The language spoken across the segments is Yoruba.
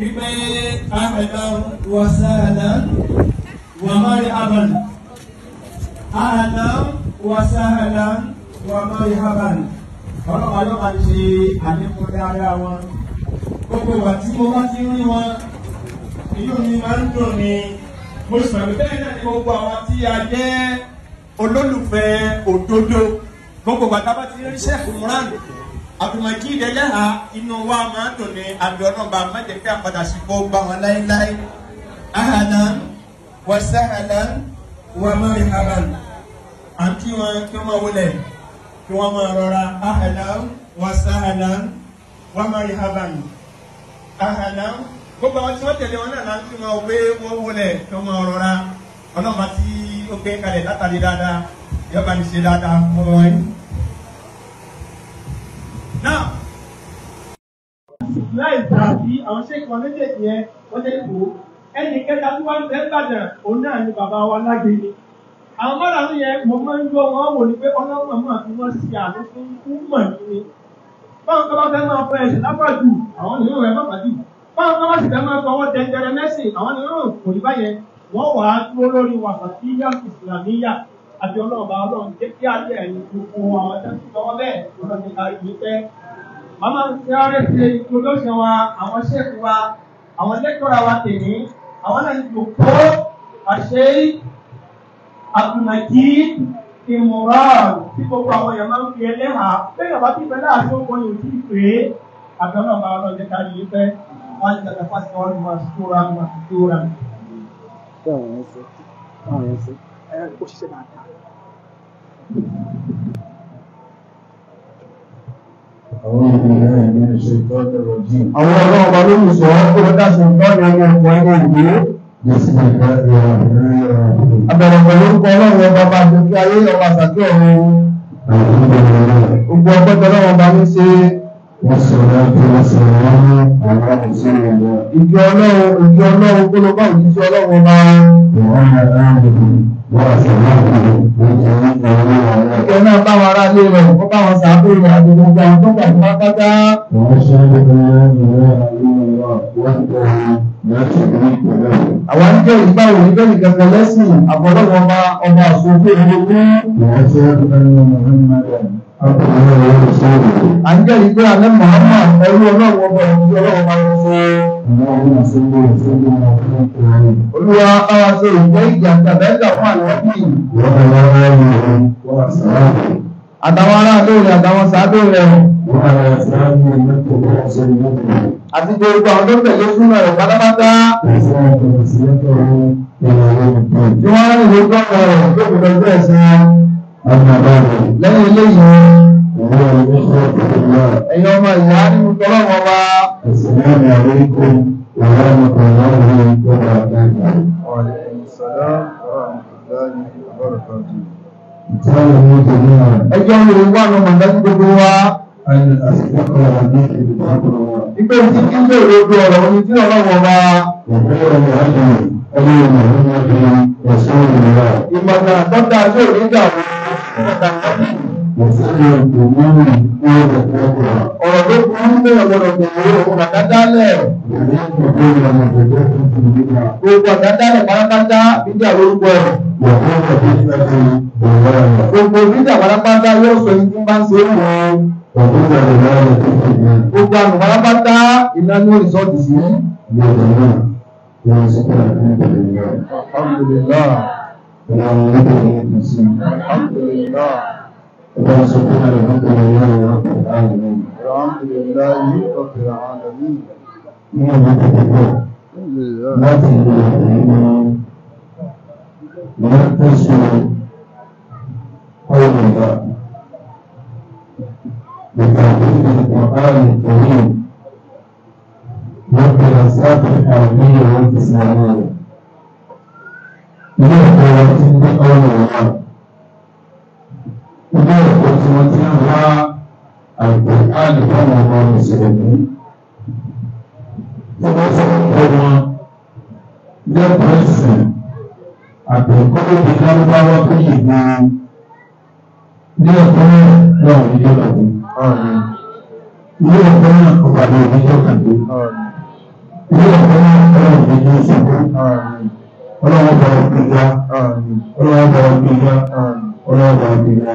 wípé àmẹ́lá wàsáàlá wàmárì abàn àlá wàsáàlá wàmárì abàn ọlọ́pàá yóò máa ṣe àlékún dáadáa wọn gbogbo ìgbà tí mo bá ti rí wọn inú mi máa ń dùn ni mo sì pẹ̀lú bẹ́ẹ̀ náà ni gbogbo àwọn tí a jẹ́ olólùfẹ́ òdodo gbogbo ìgbà bá ti rí sẹ́ẹ̀kù mìíràn abdulmajid ẹlẹ́hà inú wa máa dùn ní abiyọ́nọ́ba májèké àpàdásí kó bá wọn láéláé ahàlà wàsáhàlà wàmárìhàlà àti wọn kí wọn wọlé kí wọn máa rọra ahàlà wàsáhàlà wàmárìhàlà ahàlà gbogbo àwọn tí wọn tẹ̀lé wọn náà láti wọn wé wọn wọlé kí wọn máa rọra ọlọ́mọ tí ó gbé kalẹ̀ látàrí dáadáa yọba ní ṣe dáadáa fún wọn náà láì tàbí àwọn ṣéèkì wọn méjèèjì yẹn wọ́n jẹ́ ìbò ẹnì kẹta tí wọ́n fẹ́ gbàdàn òun náà ni bàbá wa lágbe ni àwọn mọ́ra ń yẹ mo máa ń gbọ́ wọn wò ní pé ọlọ́run máa fi wọ́n ṣe àánú fún kúmọ̀ ni báwọn kọ́ bá fẹ́ máa fọ ẹ̀sìn lápàjù àwọn ìlú rẹ̀ máa pàdé báwọn kọ́ bá sì fẹ́ máa fọwọ́ dẹ̀ndẹ̀rẹ̀ mẹ́sìn àwọn ìlú rẹ̀ kò ní báyẹn wọ́n wàá dúró lórí wàhálà àti ọlọ́ọ̀bá ọlọ́run jẹ́ kí alẹ́ ẹ̀yìn gbogbo àwọn tẹ́sí lọ́wọ́ bẹ́ẹ̀ lọ́dọ̀ ti kárí ìwé pẹ́. màmá ti rárẹ̀ ṣe introduction wa àwọn ṣẹ́ẹ̀kì wa àwọn lẹ́kọ̀ọ́ra wa tèmi àwọn náà ń lò kó àṣẹ àbùnàjí ìmùràn tí gbogbo àwọn èèyàn máa ń fi ẹlẹ́hà bẹ́ẹ̀ bá ti fẹ́ láàṣọ ògbọ́n yóò ti pè é àti ọlọ́ọ̀bá ọlọ́run kárí ìwé pẹ́ wọ́n ti tẹ̀lé fásitì ọ̀rọ̀ ẹ̀rọ kò ṣiṣẹ́ dáadáa. Àwọn ọ̀gá ọba ló ń sọ ọ́ kó dá sí ọ̀gá ìyàwó ọ̀pọ̀ ẹ̀rọ ìgbé. Abẹ̀rẹ̀ pẹ̀lú orúkọ ọlọ́run ọba bá gbogbo ayé ọba àtàkì ọ̀run. Gbogbo ọgbẹ́ tọ́lọ́ ọba ń ṣe. Ìjọ ọlọ́run ìjọ ọlọ́run kó ló bá Ìkẹ́nà bá ará lé rẹ̀, ó bá sàábé rẹ̀ àti gbogbo àwọn tó pàdé pátápátá. Àwọn ń jẹ́ ìgbà òní bẹ́ẹ̀ ni kankan lẹ́sìn àbọ̀lọ́wọ́ ọba ọba àṣòfin ìlú à ń jẹ́rìí pé alẹ́ màmá ẹrú ọlọ́run ọba ìlú ọlọ́run máa ń fọ́. Olúwa ara ṣe ìjẹ́ ìjà tàbẹ́gà fún àlọ́bí. Àtàwọn ará lóore àtàwọn sáábé rẹ̀. Àti gbogbo àwọn tó tẹ̀lé súnmọ́ rẹ̀ pátápátá. Tí wọ́n á rìn lójú ọ̀rọ̀ tó kò lọ bẹ́ẹ̀ sẹ́yìn ọmọ báyìí lẹ́yìn eléyìí ìwé ẹni ṣe ìṣẹ̀lẹ̀ ẹ̀yin ọmọ ìyá nínú tọ́lọ́wọ́ wa. ìṣẹ̀lẹ̀ àmì àríkò ìwé ẹni kan láwọn ẹni tó bá dáadáa. ọ̀rẹ́ ìṣẹ̀lẹ̀ ìtàlẹ̀ ní ìdènà rẹ̀. ẹjọ́ mi ò wà ní mọ̀lẹ́bí gbogbo wa. Ìgbé tí kí lè rodo ọ̀rọ̀ omi tí ọlọ́wọ́ wa. Ìmọ̀nà àtọ́ta yóò ní ìdààmú. Ọ̀rọ̀ tó kún ń bẹ̀rẹ̀ lọ́dọ̀ kòkòrò òun àdádálẹ̀. Gbogbo àdádálẹ̀ pátápátá bíjà lórúkọ ẹ̀. Gbogbo bíjà pátápátá yóò sọ ikú bá ń ṣe é wọ̀n. Gbogbo àmì pátápátá iná ní òrìṣọ́ọ̀tì sí. Alhamdulillah ìlànà orílẹ̀-èdè APC. Ìjọba sọ pé a lè fún ìlànà yóò rọ̀ pẹ̀lú ààrẹ náà. Ní ọjọ́ kẹtẹ́kọ̀, láti ìlú ọ̀rẹ́ ní wọ́n pèsè ọ̀rọ̀ ìgbà. Ìgbà òkúta Ìkọ̀ọ́rọ̀ ìkọ̀ọ́rọ̀ wọ́n pẹ̀lú sáfẹ́ àwọn ilé ìwọ̀n ti sinmi rẹ̀ ilé ẹ̀kọ́ wọn ti ń gbé ọ̀rọ̀ wọn ilé ẹ̀kọ́ tí wọ́n ti ń wá àgbẹ̀ àlùfáàmù ọmọ ìṣẹ̀lẹ̀ tí wọ́n ti ń kọ́ wọn lẹ́kọ̀ọ́ ẹ̀sìn àgbẹ̀ kọ́lóbi lárúbáwá tó yìí gan ilé ẹ̀kọ́ náà ní ìjọba ilé ẹ̀kọ́ náà ọ̀gbà ní ìjọba ilé ẹ̀kọ́ náà ọ̀gbà ní ìjọba ọlọ́run bá ọ̀gbìn ya ọlọ́run bá ọ̀gbìn ya ọlọ́run bá ọ̀gbìn ya.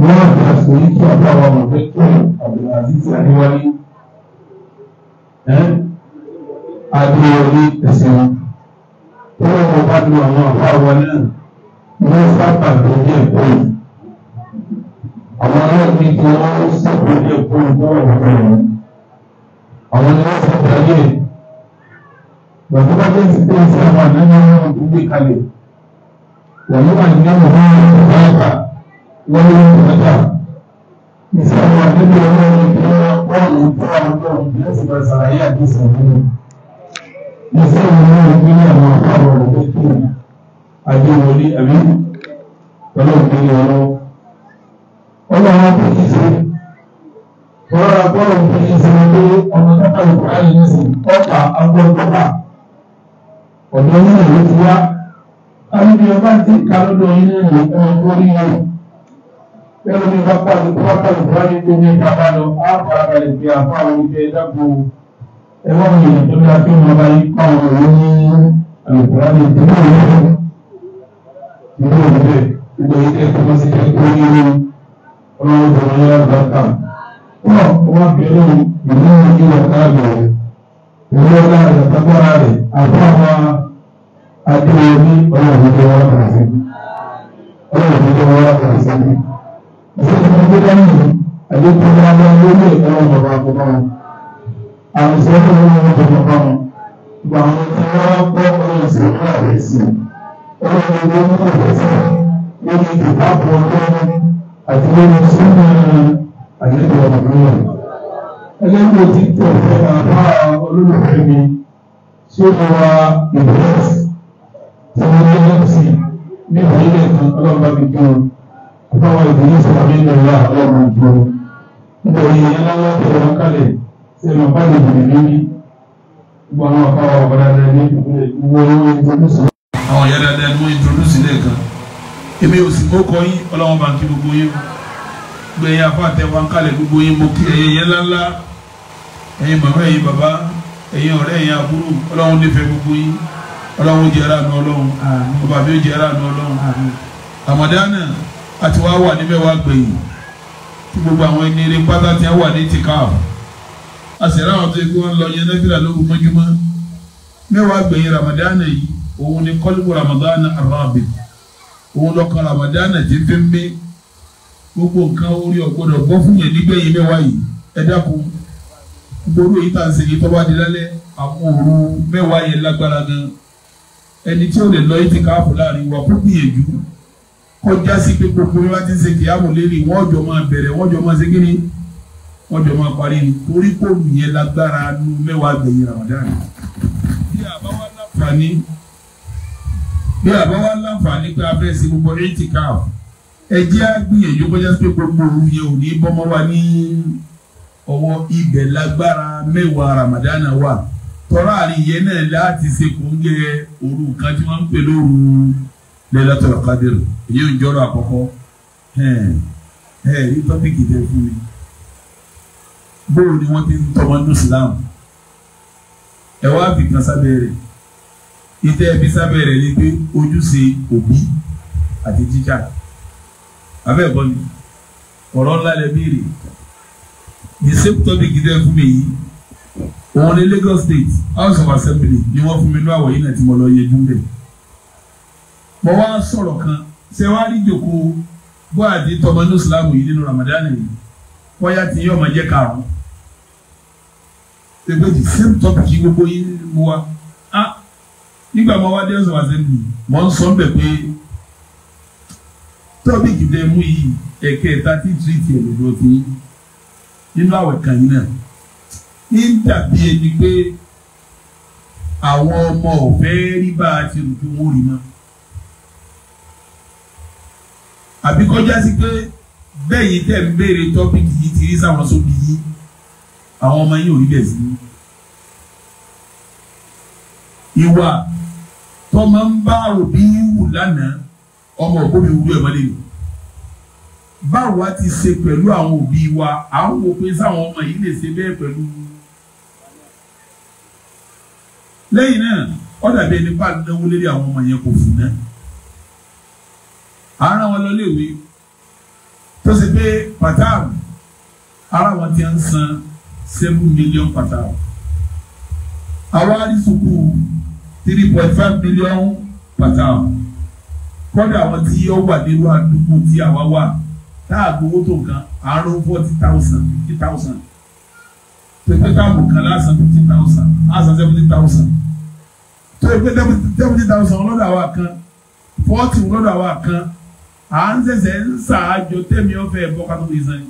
wọ́n á bá aṣọ yìí kí ọba wa mọ̀ pé kí àbùnàzíz àníwáyé adéwọlé ẹsẹ̀ wọn. wọ́n wọ́n bá lu àwọn àbá wa náà wọ́n sábà tó ní ẹ̀kọ́ yìí. àwọn aláàbí tí wọ́n sábà ní ẹ̀kọ́ yìí wọ́n wọ̀ bẹ́ẹ̀. àwọn ni wọ́n sábà ní ẹ̀kọ́ bàtà bá jẹ́ sípé ẹsẹ̀ àwọn àdáyé wọn tó gbé kalẹ̀ wọ́n wà ní ẹ̀rọ wọn ní ọ̀gá wọ́n ní ọ̀gá ẹsẹ̀ àwọn àdáyé wọn ní ọ̀gá wọn ní ọ̀gá wọn ní ọ̀gá ẹsẹ̀ bá sàlàyé àdúsà nínú ẹsẹ̀ wọn ní ọ̀gá ní àwọn àpárọ̀ rẹ̀ tó kú àjẹ wọlé àbí ọlọ́ọ̀gbẹ́ ni ọlọ́ ọlọ́wọ́ tó ọ̀dọ́ yìí ló fi wá alóbi ọba ti ka lọ́dọ̀ yìí lè lè fún ọdún orí yẹn lẹ́nu ní bá pàdé tó bá pàdé tó bá ní tó ní bàbá lọ á farabalẹ̀ fi àfa àwọn oúnjẹ dábò ẹwọ́n mi yẹn tó dáa kí wọ́n bá yí pa àwọn ọ̀rọ̀ ní àlùkòrá mi tó ní òun fún ìlú òun bẹ́ẹ̀ gbogbo yìí tẹ́ fún ọsẹ tó ní òun ọlọ́run tó ní àgbàkà wọ́n wọ́n fi ní ìlú ìlú ọ̀tá rẹ̀ ìlú ọ̀tá rẹ̀ àgbàkà rẹ̀ àbúrò àwọn adéwọ́bí ọlọ́run tó wá kà sí ọlọ́run tó wá kà sí ní. ìṣèjọba tó dáhùn àdékù wọn lọ lórí ẹ̀ka wọn bàbá àkókò wọn. àwọn ìṣẹ́jú wọn wọn tó bàbá wọn. ìgbà wọn ti wá kọ́ ọ̀rọ̀ sí ọ̀rọ̀ rẹ̀ sí i. ọlọ́run tó ń kọ̀ rẹ̀ sí i lórí ìdìbò ọlọ́run àti lórí sínú àdékù ọ̀rọ̀ wọn. ti tẹ̀ fẹ́ àwọn olólùfẹ́ mi tí ó wá ìbúrẹ́sì sọ́wọ́ ní ọjọ́ sí ní ìwòlẹ̀ kan ọlọ́mọba mi gbé wọn kó bá wọn ìdílé sí àmì ìdọ̀rọ̀ ọlọ́mọ ìgbó nítorí aláwọ̀ tẹ̀lé wọn kalẹ̀ sí ẹ̀rọ bá lè bèrè gbogbo àwọn ọ̀pá wa ọ̀pá dáadáa ní gbogbo owó ìdúrósì. àwọn ọ̀yá dáadáa ni wọ́n ìdúrósì lẹ́ẹ̀kan èmi ò sì kókọ yín ọlọ́mọba kí gbogbo yín gbẹ̀yìn afọ àtẹwọn kalẹ̀ gbogbo yín mo kí ẹ̀yẹ yẹn ńláńlá ẹ̀yin màmá ẹ̀yin bàbá ẹ̀yin ọ̀rẹ́ ẹ̀yin àbúrò ọlọ́run nífẹ̀ẹ́ gbogbo yín ọlọ́run jẹ́ra nu ọlọ́run ọba mi jẹ́ra nu ọlọ́run ramadana àti wàá wà ní mẹ́wàá gbẹ̀yìn tí gbogbo àwọn ẹni eré pátá tí wà ní tìkáà àṣẹ̀rá àwọn tó yẹ kí wọ́n lọ yẹn nẹ́fìlà lóru mọ́júmọ́ mẹ́wàá gbẹ̀yìn ramadana yìí òun ni kọ́lùkù ramadana arabi òun lọ́kọ̀ ramadana ti fi mí gbogbo nǹkan orí ọ̀gbọ́dọ̀ gbọ́ fún yẹn nígbẹ̀yìn mẹ́wàá yìí ẹ dákun gbogbo èyí tà ń sèyí tó lálẹ́ àwọn òru mẹ́wàá yẹn lágbára gan-an ẹni tí ó lè lọ ètí káàpù láàrin wa kó gbìyànjú kọjá sí pé gbogbo bí wọ́n ti ń ṣe kìyàwó lérí wọ́n jọ máa bẹ̀rẹ̀ wọ́n jọ máa ṣe kíni wọ́n jọ máa parí ni torí kò yẹn lágbára nu mẹ́wàá gbẹ̀yìn Ramadan bí àbáwá láǹfààní bí àbáwá láǹfààní pé abẹ́ sí gbogbo ètí káàpù ẹ jẹ́ àgbìyànjú kọjá sí pé gbogbo òun yẹn ò ní bọ́mọ́ wa ní ọwọ́ ibẹ̀ lágbára mẹ́wàá Ramadan wà tọ́rọ àríyé náà láti ṣe kóńgẹ́ òru kan tí wọ́n ń pè lóru Lailatul Qadr èyí ò ń jọ́rọ̀ àkọ́kọ́ ẹ̀ẹ́dì tọ́pìkì tẹ fún mi bóò ni wọ́n ti ń tọmọ ní Islam ẹ wá fi kan sábẹ́ rẹ̀ ìtẹ́ ẹbí sábẹ́ rẹ̀ ni pé ojúṣe òbí àti jíjà abẹ́ ẹ̀kọ́ ni ọ̀rọ̀ ńlá lẹ béèrè the tẹ fún mi yìí òun ní Lagos State House of Assembly ni wọ́n fún mi ní àwọ̀ yìí náà tí mo lọ yẹjú bẹ̀. mo wá sọ̀rọ̀ kan ṣé wàá rí jòkó bóàdì tọmọ ní Islam yìí nínú Ramadan yìí wọ́yà tí yóò máa jẹ́ karùn-ún. ṣé same topic yìí gbogbo yìí mú wa ah nígbà mo wá dé House of Assembly mo ń sọ bẹ̀ pé topic dẹ̀ mú yìí ẹ̀kẹ́ thirty three tiẹ̀ lọ́dọ̀ tí nínú àwẹ̀ kan yìí náà ń dàbí ẹni pé àwọn ọmọ ò fẹ́ rí bá a ti rùn tó wọ́n rí mọ́ àbí kọjá sí pé bẹ́ẹ̀ yìí tẹ̀ ń béèrè tọ́pìkì yìí ti rí sáwọn sóbì yìí àwọn ọmọ yìí ò rí bẹ́ẹ̀ sí ní. ìwà tọ́mọ ń bá òbí wù lánàá ọmọ òbí wù ẹ̀ mọ́lẹ́ nù. báwo a ti ṣe pẹ̀lú àwọn òbí wa à ń wò pé sáwọn ọmọ yìí lè ṣe bẹ́ẹ̀ pẹ̀lú wù. lẹ́yìn náà ó dàbí ẹni bá náwó lórí àwọn ọmọ yẹn kò fún náà ara wọn lọ léwe tó ṣe pé pàtàkì ara wọn ti ń san seven million pàtàkì àwọn àdìsùkú three point five million pàtàkì kọ́dà àwọn tí ó wà nínú àdúgbò tí àwa wà tá a tó nǹkan àárọ̀ forty thousand fifty thousand pépé táàbù kan lásán fifty thousand lásán seventy thousand tó pé seventy thousand lọ́dọ̀ àwa kan forty lọ́dọ̀ àwa kan à ń ṣẹ̀ṣẹ̀ ń ṣàájò tẹ̀mí ọ̀fẹ́ ẹ̀bọ kátó fi san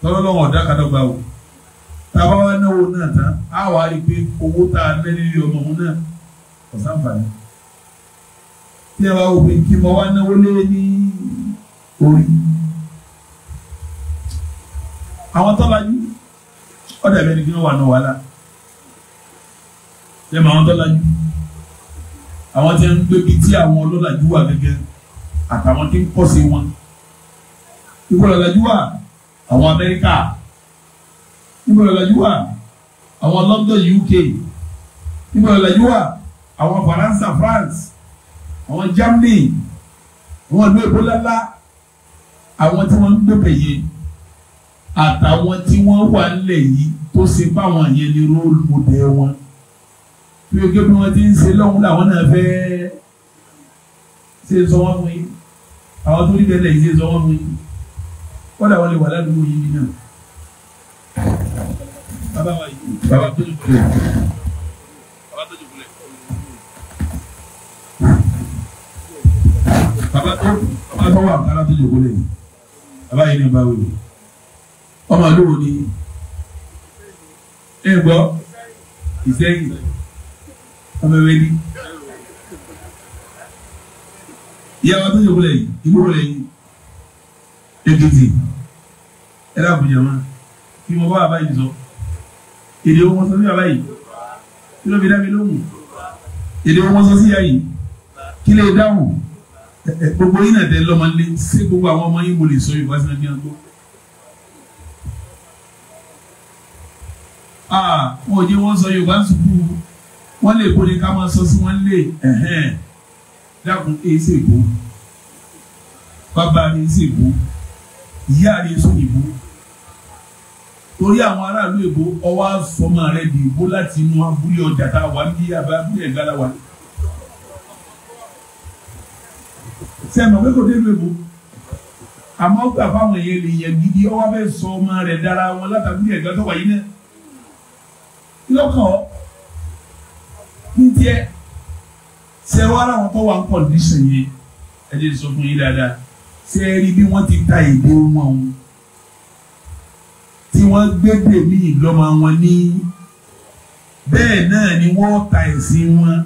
tọ́lọ́lọ́wọ́ ọ̀dà kàdọ́gba o tábà wà náwó náà tán á wà á rí i pé owó tá a ná nílé ọmọ òun náà kò sáǹfààní tí ẹ bá wò pé kí mo wá náwó lé ní orí àwọn tọ́lajú ọ̀dà ìbẹ́ni kí wọ́n wà náà wà láà ṣé màá tó lajú àwọn tí ń gbé bí tí àwọn ọlọ́làjú wà gẹ́gẹ́ àtàwọn tí ń pọ̀ sí wọn ìwọ lọ́làjú wà àwọn Amẹ́ríkà ìwọ lọ́làjú wà àwọn London UK ìwọ lọ́làjú wà àwọn Faransa France àwọn Germany àwọn ìlú èbó lálá àwọn tí wọ́n ń gbébẹ̀ yẹn àtàwọn tí wọ́n wà nílẹ̀ yìí tó ṣe báwọn yẹn ní róòlù mọ́dẹ́ wọn fi oge bí wọ́n ti ń ṣe lọ́hùn làwọn náà fẹ́ ṣe sọ wọ́n fún yín àwọn tó rí tẹ́lẹ̀ yìí ṣe sọ wọ́n fún yín kọ́dà wọ́n lè wà ládùúgbò yìí nínú. bàbá wa yìí bàbá tó jùlọ bàbá tó jùlọ bàbá tó bàbá tó wà kára tó jùlọ lẹ́yìn bàbá yìí ní bá wí ọmọ àdúgbò ni ẹ gbọ́ Ìsẹ́yìn ọmọwéli ìyàwó tó yẹ wọlé yìí ìlú wọlé yìí èkìtì ẹ̀rọ àbújá ma kí mo bá bàbá yìí sọ èdè wọn sọ sí bàbá yìí kí ló fi dá mi lóhùn èdè wọn sọ sí ìyá yìí kí lè dáhùn gbogbo yìí nàdẹ lọmọ nílé sí gbogbo àwọn ọmọ yìí mo lè sọ Yorùbá sí nàdíyàn tó. Ah, wọn ò jẹ́ wọ́n sọ Yorùbá sùkúrù wọ́n lè bó ni ká máa sọ sí wọ́n lè ẹ̀hẹ́n dákun èyí sì bó bàbá rẹ̀ sì bó ìyá rẹ̀ sì bó torí àwọn aráàlú èbó ọwọ́ àfọmọ rẹ̀ di ìbò láti inú abúlé ọjà tá a wà ní abúlé ẹ̀gbára wa. ṣé mọ̀ pé kò dé ìlú èbó àmọ́ ó fáwọn èèyàn lè yẹ gidi ọwọ́ abẹ́ sọ ọmọ rẹ̀ dára wọn látàbí ẹ̀gbẹ́ tó wà yín náà. lọ́kàn ntiɛ sɛ wara wọn kɔ wọn kɔndisɛn yɛ ɛdi sɔ fún yi dáadáa sɛ ɛri bí wọn ti ta èdè wọn wọn tí wọn gbẹgbẹ ní ìlọmọ wọn ní bẹ́ẹ̀ náà ni wọn ta ẹ̀sìn wọn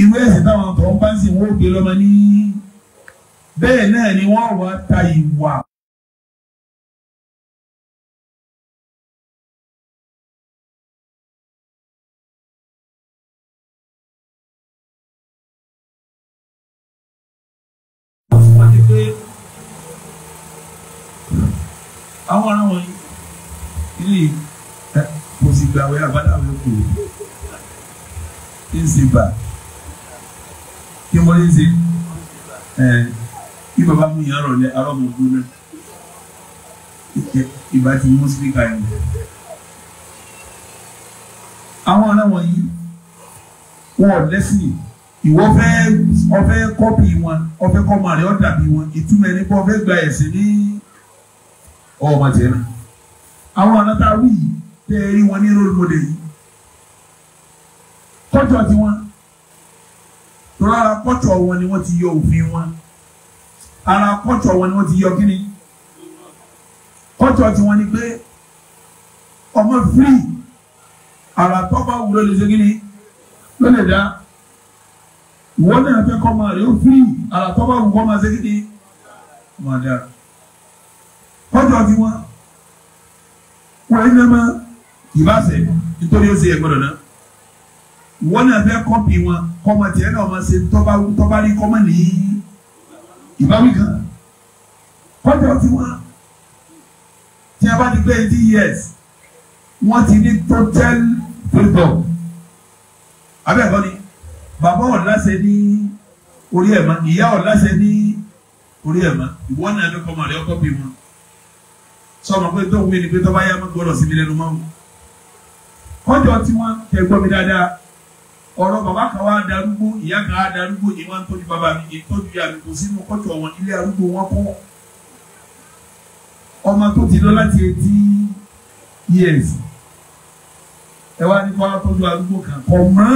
ìwé ẹ̀sìn táwọn tó bá ń sìn wọn gbé lọmọ ní bẹ́ẹ̀ náà ni wọn wà ta ìwà àwọn ará wọn ilé kò sì gbàwé àbádáwé kù ń sì bà kí wọ́n lè ṣe kí bàbá mi yàn rọ̀ lẹ́ arọ́ mi gbóná ìbá ti mú sípíkà yẹn. àwọn ará wọn yìí wọn ò lẹ́sìn ìwọ fẹ́ ọfẹ́ kọ́pì wọn ọfẹ́ kọ́mọ rẹ̀ ọ̀dàbí wọn ìtumọ̀ ẹni ọfẹ́ gba ẹ̀sìn ní ọwọ́ ọmọ tiẹ̀ náà àwọn ọ̀nà tá a wí yìí tẹ́ ẹ rí wọn ní role model yìí kọ́jọ́ ti wọn rárá kọ́jọ́ wọn ni wọ́n ti yọ òfin wọn ara kọ́jọ́ wọn ni wọ́n ti yọ kíni kọ́jọ́ ti wọn ni pé ọmọ free ara tọ́ba wúlò lè ṣe kíni ló lè dá wọ́n náà fẹ́ máa rẹ̀ ó free ara tọ́ba wù kọ́ máa ṣe kíni máa dára kọjọ fi wọn wọn yìí lẹ́mọ ìbá sẹ nítorí ó sì yẹ gbọdọ̀ náà wọn náà fẹ́ kọ́pì wọn kọ́mọ tiẹ̀ náà wọn ṣe tọ́ba tọ́ba rí kọ́mọ ní ìbáwí kan kọjọ fi wọn tí a bá ti gbé eighty years wọ́n ti ní total freedom abẹ́ ẹ̀kọ́ ni bàbá ọ̀làṣẹ ní orí ẹ̀ ma ìyá ọ̀làṣẹ ní orí ẹ̀ ma ìwọ náà ló kọ́ ọmọ rẹ ọkọ bí wọn sọmọ pé tó ń wí ni pé tọ́ba yá gbọ́dọ̀ sí mi lẹ́nu mọ́. kọjọ tí wọ́n tẹ gbọ́ mi dáadáa ọ̀rọ̀ bàbá kan wá darúgbó ìyá kan á darúgbó ni wọ́n ń tọ́jú bàbá mi ni tọ́jú ìyá mi kò sínú kọjọ wọn ilé arúgbó wọn kọ́. ọmọ tó ti lọ láti etí years ẹ wá ní kó wá tọ́jú arúgbó kan kọ̀ mọ́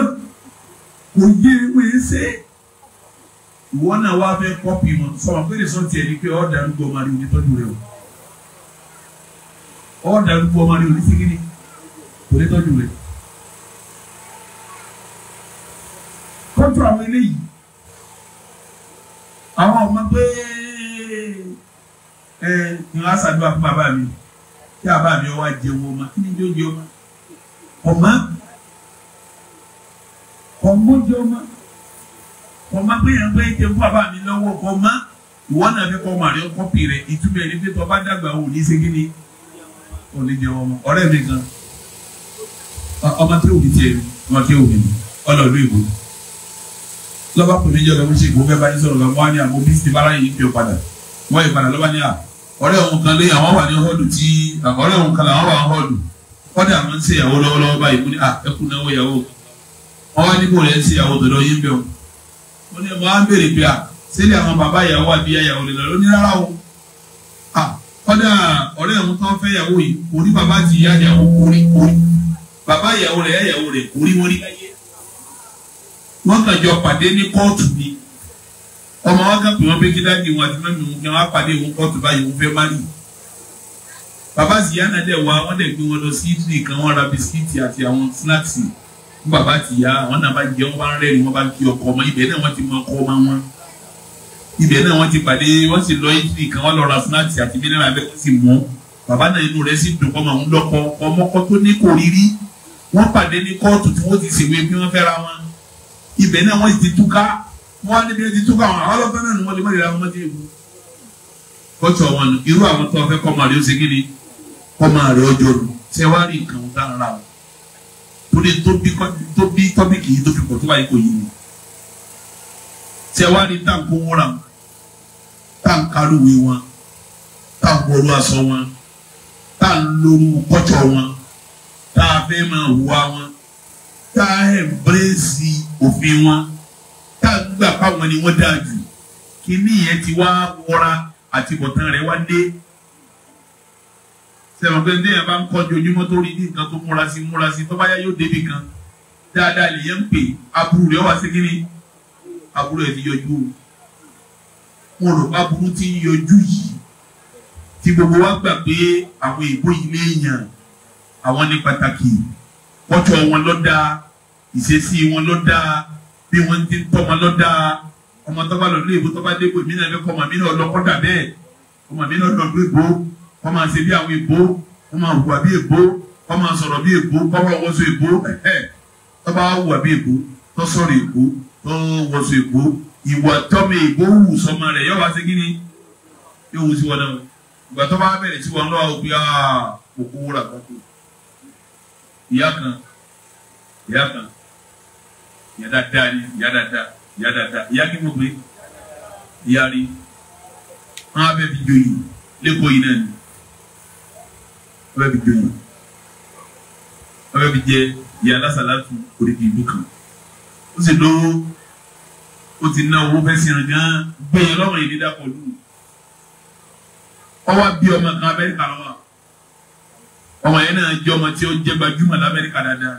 kò yé ewé ṣe ìwọ náà wá fẹ́ kọ́pì wọn sọ̀rọ̀ pé lè sọ tiẹ̀ ní pé ọ̀ darúgbó ọmọ rẹ̀ ò ní tọ́jú rẹ̀ o ọ̀dà arúgbó ọmọ rẹ oníṣìgìrì kò lè tọ́jú rẹ. kọ́ńtù àwọn eléyìí àwọn ọmọ pé ẹ ìran aṣàdúrà fún bàbá mi kí bàbá mi wá jẹun ọmọ kí ni yóò jẹ ọmọ ọmọ ọmọ jẹ ọmọ ọmọ pé yẹn pé jẹun fún bàbá mi lọ́wọ́ ọmọ ìwọ náà fi kọ́ ọmọ rẹ kọ́pì rẹ ìtumọ̀ ẹni pé tọ́ bá dàgbà òun ní ṣe kí ni oníjẹwọ ọmọ ọ̀rẹ́ mi gan ọmọ tí òbí tiẹ̀ ọmọ tí òbí mi ọlọlú ìbò lọba kò ní jẹ ọlọmọ sí ìbò bẹ́ẹ̀ bá yín sọ̀rọ̀ lọmọ wa ní àmọ́ bí ti bára yìí ń pè padà wọn ìpadà lọba ní à ọ̀rẹ́ òun kan lé àwọn wà ní họọlù tí ọ̀rẹ́ òun kan làwọn wà ní họọlù kọ́dà àwọn ń ṣe ìyàwó lọ́wọ́lọ́wọ́ báyìí mo ní à ẹkú náwó ìyàwó wọn wá níbo rẹ̀ ń ṣe ìyàwó tọ̀dọ̀ yín bẹ́ẹ̀ o mo ní mo á ń béèrè pé à sílẹ̀ àwọn bàbá ìyàwó àbí ìyàwó lè lọ lónìí rárá o kọ́dà ọ̀rẹ́ òun tán fẹ́ yàwó yìí kò rí bàbá ti yá yàwó kórí kórí bàbá ìyàwó rẹ̀ yàwó rẹ̀ kórí wórí. wọ́n kàn jọ pàdé ní kóòtù ni ọmọ wọn kàn pè wọ́n pé kí dáàdi wọn àti mẹ́mi wọn kí wọ́n á pàdé ìwọ̀n kóòtù báyìí wọ́n fẹ́ má rí. bàbá ti yá náà dẹ̀ wá wọ́n dẹ̀ gbé wọn lọ sí ìdílé kan wọ́n ra bisikíìtì àti àwọn snacks bàbá ti yá àwọn náà bá jẹ wọn bá ń rẹ́rìn wọn bá ń kí ọkọ ọmọ ibẹ̀ náà wọ́n ti mọ ọkọ ọmọ wọn ibẹ̀ náà wọ́n ti pàdé wọ́n sì lọ ìdílé kan wọ́n lọ ra snacks àti mineral bẹ́ẹ̀ wọ́n sì mú bàbá náà inú rẹ̀ sì dùn kọ́ màá ń lọ́kọ ọmọkọ tó ní kò rírí wọ́n pàdé ní kóòtù tí wọ́n ti ṣèwé bí wọ́n fẹ́ ra wọn ibẹ̀ náà wọ́n ti túká wọ́n á níbi ti túká wọn àwọn ọlọ́pàá náà ni wọ́n lè má lè ra wọn mọ́tò ìbò kọ́tù wọn irú àwọn tó fẹ́ kọ́ máa ó ṣe ni kọ́ máa rí ọjọ́ lu ṣé wàá rí nǹkan tá tá à ń karúwe wọn tá à ń wọlú aṣọ wọn tá à ń lóru kọ́tọ̀ wọn tá a fẹ́ máa wá wọn tá a ẹ̀mbrẹ́sì òfin wọn tá a gbà káwọn ni wọ́n dáa jù kíní yẹn ti wá wọra àti bọ̀tán rẹ̀ wá dé sẹ̀rọ̀ pé ndéyàn bá ń kọ́ jojúmọ́ tó rí ní nǹkan tó múra sí múra sí tó yá yóò débi kan dáadáa lèyẹn ń pè aburú rẹ̀ wá sí kíní aburú rẹ̀ ti yọjú o mo rò pa burú ti ń yọjú yìí tí gbogbo wa gbà pé àwọn èèbó ilé èèyàn àwọn ní pàtàkì kọ́tọ̀ wọn lọ́dà ìṣesí wọn lọ́dà bí wọ́n ti ń tọ́mọ lọ́dà ọmọ tọ́ba lọ́dún èèbó tọ́ba débò èmi náà fẹ́ kọ́ náà lọ́kọ́ dà bẹ́ẹ̀ ọmọ mi náà lọ́dún èèbó kọ́ máa ṣe bí àwọn èèbó kọ́ máa hùwà bí èèbó kọ́ máa sọ̀rọ̀ bí èèbó kọ́ máa wọ́sọ èèbó tọ́ba hùwà bí èèbó tọ́sọ̀rọ̀ èèbó tọ́wọ́sọ èèbó ìwà tọ́mọ ìbò wù sọmọ rẹ̀ yọba ṣe kíni yóò wù sí wọn náà ìgbà tó bá bẹ̀rẹ̀ sí wọn lọ́wọ́ òbí òkú wúrà kọ́kọ́ ìyá kan ìyá kan ìyá dáadáa ni ìyá dáadáa ìyá dáadáa ìyá kí mo pè ìyá rí wọn á bẹ́ẹ̀ fi joyè lẹ́kọ̀ọ́ yìí náà ni wọn bẹ́ẹ̀ fi joyè wọn bẹ́ẹ̀ fi jẹ ìyá alásàlátù orí kìí kan ó sì lọ́wọ́ ó ti ná owó fẹ́ẹ́ sinrin gan gbẹ̀yìn lọ́wọ́ yìí dídá pọ̀lú ọwọ́ bí ọmọ kan amẹ́ríkà lọ́wọ́ ọmọ yẹn náà jẹ́ ọmọ tí ó jẹ́ gbajúmọ̀ lamẹ́ríkà dáadáa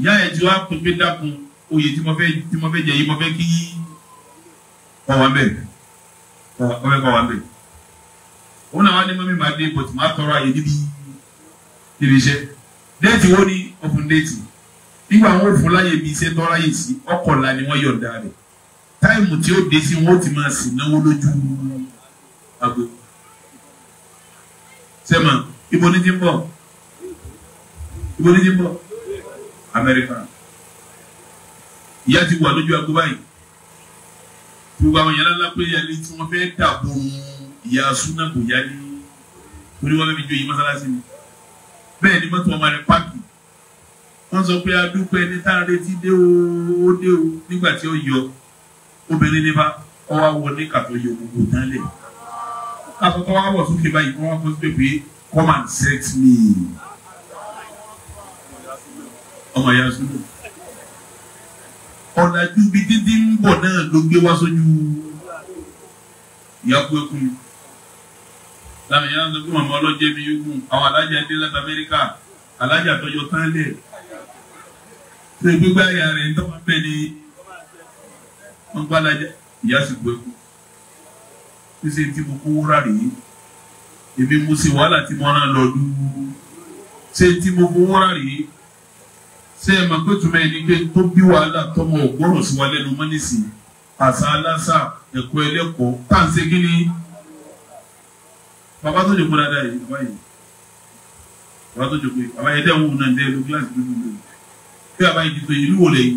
ìyá ẹ̀ tí wàá kún pé dákun oyè tí mo fẹ́ tí mo fẹ́ jẹ yìí mo fẹ́ kí ọwọ́ bẹ́ẹ̀ ọwọ́ ẹ̀kọ́ wà bẹ́ẹ̀ òun náà wà ní mọ́mí màdé bọ̀tùmá tọrọ àyè níbi níbi iṣẹ́ déètì wo ni ọ̀fun déètì nígbà wọn ò fún láyè bí iṣẹ́ tọ́ra yìí sí ọkọ̀ọ̀la ni wọ́n yọ̀ǹda rẹ̀ táìmù tí ó dé sí wọn ó ti máa sì náwó lójú àgbo sẹ́mà ibo ní ti ń bọ̀ ibo ní ti ń bọ̀ Amẹ́ríkà ìyá ti wà lójú àgbo báyìí gbogbo àwọn yàrá ńlá pé yàrá tí wọ́n fẹ́ dàbò ìyá súnà kò yá ní torí wọ́n fẹ́ fi jó yìí mọ́sálásí ni bẹ́ẹ̀ ni mọ́tò ọmọ rẹ̀ páàkì wọ́n sọ pé adúpẹ́ ní tá a dé o dé o nígbà tí ó yọ obìnrin ní bá ọ wá wọ ní kàtó yọ gbogbo tán lẹ̀ asọ̀tọ̀ wa wọ̀ sókè báyìí wọ́n wá kó síbẹ̀ pé come and set me ọmọ ìyá sùnú ọ̀làjú ibi títí ń bọ̀ náà ló gbé wá sójú ìyá kú ẹkún sọ pé màmá ọlọ́jẹ́ mi yóò àwọn alájà dé láti Amẹ́ríkà alájà tọjọ tán lẹ̀ ṣe gbígbá ìyá rẹ̀ ń tọ́wọ́ bẹ́ẹ̀ ni wọ́n gbá lajẹ́ ìyá sì gbé kú ṣíṣe tí mo kó wúrà rèé èmi mo ṣe wàhálà tí mo rán lọ dúró ṣé tí mo kó wúrà rèé ṣé ẹ mọ̀ pé ẹni pé tó bí wàhálà tọmọ ọ̀gbọ́rọ̀ sí wa lẹ́nu mọ́ nísìnyí àṣà aláṣà ẹ̀kọ́ ẹlẹ́kọ̀ọ́ tá à ń ṣe kí bàbá tó jẹ́ kó dáadáa yìí bàbá yìí bàbá tó jẹ́ kó yìí bàbá yìí tí a bá yin tuntun yìí ìlú wo lè yin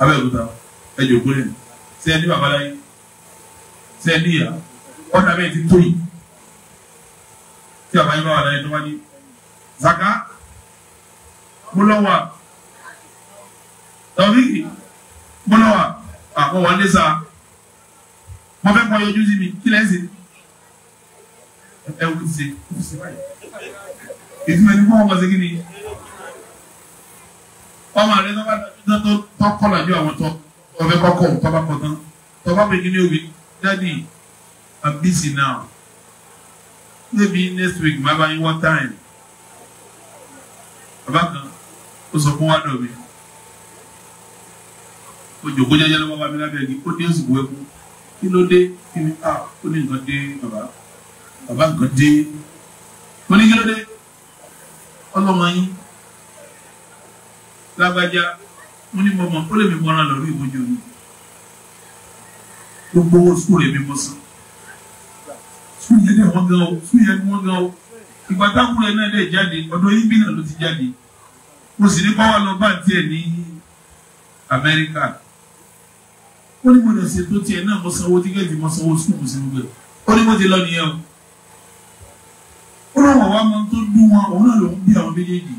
abẹ́òkúta ẹ jòkó lẹ́nu ṣé ẹ ní babaláyé ṣé ẹ ní ìyá ọ̀nà bẹ́ẹ̀ ti tó yìí tí a bá yin babaláyé tó bá ní zaka múlọ́wà tọ́fíìkì múlọ́wà àpò wà lẹ́sà mo fẹ́ kọ́ yọjú sí mi kí lẹ́sìn ẹ wò ti ṣe kó fi ṣe báyìí ìtumọ̀ ẹni kó wọ́n ni ọmọ rẹ náà bá dáná tó tọkọ làjú àwọn tọ ọfẹ kọkọ tọba kọ tán tọba bẹ kí ni òbí dádì i'm busy now maybe next week má bá yín one time bàbá kan ó sọ fún wádọ̀ mi ó jòkó jẹjẹ lọ́wọ́ bàbá mi lábẹ́ ẹ̀gí ó dé ó sì bu ẹkú kí ló dé kí ni a ah, ó ní nǹkan dé bàbá bàbá nǹkan dé mo ní kí ló dé ọlọ́mọ yín lágbájá mo ní mo mọ ó lè mi mọ ọ̀ràn lọ́rùú ìmọ̀jọ mi gbogbo owó sukùl èmi mọ̀ sàn sukùl yẹn ni wọ́n gan o sukùl yẹn ni wọ́n gan o ìgbà táwọn ẹni ẹ̀dẹ̀ jáde ọ̀dọ̀ yín bí náà ló ti jáde mo sì ní báwa lọ bá tiẹ̀ ní Amẹ́ríkà ó ní mo lè ṣe tó tiẹ̀ náà mo sanwó tíkẹ́ẹ̀tì mo sanwó sukùl mo sì gbẹ ó ní mo ti lọ nìyẹn o ó lọ́wọ́ wa máa ń tó dún wọn òun náà lòún bí àwọn méjèèjì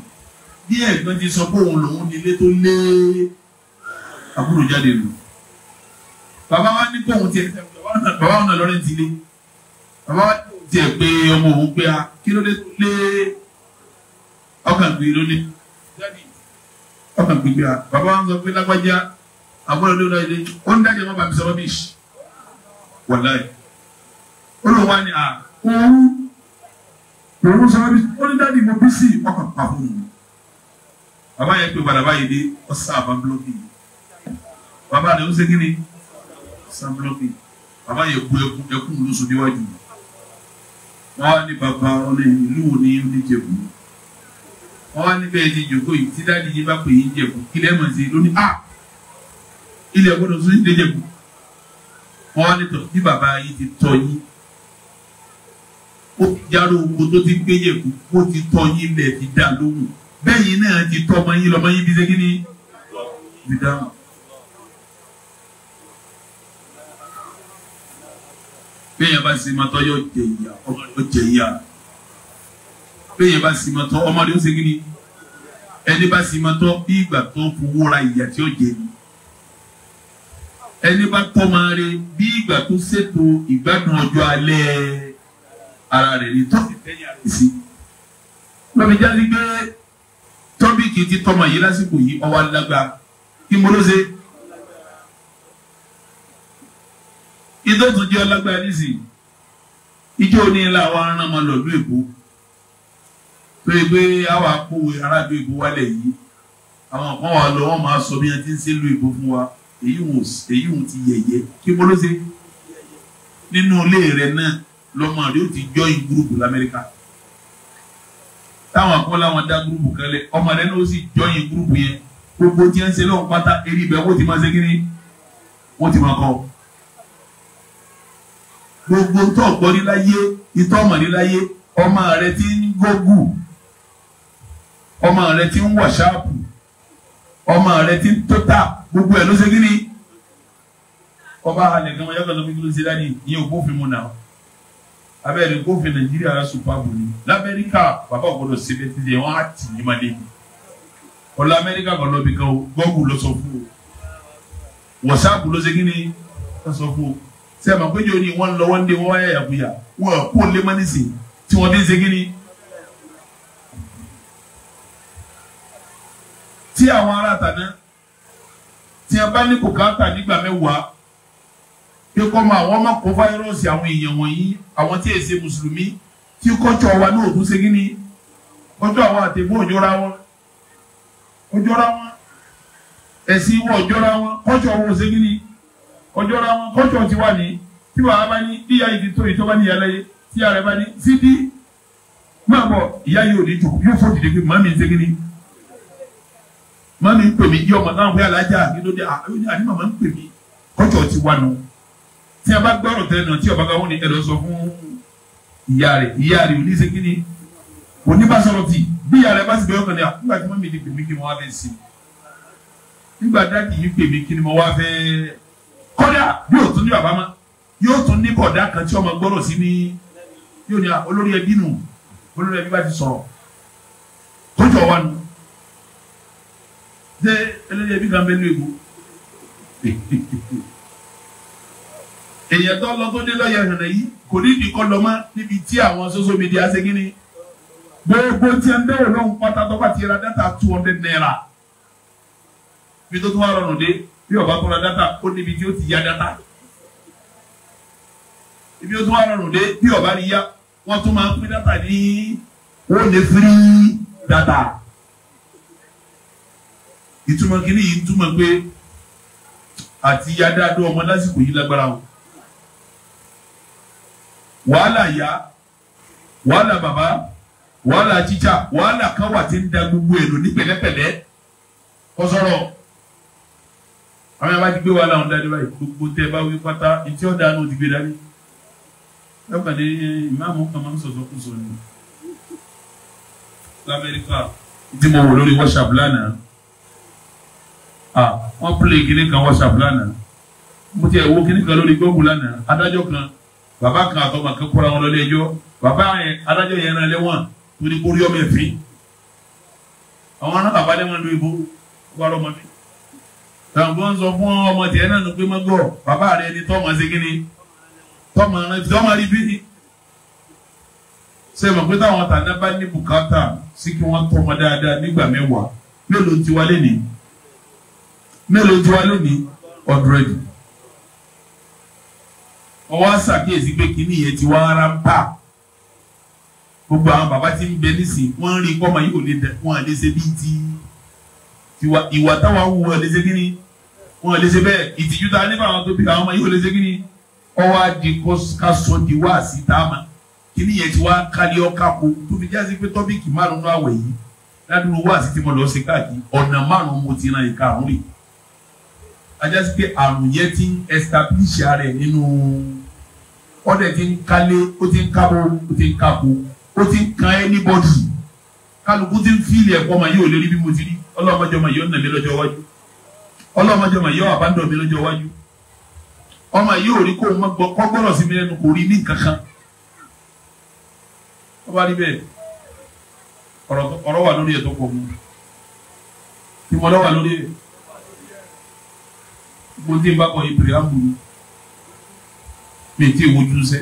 bí ẹ̀gbọ́n ti sọ pé òun lòun nílé tó lé àbúrò jáde lò bàbá wa ní kóun tiẹ̀ bàbá wa náà lọ́rẹ́ ti lé bàbá wa tiẹ̀ pé ọmọ òun pé a kí ló dé tó lé ọkàn gbé ló ní jáde ọkàn gbé pé a bàbá wa ń sọ pé lágbájá àbúrò ló lọ ilé ó ń dájẹ́ mọ́ bàbí sọ́wọ́ bíṣì wàláì ó lóun wá a òun òun sọ́wọ́ bíṣì ó ní dáàdi mo bí sí ọkàn pàfọ́ mi bàbá yẹn pé padà báyìí dé ọ̀sán àbá búlọ́kì yìí bàbá rẹ̀ ó ṣe kíni ọ̀sán búlọ́kì bàbá yẹn kú ẹkún ẹkún lóṣù níwájú wọn ni ní bàbá ọlẹ́yìn ìlú òní oníjẹ̀bù wọn wá níbẹ̀ ẹni jòkó yìí tí dáàdi yìí bá pè yín jẹ̀bù kí lẹ́mọ̀ sí i lónìí ah ilẹ̀ gbọ́dọ̀ sún ìdè jẹ̀bù wọn wá nítọ̀ bí bàbá yìí ti tọ́ yín ó jáde owó tó ti gbé jẹ̀bù ó ti tọ́ yín lẹ̀ ti dá lóhùn bẹ́yìn náà ti tọ́ ọmọ yín lọ́mọ yín bí segin ní bí dáhùn. bẹ́yìn bá sì máa tọ́ yọ jẹ ìyá ọmọ yọ jẹ ìyá bẹ́yìn bá sì máa tọ́ ọmọdé ó segin ní ẹni bá sì máa tọ́ bí ìgbà tó fowó ìyá tí ó jẹ ni ẹni bá tọ́ máa rẹ bí ìgbà tó ṣètò ìgbádùn ọjọ́ alẹ́ ara rẹ̀ ni tó sí. lọ́mọdé jáde gbé tọ́bíkì ti tọmọ yìí lásìkò yìí ọwọ́ alágbá kí mo ló ṣe. ìdótò jẹ́ ọlágbá nísìnyí ijó ní ilé àwọn aráàmọ lọ́dún èkó pé àwọn akówó aráàlú èkó wálẹ̀ yìí àwọn kan wà lọ wọn máa sọ bí wọn ti ń ṣe èkó fún wa èyí wọn èyí wọn ti yẹ̀yẹ́ kí mo ló ṣe nínú ilé rẹ náà lọmọ rẹ ó ti join group l'Amẹ́ríkà táwọn àkọ́ làwọn dá gúrùpù kan lẹ̀ ọmọ rẹ ló sì jọyìn gúrùpù yẹn gbogbo tí wọ́n ń ṣe lọ́wọ́ pátá eré ibẹ̀ wọ́n ti máa ṣe kíni wọ́n ti máa kọ́ gbogbo tó ọ̀gbọ́n níláyé itọ́ ọmọ níláyé ọmọ rẹ ti ń gógù ọmọ rẹ ti ń wọ̀ṣáàpù ọmọ rẹ ti ń tótà gbogbo ẹ̀ ló ṣe kíni ọba alẹ̀ kan wọ́n yàgò lọ́mọ ìgbìlósí dání ìyẹn ògbófin mu náà abẹ́rẹ́ kó fi nàìjíríà yà sùpà bòlí lamẹ́ríkà bàbá gbọdọ̀ sẹ́bẹ̀ ti dẹ̀ wọ́n á tì ní malé ni ọ̀la amẹ́ríkà gbọdọ̀ bí kan gbọ́gù lọ sọ fún o wọ́sáàpù ló segin ni lọ sọ fún o sẹ́yìn àpéjọ ni wọ́n lọ wọ́n dé wọ́n wáyà yàgùyà wọ́n kó lé mọ́ nísìn tí wọ́n segin ni. tí àwọn ará tàná tí a bá ní kò káńtà nígbà mẹ́wàá pé kọ́ máa wọ́n má kó fáírọ́ọ̀sì àwọn èèyàn wọ̀nyí àwọn tí èsè mùsùlùmí tí kọ́jọ́ wa ní òtún segin ni kọ́jọ́ àwọn àtẹ̀gbọ́ òjọra wọn òjọra wọn ẹ̀sìn wọn òjọra wọn kọ́jọ́ wọn segin ni òjọra wọn kọ́jọ́ ti wà ní tí wàá bá ní bí ìyá ìdí tó ìtọ́ bá ní ìyàlẹ́ yẹ tí ìyá rẹ bá ní sídí máa bọ̀ ìyá yìí ò ní jù yóò fọ́ dìde pé màmí segin ni màmí ń pè mí yí ọmọ náà pé alájà kí ló dé ah, àdé màmá ń pè mí kọ́jọ́ ti wà nù tí a bá gbọ́rọ̀ tẹnu tí ọba gbàgbọ́ ni ẹ lọ sọ fún ìyá rẹ̀ ìyá rẹ̀ oníṣe kíni oníbàṣọ̀rọ̀ tì bí ìyá rẹ̀ bá sì bẹ̀rẹ̀ ọkàn ni àkúgbà tí wọ́n mi di pèmí kí wọ́n wá fẹ́ sí i nígbà dáàkì yìí pèmí kí ni mo wá fẹ́ kọ́dà yóò tún ní bàbá ma yóò tún ní bọ̀dá kan tí ọmọ gbọ́rọ̀ sí ní yóò ní olórí ẹbí nù olórí ẹbí bá ti sọ̀rọ̀ tó jọ nù ṣé ẹlẹ́yẹ ẹbí kan bẹ́ẹ̀ lé èyàn tó lọ tó dé lọ́yà ìrìnà yìí kò ní ìdíkọ́ lọ mọ́ níbi tí àwọn social media ṣe kí ni gbogbo tí ẹn bẹ́ẹ̀ lọ́hùn pátá tó ti ra dátà two hundred naira bí tó tún wà rọrùn dé bí ọba tó ra dátà ó níbi tí ó ti ya dátà ibi tó tún wà rọrùn dé bí ọba rí ya wọ́n tún máa ń pín dátà ní ó lè free dátà ìtumọ̀ kìíní yìí túmọ̀ pé àti yá dáadọ́ ọmọ lásìkò yìí lágbára o wàhálà ìyá wàhálà bàbá wàhálà jíjà wàhálà kan wà tí ń da gbogbo èlò ní pẹ̀lẹ́pẹ̀lẹ́ kọsọ̀rọ̀ àwọn yàrá ti gbé wàhálà ọ̀hún dání báyìí gbogbo tẹ bá wí pátá etí ọ̀dà àná ti gbé dání lọ́pàdé ìmáàmù kan máa ń sọ̀tọ̀ kù sọ ni lamẹ́ríkà tí mo wò lórí WhatsApp lánàá ah wọ́n pílè kíní kan WhatsApp lánàá mo ti ẹ̀ wo kíní kan lórí gbóògùn lánàá adájọ́ kan. Baba kan àtọmọ kan kóra wọn lọlé ẹjọ́ bàbá yẹn adájọ́ yẹn náà lẹ́wọ̀n torí borí ọmọ ẹ̀fín àwọn náà bàbá lẹ́wọ̀n ló ibo wà lọ́mọ mi. tàǹgbọ́ ń sọ fún ọmọ tiẹ̀ náà ló pé má gbọ́ bàbá rẹ ni tọ́mọ ṣe kíni tọ́mọ rẹ tọ́mọ rí bí. sẹ́mi pé táwọn tàná bá ní bùkátà sí kí wọ́n tọ́mọ dáadáa nígbà mẹ́wàá mélòó tiwa lé ní mélòó tiwa lé ní ọ̀dúrẹ́dì wọ́n wá ṣàkíyèsí pé kínní yẹn ti wá ara ń bà gbogbo àwọn bàbá tí ń bẹ nísìn wọ́n rí kọ́mọ yìí ò lè dẹ wọ́n lè ṣe bíi ti ìwà táwọn awù wọ́n lè ṣe kínní wọ́n lè ṣe bẹ́ẹ̀ ìtìjú ta nípa àwọn tó bí àwọn ọmọ yìí ò lè ṣe kínní ọwọ́ adi ká sọ di wá sí táàmà kínní yẹn ti wá kálí ọkà kó tóbi jáde pé tọ́bíkì márùn-ún àwẹ̀ yìí ládùúgbò wá sí tí ti ran ọdẹ ti ń kalé ó ti ń kábọ ó ti ń kábọ ó ti ń kan anybody kálukú ti ń fíìlì ẹ̀kọ́ ma yóò lérí bí mo ti rí ọlọ́mọdé ọmọ yóò nà mí lọ́jọ́ iwájú ọlọ́mọdé ọmọ yóò àbádọ́ mi lọ́jọ́ iwájú ọmọ yóò rí kó gbọ́rọ̀ sí mi lẹ́nu kò rí ní kankan ọba rí bẹ́ẹ̀ ọ̀rọ̀ wà lórí ẹ̀ tó pọ̀ mu ìmọ̀lẹ́ wà lórí ẹ̀ mo ti ń bá kọ́ ìpìlẹ̀ àbúrò mi ti wojú sẹ́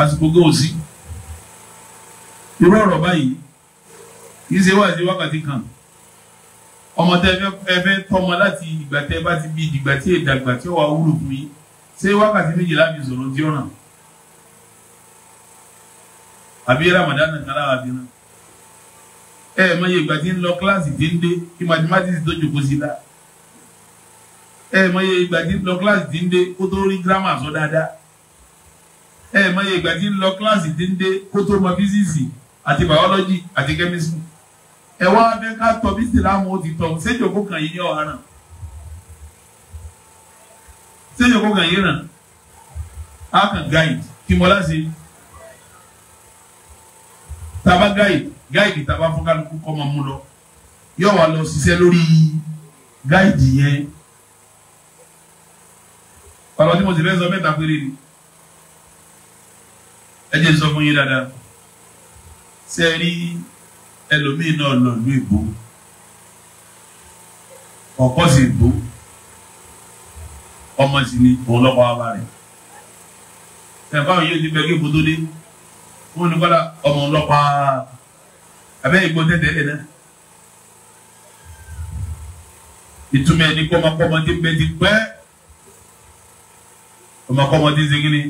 àsìkò góòsì irú ọ̀rọ̀ báyìí kì í ṣe wá àti wákàtí kan ọmọ tẹ ẹ fẹ́ tọ́mọ láti ìgbà tẹ bá ti bí ìdìgbà tí èdàgbà tí ó wà wúlò fún yín ṣé wákàtí méjìlá mi sọ̀rọ̀ tí ó ràn àbí Ramadan kan láwa bí náà ẹ ẹ mọ iye ìgbà tí ń lọ kíláàsì tí ń dé kí mathematics tó jòkó sí i láà ẹ mọye ìgbà tí lọ kíláàsì ti ń dé kó tó rí gírámà sọ dáadáa ẹ mọye ìgbà tí lọ kíláàsì ti ń dé kó tó mọ físíìsì àti bàọ́lọ́jì àti kẹ́mísírì ẹ wá fẹ́ ká tọ́ bí sìlámù ó ti tọ̀ séjòkó kàn yín ní ọ̀hánà séjòkó kàn yín ràn á kàn gáìdì kí mo láti taba gáìdì gáìdì taba fún kọ́ máa mú lọ yóò wá lọ ṣiṣẹ́ lórí gáìdì yẹn ọ̀rọ̀ tí mo sì fẹ́ sọ mẹ́ta péré ni ẹ jẹ́ sọ fún yín dáadáa ṣé ẹ rí ẹlòmíín náà lọ ìlú ìbò ọ̀pọ̀ sì ìbò ọmọ sì ni òun lọ́kọ̀ wá bá rẹ̀ ẹ̀ báwọn yóò ti bẹ kí ibùdó dé wọn ni kọ́lá ọmọ ọlọ́pàá abẹ́ ìgbọ́ tẹ́tẹ́ náà ìtumọ̀ ẹni kọ́ ọmọ kọ́ ti pẹ́ ọmọkọ́mọdé ṣégilé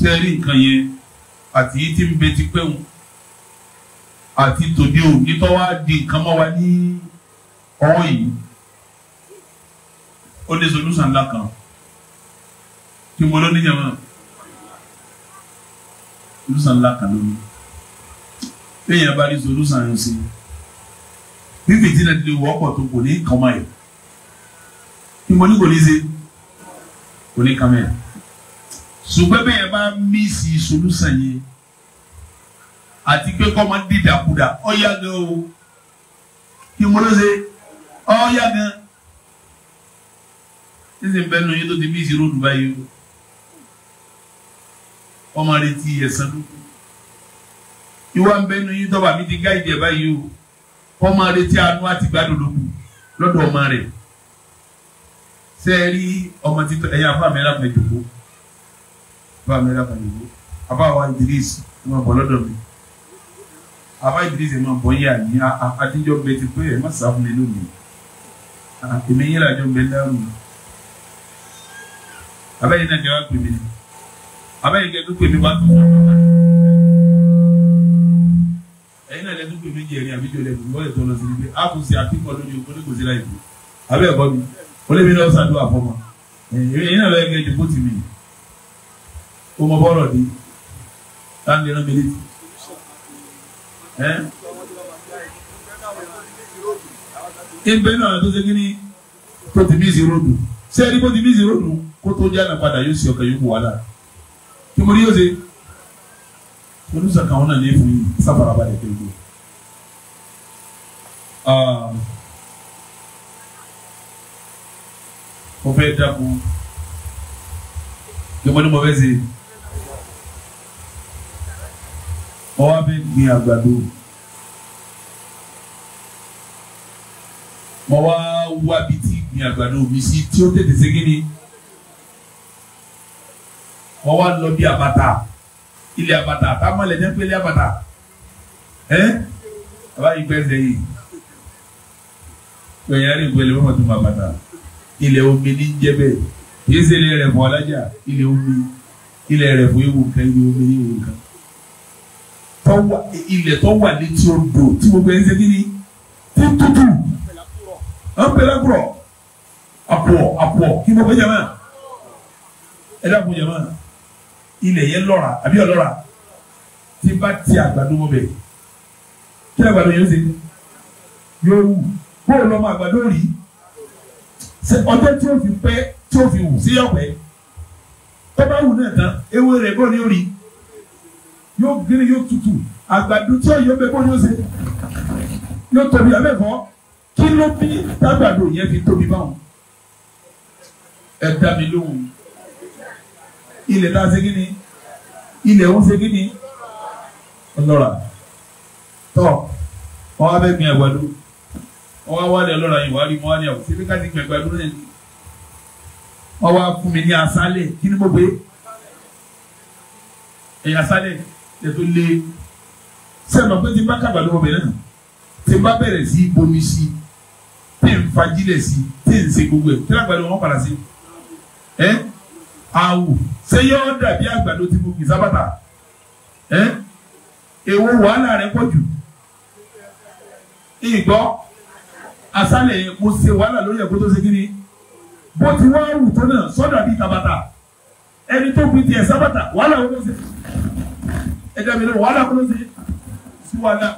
ṣe rí nǹkan yẹn àti yìí ti ń bẹ ti pẹ́ àti tòde òní tó wá di nǹkan mọ́ wa ní ọwọ́ yìí ó ní solúsàn ńlá kan tí mo lọ níjàmọ́ solúsàn ńlá kan lónìí èèyàn bá rí solúsàn yẹn sí bí fìtínà ti lè wọ́pọ̀ tó kò ní kàn máa yẹ ìmọ̀ ní kò ní í ṣe o ní kàmẹ́ ṣùgbọ́n bẹ́ẹ̀ bá mísì solúsàn yẹn àti pé kọ́ máa dídàkudà ọ̀yà gan o kí mo ló ṣe ọ̀yà gan ṣíṣe ń bẹnu yín tó ti mísì róòdù báyìí o ọmọ rẹ ti ẹ̀sán lóko ìwà ń bẹnu yín tọ́ba mi ti gáìdì ẹ̀ báyìí o ọmọ rẹ ti àánú àti gbádùn lóko lọ́dọ̀ ọmọ rẹ̀ ṣe é rí ọmọ títọ́ ẹ̀yà afá mi ẹ̀rá pẹ̀jọ́gbó afá mi ẹ̀rá pẹ̀jọ́gbó afá wa Idris ẹ̀ máa bọ̀ lọ́dọ̀ mi afá Idris ẹ̀ máa bọ̀ yà ní àtijọ́ bẹ́ẹ̀ ti pé ẹ̀ má sá fún mi lónìí èmi yín làjọ bẹ́ẹ̀ dáhùn mi abẹ́yìn náà jẹ́ wá pè mí abẹ́yìn kẹ́ tó pè mí wá tó sọ̀rọ̀ ẹ̀yin náà lẹ́nu pè mí jẹ̀rin àbíjọ́ lẹ́nu lọ́ọ̀lẹ̀ tó lọ sí ibi a kò sí àfikún kò sí láì pè abẹ́ ẹ̀kọ́ mi olóbi náà ṣàdúrà fún ọmọ ẹ̀yìn náà lọ́yẹ̀ kẹ́kẹ́ bó ti mi ó mọ bọ́ọ̀rọ̀ di láti ẹran mi létí. ìgbẹ́ náà tó ṣe kí ni tó ti mí sí ròdù ṣé ẹni bó ti mí sí ròdù kó tó jáde padà yóò ṣe ọkàn yóò kó wàhálà kí mo rí yóò ṣe olùsàkàwọn náà lè fún yín sáfàrà balẹ̀ kéwòn. mo fẹ́ dàbò kí mo ní mo fẹ́ ṣe mo wá fẹ́ gbin àgbàdo mo wá wá bi tí gbin àgbàdo mi sí tí ó tètè ṣe kíni mo wá lọ bí àbàtà ilé àbàtà táwọn ẹlẹ́ni pé ilé àbàtà ẹ́ àbáyé pẹ́ sẹ́yìn pẹ̀yẹ́rì pẹ̀lú ọmọdún àbàtà ilẹ̀ omi ní jẹ́ bẹ́ẹ̀ yìí ṣe ilẹ̀ rẹ̀ fún alájà ilẹ̀ omi ilẹ̀ rẹ̀ fún ewu kan ilẹ̀ omi ní ewu kan ilẹ̀ tó wà létí odò tí gbogbo ẹ̀ ń ṣe kí ni tí tútù ọ̀pẹ̀lẹ́kùrọ̀ àpọ̀ àpọ̀ kí ló fẹ́ jama ẹ dàpọ̀ jama ilẹ̀ yẹn lọ́ra àbí ọlọ́ra tí bá ti àgbàdo wọ bẹ̀ kí àgbàdo yẹn ṣe yóò wù bóòlù ọmọ àgbàdo rí ọjọ́ tí ó fi pẹ́ tí ó fi wù sí ọ̀pẹ́ tó bá wù náà tán ewé rẹ̀ bọ́ ni ó rí yóò gírí yóò tutù àgbàdo tí ọ̀yọ́ bẹ bọ́ ni ó ṣe yóò tóbi abẹ́fọ́ kí ló bí tágbàdo yẹn fi tóbi báwọn ẹ dá mi lóhùn ilẹ̀ tá a ṣe kí ni ilẹ̀ ń ṣe ni ọlọ́ra tọ́ ọ abẹ́ mi àgbàdo wọ́n wá wálé ọlọ́ra yìí wá rí mọ́ wálé àwọn síbi káàdì gbẹ̀gbẹ̀ ló rẹ̀ ni wọ́n wá fún mi ní asálẹ̀ kí ni mo gbé ẹ̀yà asálẹ̀ lẹ́tọ́ lé sẹ́nu pé ti bá kábà ló bẹ̀rẹ̀ náà ti bá bẹ̀rẹ̀ sí bomi sí tí n fagilẹ̀ sí tí n ṣe gbogbo ẹ̀ tí lágbàdo wọn padà sí ẹ́ àwò ṣé dàbí àgbàdo tí mo gbìn sábàtà ẹ́ wàhálà rẹ̀ pọ̀ jù ìgbọ́ asálẹ̀ yẹn mo ṣe wàhálà lórí ẹ̀kọ́ tó ṣe kí ni bó ti wá wù tó náà sọ́dọ̀ àbí tabata ẹni tó gbin tiẹ̀ sábàtà wàhálà wọn ló ṣe ẹ̀dá mi lọ wàhálà wọn ló ṣe sí wàhálà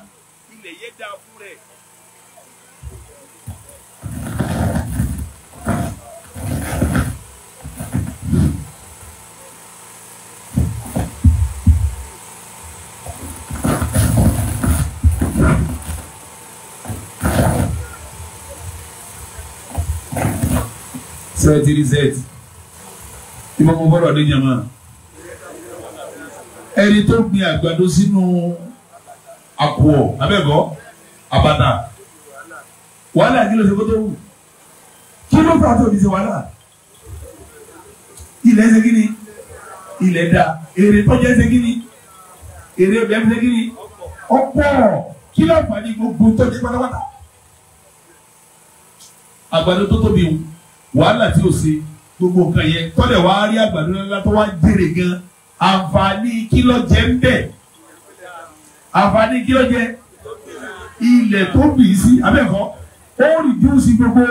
ilẹ̀ yẹn dáa sẹ́ẹ̀tì rìsẹ́ẹ̀tì tí wọ́n mú bọ́rọ̀ dé jàmá ẹni tó gbin àgbàdo sínú àkùọ̀ abẹ́gọ́ àbàtà wàhálà kí ló ṣe kó tó wù kí ló fà tó fi ṣe wàhálà ilẹ̀ ṣe kíni ilẹ̀ da èrè tọ́jà ṣe kíni èrè ọ̀dẹ́ ṣe kíni ọ̀pọ̀ kí ló fà ní gbogbo tọ́jú pátápátá àgbàdo tó tóbi wù wàhálà tí o ṣe gbogbo nǹkan yẹn tọ́lẹ̀ wàá rí àgbàdo ńlá tó wá jèrè gan àǹfààní kílọ̀ jẹ́ ń bẹ̀ àǹfààní kílọ̀ jẹ́ ilẹ̀ tó bì í sí abẹ́kọ̀ ó rìdíùsì gbogbo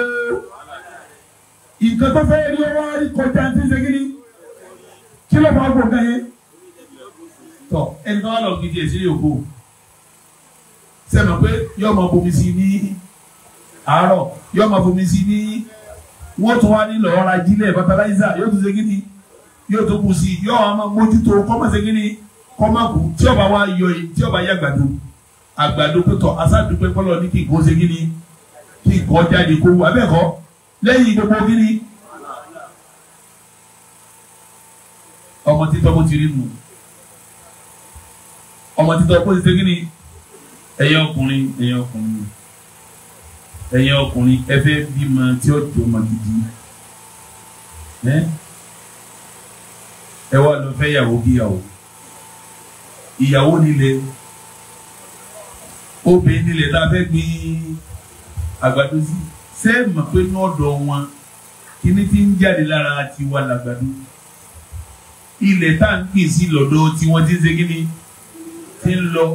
nǹkan tó fẹ́ rí ọwọ́ rí kọjá tí ń ṣe kíní kílọ̀ fún àgbò nǹkan yẹn tọ̀ ẹni tó wà lọ gidi ẹ̀ sílẹ̀ òkú sẹ́mi pé yọ́ọ̀ máa bomi sí ní àárọ̀ yọ́ọ̀ máa bomi sí ní wọ́n tún wá nílò ọ̀rá jílẹ̀ fertilizer yóò tún ṣe kí ni yóò tún kù sí yóò wá máa mójútó kọ́mọ̀ ṣe kí ni kọ́mọ̀ kù tí ọba wa yọ èyí tí ọba yá àgbàdo àgbàdo pẹ̀tọ̀ asádùúgbẹ́ pọ́lọ̀ ní kí nǹkan ṣe kí ni kí nǹkan jáde kó wà bẹ́ẹ̀ lẹ́yìn gbogbo kí ọmọ títọ́ bó ti rí nù ọmọ títọ́ bó ti ṣe ni ẹ̀yẹ ọkùnrin ẹ̀yẹ ọkùnrin ẹ̀yin ọkùnrin ẹ fẹ́ bímọ tí ó jọ ọmọ gidi ẹ wá lọ fẹ́ yàwó kíyàwó ìyàwó nílé obìnrin nílé tá a fẹ́ gbin àgbàdo sí ṣé ẹ mọ̀ pé ní ọ̀dọ̀ wọn kíní ti ń jáde lára tiwa làgbàdo ilẹ̀ tá à ń gbìn sí lọ́dọ̀ tí wọ́n ti ń ṣe kíní ti ń lọ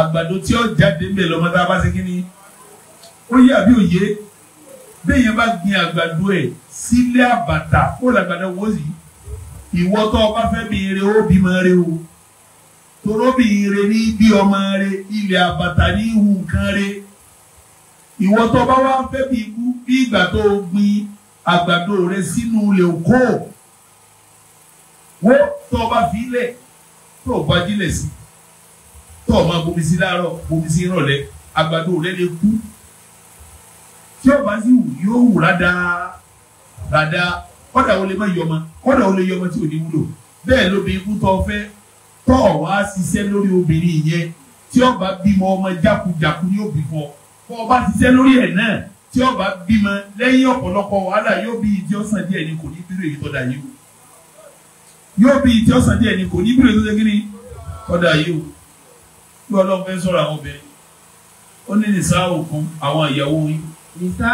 àgbàdo tí ó jáde ń bẹ̀ lọ́mọ tá kíní ó yé àbí òye béèyàn bá gbin àgbàdo ẹ̀ sílé àbàtà kó làgbàdo wò sí ìwọ o bá fẹ́ bí ire ó bímọ re o toró bí ire ní bí ọmọ re ilẹ̀ àbàtà ní ihu nǹkan re ìwọ o bá wá fẹ́ bí ikú bí ìgbà tó o gbin àgbàdo rẹ sínú ilẹ̀ òkó wo tó o bá fi ilẹ̀ tó o bá jílẹ̀ sí tó o máa bomi sí láàárọ̀ bomi sí ìrọ̀lẹ́ àgbàdo rẹ lè kú tí ó bá sì wù yóò wù ládàá ládàá kódà ó lè má yọmọ kódà ó lè yọmọ tí ò ní wúlò bẹ́ẹ̀ ló bí ikú tọ́ fẹ́ tọ́ ọ wá ṣiṣẹ́ lórí obìnrin yẹn tí ó bá bímọ ọmọ jákujàku ni yóò bí fọ kó o bá ṣiṣẹ́ lórí ẹ̀ náà tí ó bá bímọ lẹ́yìn ọ̀pọ̀lọpọ̀ wàhálà yóò bí ìdí ọ̀sán díẹ̀ ni kò ní bírò èyí tọ́da yìí o yóò bí ìdí ọ̀sán díẹ̀ ni kò ní bírò èyí tọ́da yìí o bí ọlọ́run fẹ́ sọ̀rọ̀ àwọn obìnrin ó ní nìsáwò kan àwọn ìyàwó yìí nìta.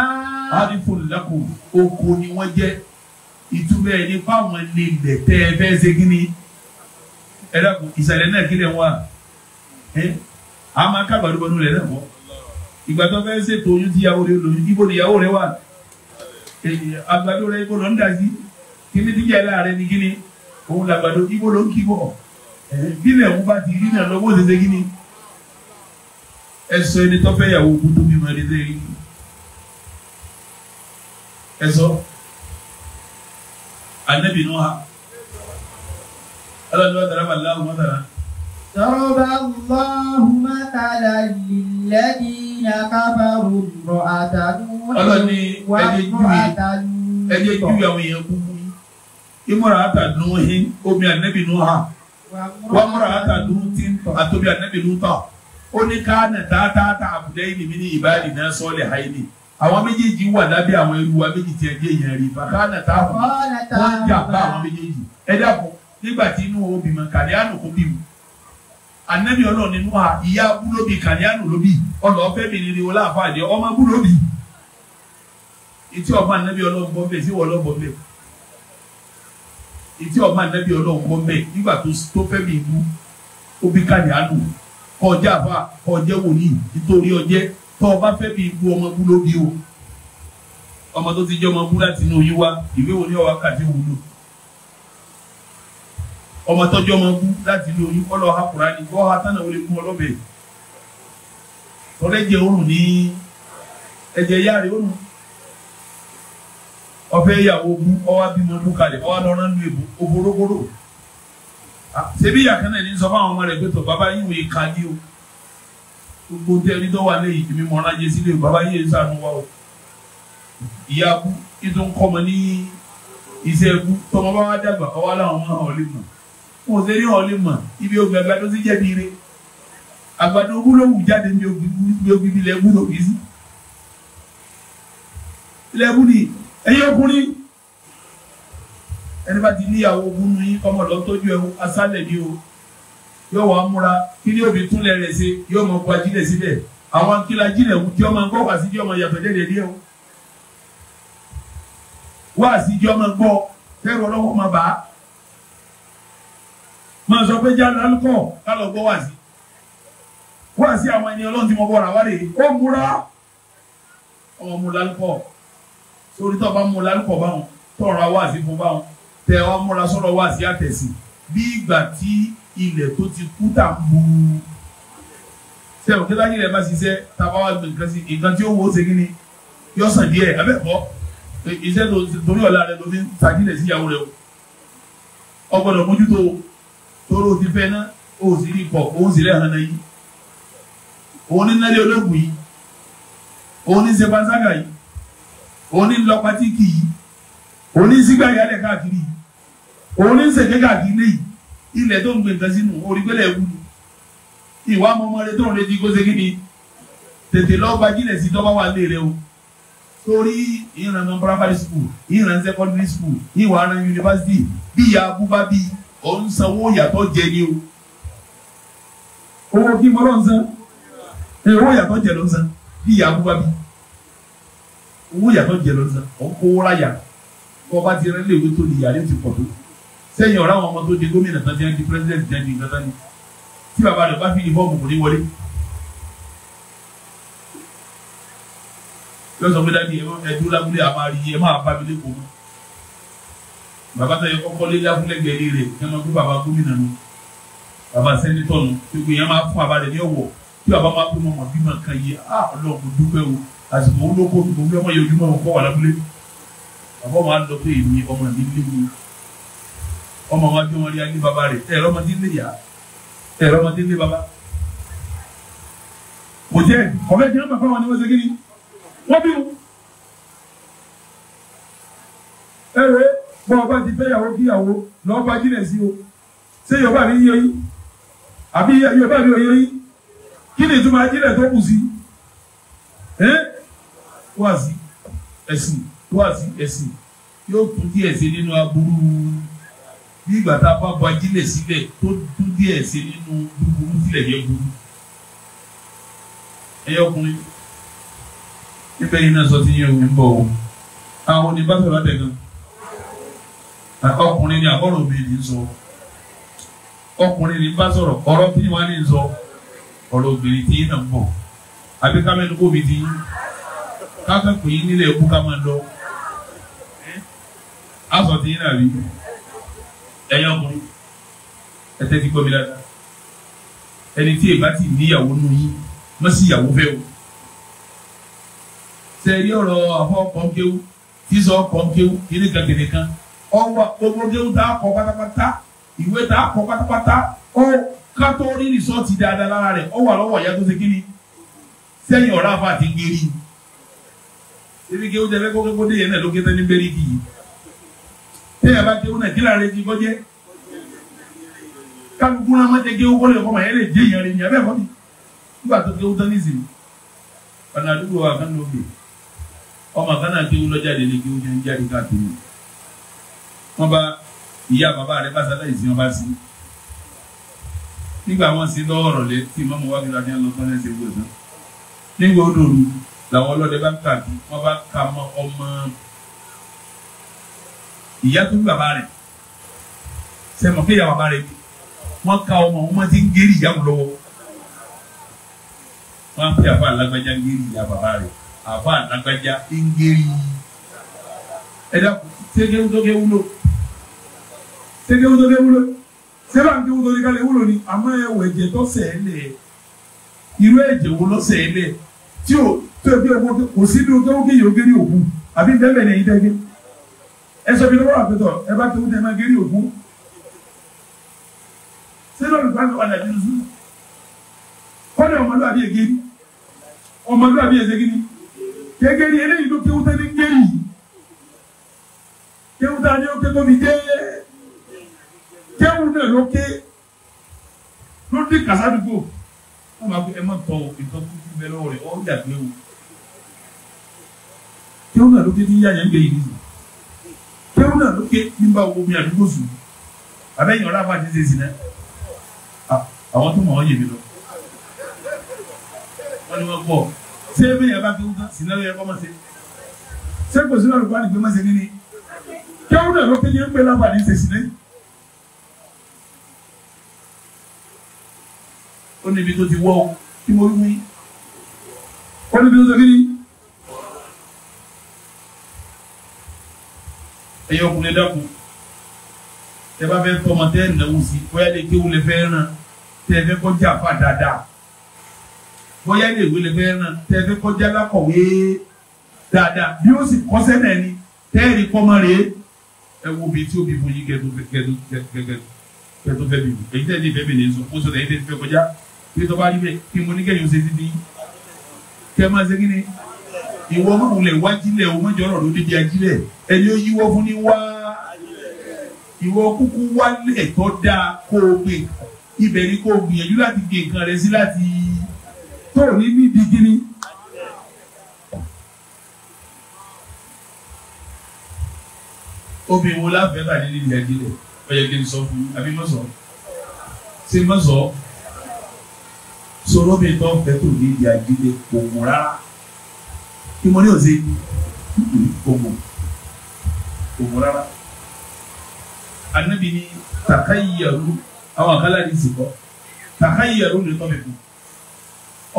alifun lakum oko ni wọ́n jẹ́ ìtumọ̀ ẹ̀ ní fáwọn nílẹ̀ tẹ́ ẹ fẹ́ ṣe kí ni ẹ dàkún ìsàlẹ̀ náà kílẹ̀ wá ẹ a máa ká gbàdúgbàdú rẹ̀ náà wọ́ ìgbà tó fẹ́ ṣètò oyún tí ìyàwó rẹ̀ lóyún ibo nìyàwó rẹ̀ wà àgbàdo rẹ̀ ibo ló ń dà sí kíni díjà láàrin ni kíni òun làgbàdo ibo ló ń kí bọ̀ bílẹ̀ òun bá ti rí náà lọ́wọ́ ṣẹṣẹ kíni ẹ sọ ẹni tó fẹ́ yàwó kú tó mímọ́ ẹni tó yẹ kíni ẹ sọ anabi nù ha aláàdúrà daraba aláwọ̀ mọ́tàlá. ضرب الله مثلا للذين كفروا امرأة نوح وامرأة لوط imura ata nuhin omi anabi nuha wamura ata lutin atobi anabi luta oni kaana taataata abudai ni mini ibadi na sọọli haini àwọn méjèèjì wà lábẹ́ àwọn irú wa méjì tí ẹ jẹ́ ìyẹn rí bàbá ànàtà àwọn wọ́n jà bá àwọn méjèèjì ẹ dàpọ̀ nígbà tí inú òbí mọ̀ kàdíánù kò bí mu ọlọ́run nínú a ìyá búlóbi kàdíánù ló bí ọlọ́ọ̀fẹ́ mi ni wọlé àfàdé ọmọ búlóbi etí ọmọ anabi ọlọ́run bọ́ bẹ́ẹ̀ sí wọlọ́ bọ́ bẹ́ẹ̀ etí ọmọ anabi ọlọ́run bọ́ bẹ́ẹ̀ nígbà tó fẹ́ mi ìlú òbí kàdíánù kọjá àbá kọjá wòlíì nítorí ọjẹ́ tó o bá fẹ́ bí ibu ọmọ bú ló bí o ọmọ tó ti jẹ́ ọmọ bú láti inú yín wá ìwé wo ni ọwọ́ kàdé wúlò ọmọ tọ́jú ọmọ bú láti inú oyún kọ́ lọ ha Kùránì kọ́ ha tánà wọlé fún ọlọ́bẹ̀ tọ́lẹ̀ jẹ ní ẹ̀jẹ̀ yá rẹ̀ òórùn ìyàwó bú ọwá bímọ bú kalẹ̀ ọwá lọ́rán lu èbú oboroboro ah, ṣebí ìyá náà ní sọ fún àwọn ọmọ rẹ̀ pé tó bàbá yìí wòye kàdí o gbogbo tẹ́rí tó wà lẹ́yìn èmi mọ̀ láyé sílé bàbá yìí sànú wa o ìyá kú kí tó ń kọ́ mọ ní iṣẹ́ kú tọmọ bá wá dàgbà ọwọ́ làwọn máa hàn lè mọ̀ wọn ò sẹ́ ní hàn lè mọ̀ ibi ògbà àgbàdo sí jẹ̀bi ire àgbàdo ogún ló wù jáde ní ogun ibi lẹ́gùn tó fi sí lẹ́gùn ni ẹ̀yin ọkùnrin ẹni bá ti níyàwó ogún ní kọ́mọ̀lọ́ tójú ẹ̀ asálẹ̀ ni o yóò wá múra kí ni òbí túnlẹ̀ rẹ̀ ṣe yóò mọ bu ajílẹ̀ síbẹ̀ àwọn kìlá ajílẹ̀ wù kí ọmọ ń gbọ́ wá sí kí ọmọ yàtọ̀ dẹ́dẹ̀ díẹ̀ o wá sí kí ọmọ gbọ́ tẹ́rù ọlọ́wọ́ máa bá máa sọ pé jáde alukọ̀ kálọ̀ gbọ́ wá sí wá sí àwọn ẹni ọlọ́run tí mo bọ̀ rà wá rèé ó múra ọmọ mu lálùkọ̀ sórí tó bá mu lálùkọ̀ báwọn tọ̀ra wá sí fún báwọn tẹ̀ ọ múra sọ̀rọ̀ wá sí àtẹ̀sí bí ìgbà tí ilẹ̀ tó ti kú tà ń bu sẹ́wọ̀n kí láyé rẹ̀ bá ṣiṣẹ́ tábà wà lóbi nǹkan sí nǹkan tí ó wo ṣe kíni yọ sàn díẹ̀ abẹ́ kọ́ iṣẹ́ torí ọ̀la rẹ̀ ló fi ń tajílẹ̀ síyàwó rẹ̀ o ọgbọ́dọ̀ mójútó tóró ti fẹ́ ná o sì rí pọ̀ o sì rẹ̀ hàn náà yìí òun ní nálé ológun yìí òun ní sepansaga yìí òun ní lọ yìí òun ní sígbà káàkiri yìí òun ní sèké káàkiri yìí ilẹ̀ tó ń gbé nǹkan sínú orígbélẹ̀ wúlò ìwà ọmọọmọ rẹ tó ń retí kó ṣe kí ni tètè lọ́ọ́ gbajúlẹ̀ sí tọ́ba wà lé rẹ o torí ìran primary school ìran secondary school ìwà ara university bíyà abúbá bí òun sanwó yàtọ̀ jẹ ni o owó kí mo lọ́n san owó yàtọ̀ jẹ ló ń san bíyà abúbá bí owó yàtọ̀ jẹ ló ń san òun kó wọ́n ti rẹ́ léwé tó lè yàrá ètò ìpọ̀ tó sẹ́yìn ọ̀rá àwọn ọmọ tó di gómìnà tán ti ń di pírẹsidẹ́ntì tán di nǹkan tán ni tí bàbá rẹ̀ bá fi ní bọ́ọ̀mù kò ní wọlé. yóò sọ pé dáàdi ẹdún lábúlé a máa rí ẹ máa bá mi lẹ́kọ̀ọ́ mọ́. bàbá tó yẹ kọ́kọ́ lé lábúlé gẹ̀ẹ́lì rẹ̀ ẹ máa gbé bàbá gómìnà nu bàbá sẹ́nitọ̀ nu gbogbo yẹn máa fún bàbá rẹ̀ ní ọ̀wọ̀ tí bàbá máa pín mọ́mọ́ bí máa kan yé a ah, dúpẹ́ o àsìkò olóko olùkọ́ bí ọmọ yẹ ojúmọ́ ọkọ̀ wà lábúlé bàbá máa lọ pé èmi ọmọ mi ọmọ wa bí wọn rí ayé baba rẹ̀ tẹ̀ lọ́mọdé lé yá tẹ̀ lọ́mọdé lé baba. kò jẹ́ ọ̀rẹ́ jẹ́ ọmọ fáwọn ni wọ́n ṣe kí ni wọ́n bí wọn. ẹ rẹ bọ́ ọba ti fẹ́ yàwó kíyàwó lọ́ọ́ bá jìnà sí o ṣé yorùbá mi yẹ yín àbí yorùbá mi ò yẹ yín kí ni ìtumọ̀ ajínà tó kù sí wáàsí ẹ̀sìn wáàsí ẹ̀sìn yóò kú díẹ̀ sí nínú aburú bí ìgbà tá a bá bu ajílẹ̀ sílẹ̀ tó dún díẹ̀ sí nínú búburú tilẹ̀ yẹ burú ẹyẹ ọkùnrin níbẹ̀ yìí náà sọ ti yẹ òun bọ̀ o àwọn ní bá fẹ́ràn tẹ̀gàn ọkùnrin ni àbọ̀rọ̀ obìnrin sọ ọkùnrin ni bá sọ̀rọ̀ ọ̀rọ̀ kí ni wọ́n á ní sọ ọ̀rọ̀ obìnrin tí yín náà ń bọ̀ àbí ká mẹ́nu kó mi ti yín ká fẹ́ pè yín nílẹ̀ ẹ̀kú ká máa lọ á sọ ti yín náà rí ẹ̀yin ọkùnrin ẹ̀tẹ́ ti gbọ́ mi dáadáa ẹni tí èèbá ti níyàwó nù yín wọ́n sì yàwó fẹ́ o ṣe rí ọ̀rọ̀ àwọn kọ̀ọ̀kéwú tí sọ kọ̀ọ̀kéwú kiri kankan kan ọwọ́ gbogbo kéwú tá a kọ pátápátá ìwé tá a kọ pátápátá ó kátó rí rìsọ́ọ̀tì dáadáa lára rẹ̀ ọwọ́ àlọ́wọ́ ìyá tó ṣe kí ni sẹ́yìn ọ̀rá àfa àti gbèrí ibi kéwú tẹ́lẹ̀ kókó dé yẹn náà ló ké ní bẹ́rí kì téèyàn bá jẹ́ wọn nàìjíríà rẹ ti kọjẹ́ kálukú náà má jẹ́ gé owó lè fọmọ yẹn lè jẹ́ ìyẹn rẹ ìyẹn bẹ́ẹ̀ fọ́ni nígbà tó gé owó tán nísìnyí ọ̀nà àdúgbò wa kan ló gbé ọmọ kan náà gé owó lọ́jáde ní gé owó jẹun jáde káàkiri wọn bá ìyá bàbá rẹ bá sálẹ̀ ìsìn wọn bá sí nígbà wọn sí lọ́wọ́ rọ̀lẹ́ tí mọ́mọ́ wá gbéra ní ọlọ́gbọ́n ẹ̀sẹ̀ wúwo tán nígbà ó dòru làwọn ọlọ́dẹ bá ń kàkí wọn bá ka ọmọ ìyá tó bí bàbá rẹ̀ sẹ́mọ̀ kí ìyá bàbá rẹ̀ bí wọ́n ka ọmọ wọn ti ń gérí ìyá wọn lọ́wọ́ wọ́n á pè àfa alágbájá ń gérí ìyá bàbá rẹ̀ àfa alágbájá ń gérí ẹ̀dá tẹ́gẹ́wó tó kẹ́ wúlò tẹ́gẹ́wó tó kẹ́ wúlò sẹ́bà ń kéwó tó kẹ́ kálẹ̀ wúlò ni àmọ́ ẹ̀wọ̀ ẹ̀jẹ̀ tó sẹ̀ ẹ́ lẹ̀ irú ẹ̀jẹ̀ wo lọ́sẹ̀ ẹ́ lẹ̀ tí o tó ẹbí ẹ̀ kò sí ní o tó kéye o gérí òkú àbí bẹ́ẹ̀ bẹ́ẹ̀ ni ẹ̀yin tẹ́gẹ́ ẹsọ bi ni wọn wà pẹtọ ẹ bá tó tẹ ẹ má gé ní òkú sínú olùkọ́ àti ọ̀nà ìdílé sùn kọ́ni ọmọlúwàbí ègé ni ọmọlúwàbí ègé ni gẹ́gẹ́ ni eléyìí ló kéwú tẹ́lẹ̀ gẹ́rì kéwú tá a ní oké tóbi dé kéwú náà ló ké ló dé kàsádùgbò wọn máa ẹ má tọ ìtọ́ kúkú bẹ́ẹ̀ lọ́wọ́ rẹ̀ ọ́ yàgbé o kéwú náà ló ké ní yíyá yẹn ń gbé yìí nìyí kéwù náà ló ké nígbà wo mi àdúgbò sùn abẹ́yìn ọ̀la fà dídé sí náà àwọn tó mọ̀ ọ́ yèmí lọ wọ́n ni wọ́n gbọ́ ṣé bí yàrá kéwù náà sí náà yẹ kọ́ máa ṣe ṣé kò sí lọ́rùn kwani pé máa ṣe kí ni kéwù náà ló ké yẹn pé lábàá ní ṣe sí náà. ó níbi tó ti wọ́ kí mo rí mi ó níbi tó ti kí ni. ẹyẹ ọkùnrin dákun tẹ bá fẹ́ tọmọ tẹ nàwó sí bóyá lè kéwù lè fẹ́ ràn tẹ fẹ́ kọjá fà dáadáa bóyá lè wí lè fẹ́ ràn tẹ fẹ́ kọjá lákọ̀wé dáadáa bí ó sì kọ́sẹ́ náà ni tẹ́ẹ̀rì kọ́mọ rèé ẹ wo bi tí o bí fún yín kẹtù kẹtù kẹtù kẹtù fẹ́ bìbí èyí tẹ́ẹ̀ ní ìfẹ́ bìbí nìyẹn sọ tẹ́ẹ̀ ní ìfẹ́ kọjá bí tọ́ bá rí bẹ́ẹ̀ kí mo ní kẹ́yìn ó ṣe ti di kẹ́ máa ṣe kí ni ìwọ olúwulẹ̀ wájílẹ̀ o mọ́jọ́ ọ̀rọ̀ ló dédé ajílẹ̀ ẹni ó yíwọ́ fún ní wá ìwọ kúkú wálẹ̀ tó dáa kó o gbé ibẹ̀ ni kó o gbìyànjú láti gbé nǹkan rẹ sí láti tó o ní ní digiri. obìnrin wo láfẹ́ bàdé ní ìdí ajílẹ̀ ó yẹ kí n sọ fún yín àbí sọ ṣé mọ̀ sọ sọ̀rọ̀ mi fẹ́ tó ní ìdí ajílẹ̀ kò mú rárá kí mo ní òsè ogun ogun rárá anabi ni takayaru àwọn àkàlà ní sìkọ takayaru ní tọ́ mi kù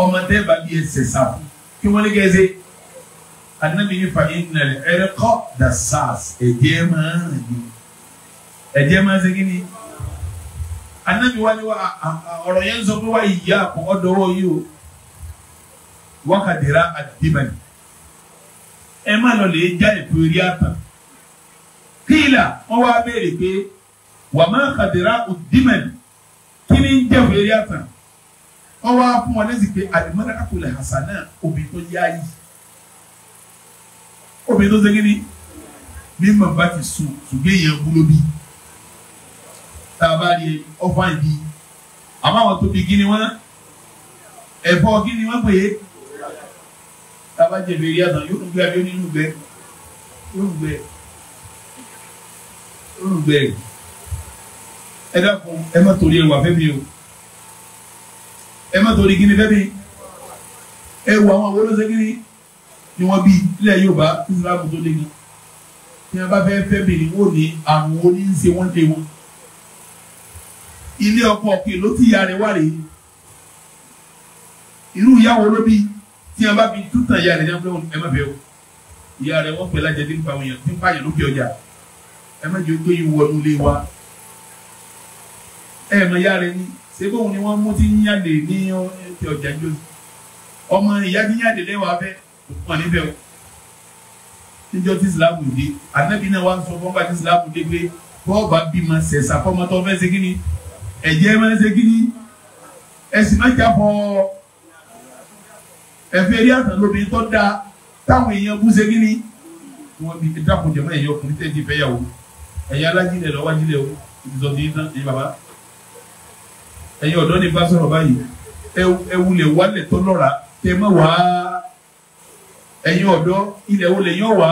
ọmọ tẹ́ bá bí ẹ sẹ̀sà kí wọ́n ní kẹ́ ẹ anabi ni fa ìnàlẹ̀ ẹ̀rẹ́ kọ́ da sars ẹ̀jẹ̀ máa ń rìn ní ẹ̀jẹ̀ máa ń segin ní anabi wa ni wa ọ̀rọ̀ yẹn ń sọ pé wa ìyá àpò ọ̀dọ́wọ́ yìí o wọ́n kà dira àdìmẹ́ni ẹ má lọ lè já ètò eré àtàn kíìlà wọn wá béèrè pé wà má kàdìrà òdìmẹ̀n kí ni ń jẹ́ òwe eré àtàn wọn wá fún wọn lẹ́sìn pé àdìmọ́lá kàkùlẹ̀ hasana obìnrin tó yá yìí obìnrin tó segin ni ní màmá ti sùn ṣùgbọ́n èèyàn wúlò bí tá a bá rí ọfà ìdí àmọ́ àwọn tó gíní wọn ẹ̀fọ́ gíní wọn pè é tába jẹ̀bi rí àná yóò gbé abẹ́ nínú gbẹ yóò gbẹ yóò gbẹ ẹ dákun ẹ má torí ẹwà fẹ́ mi o ẹ má torí gíní fẹ́ ẹ wọ àwọn àwọn olóṣèlú ni wọ́n bí ilẹ̀ Yorùbá Islam tó dé gan ní a bá fẹ́ fẹ́ mi ni wọ́n ní àwọn oníṣe wọ́n dé wọn ilé ọkọ̀ òkè ló ti yára wá rèé irú ìyàwó ló bí tí wọn bá fi tútàn ìyá rẹ ní ọgbẹ́ ẹ má bẹ o ìyá rẹ wọ́n pè lájẹ nípa àwọn èèyàn nípa àyàn lókè ọjà ẹ má jẹ́ ó gbé yín wọnú ilé wa ẹ mọ ìyá rẹ ní ṣébí òun ni wọ́n mú ti yíyàdè ní ọjà ọjà jọ ọmọ ìyá yíyàdè lẹ́wọ̀ abẹ́ wọn níbẹ̀ o níjọ tí Islam dé ànábì náà wà sọ fọ́nbà tí Islam dé pé bọ́ọ̀bà bímọ sẹ̀sà fọmọtọ́ fẹ́ ṣe kí ni ẹ̀jẹ̀ máa ń ṣe kí ni ẹ̀sìn máa ń jà fọ́ọ́ ẹ̀fẹ́ eré àtàn lóbi tó dáa táwọn èèyàn bú segin ni wọ́n bí dákun jẹ̀mọ́ ẹ̀yọ ọkùnrin tẹ́ ti fẹ́ yà wò ẹ̀yà alájílẹ̀ lọ́wájílẹ̀ o ìzọ̀dí ní baba ẹ̀yìn ọ̀dọ́ ni bá sọ̀rọ̀ báyìí ẹ wulẹ̀ wálẹ̀ tó lọ́ra tẹ mọ́ wá ẹ̀yìn ọ̀dọ́ ilẹ̀ wọlé yọ̀ wá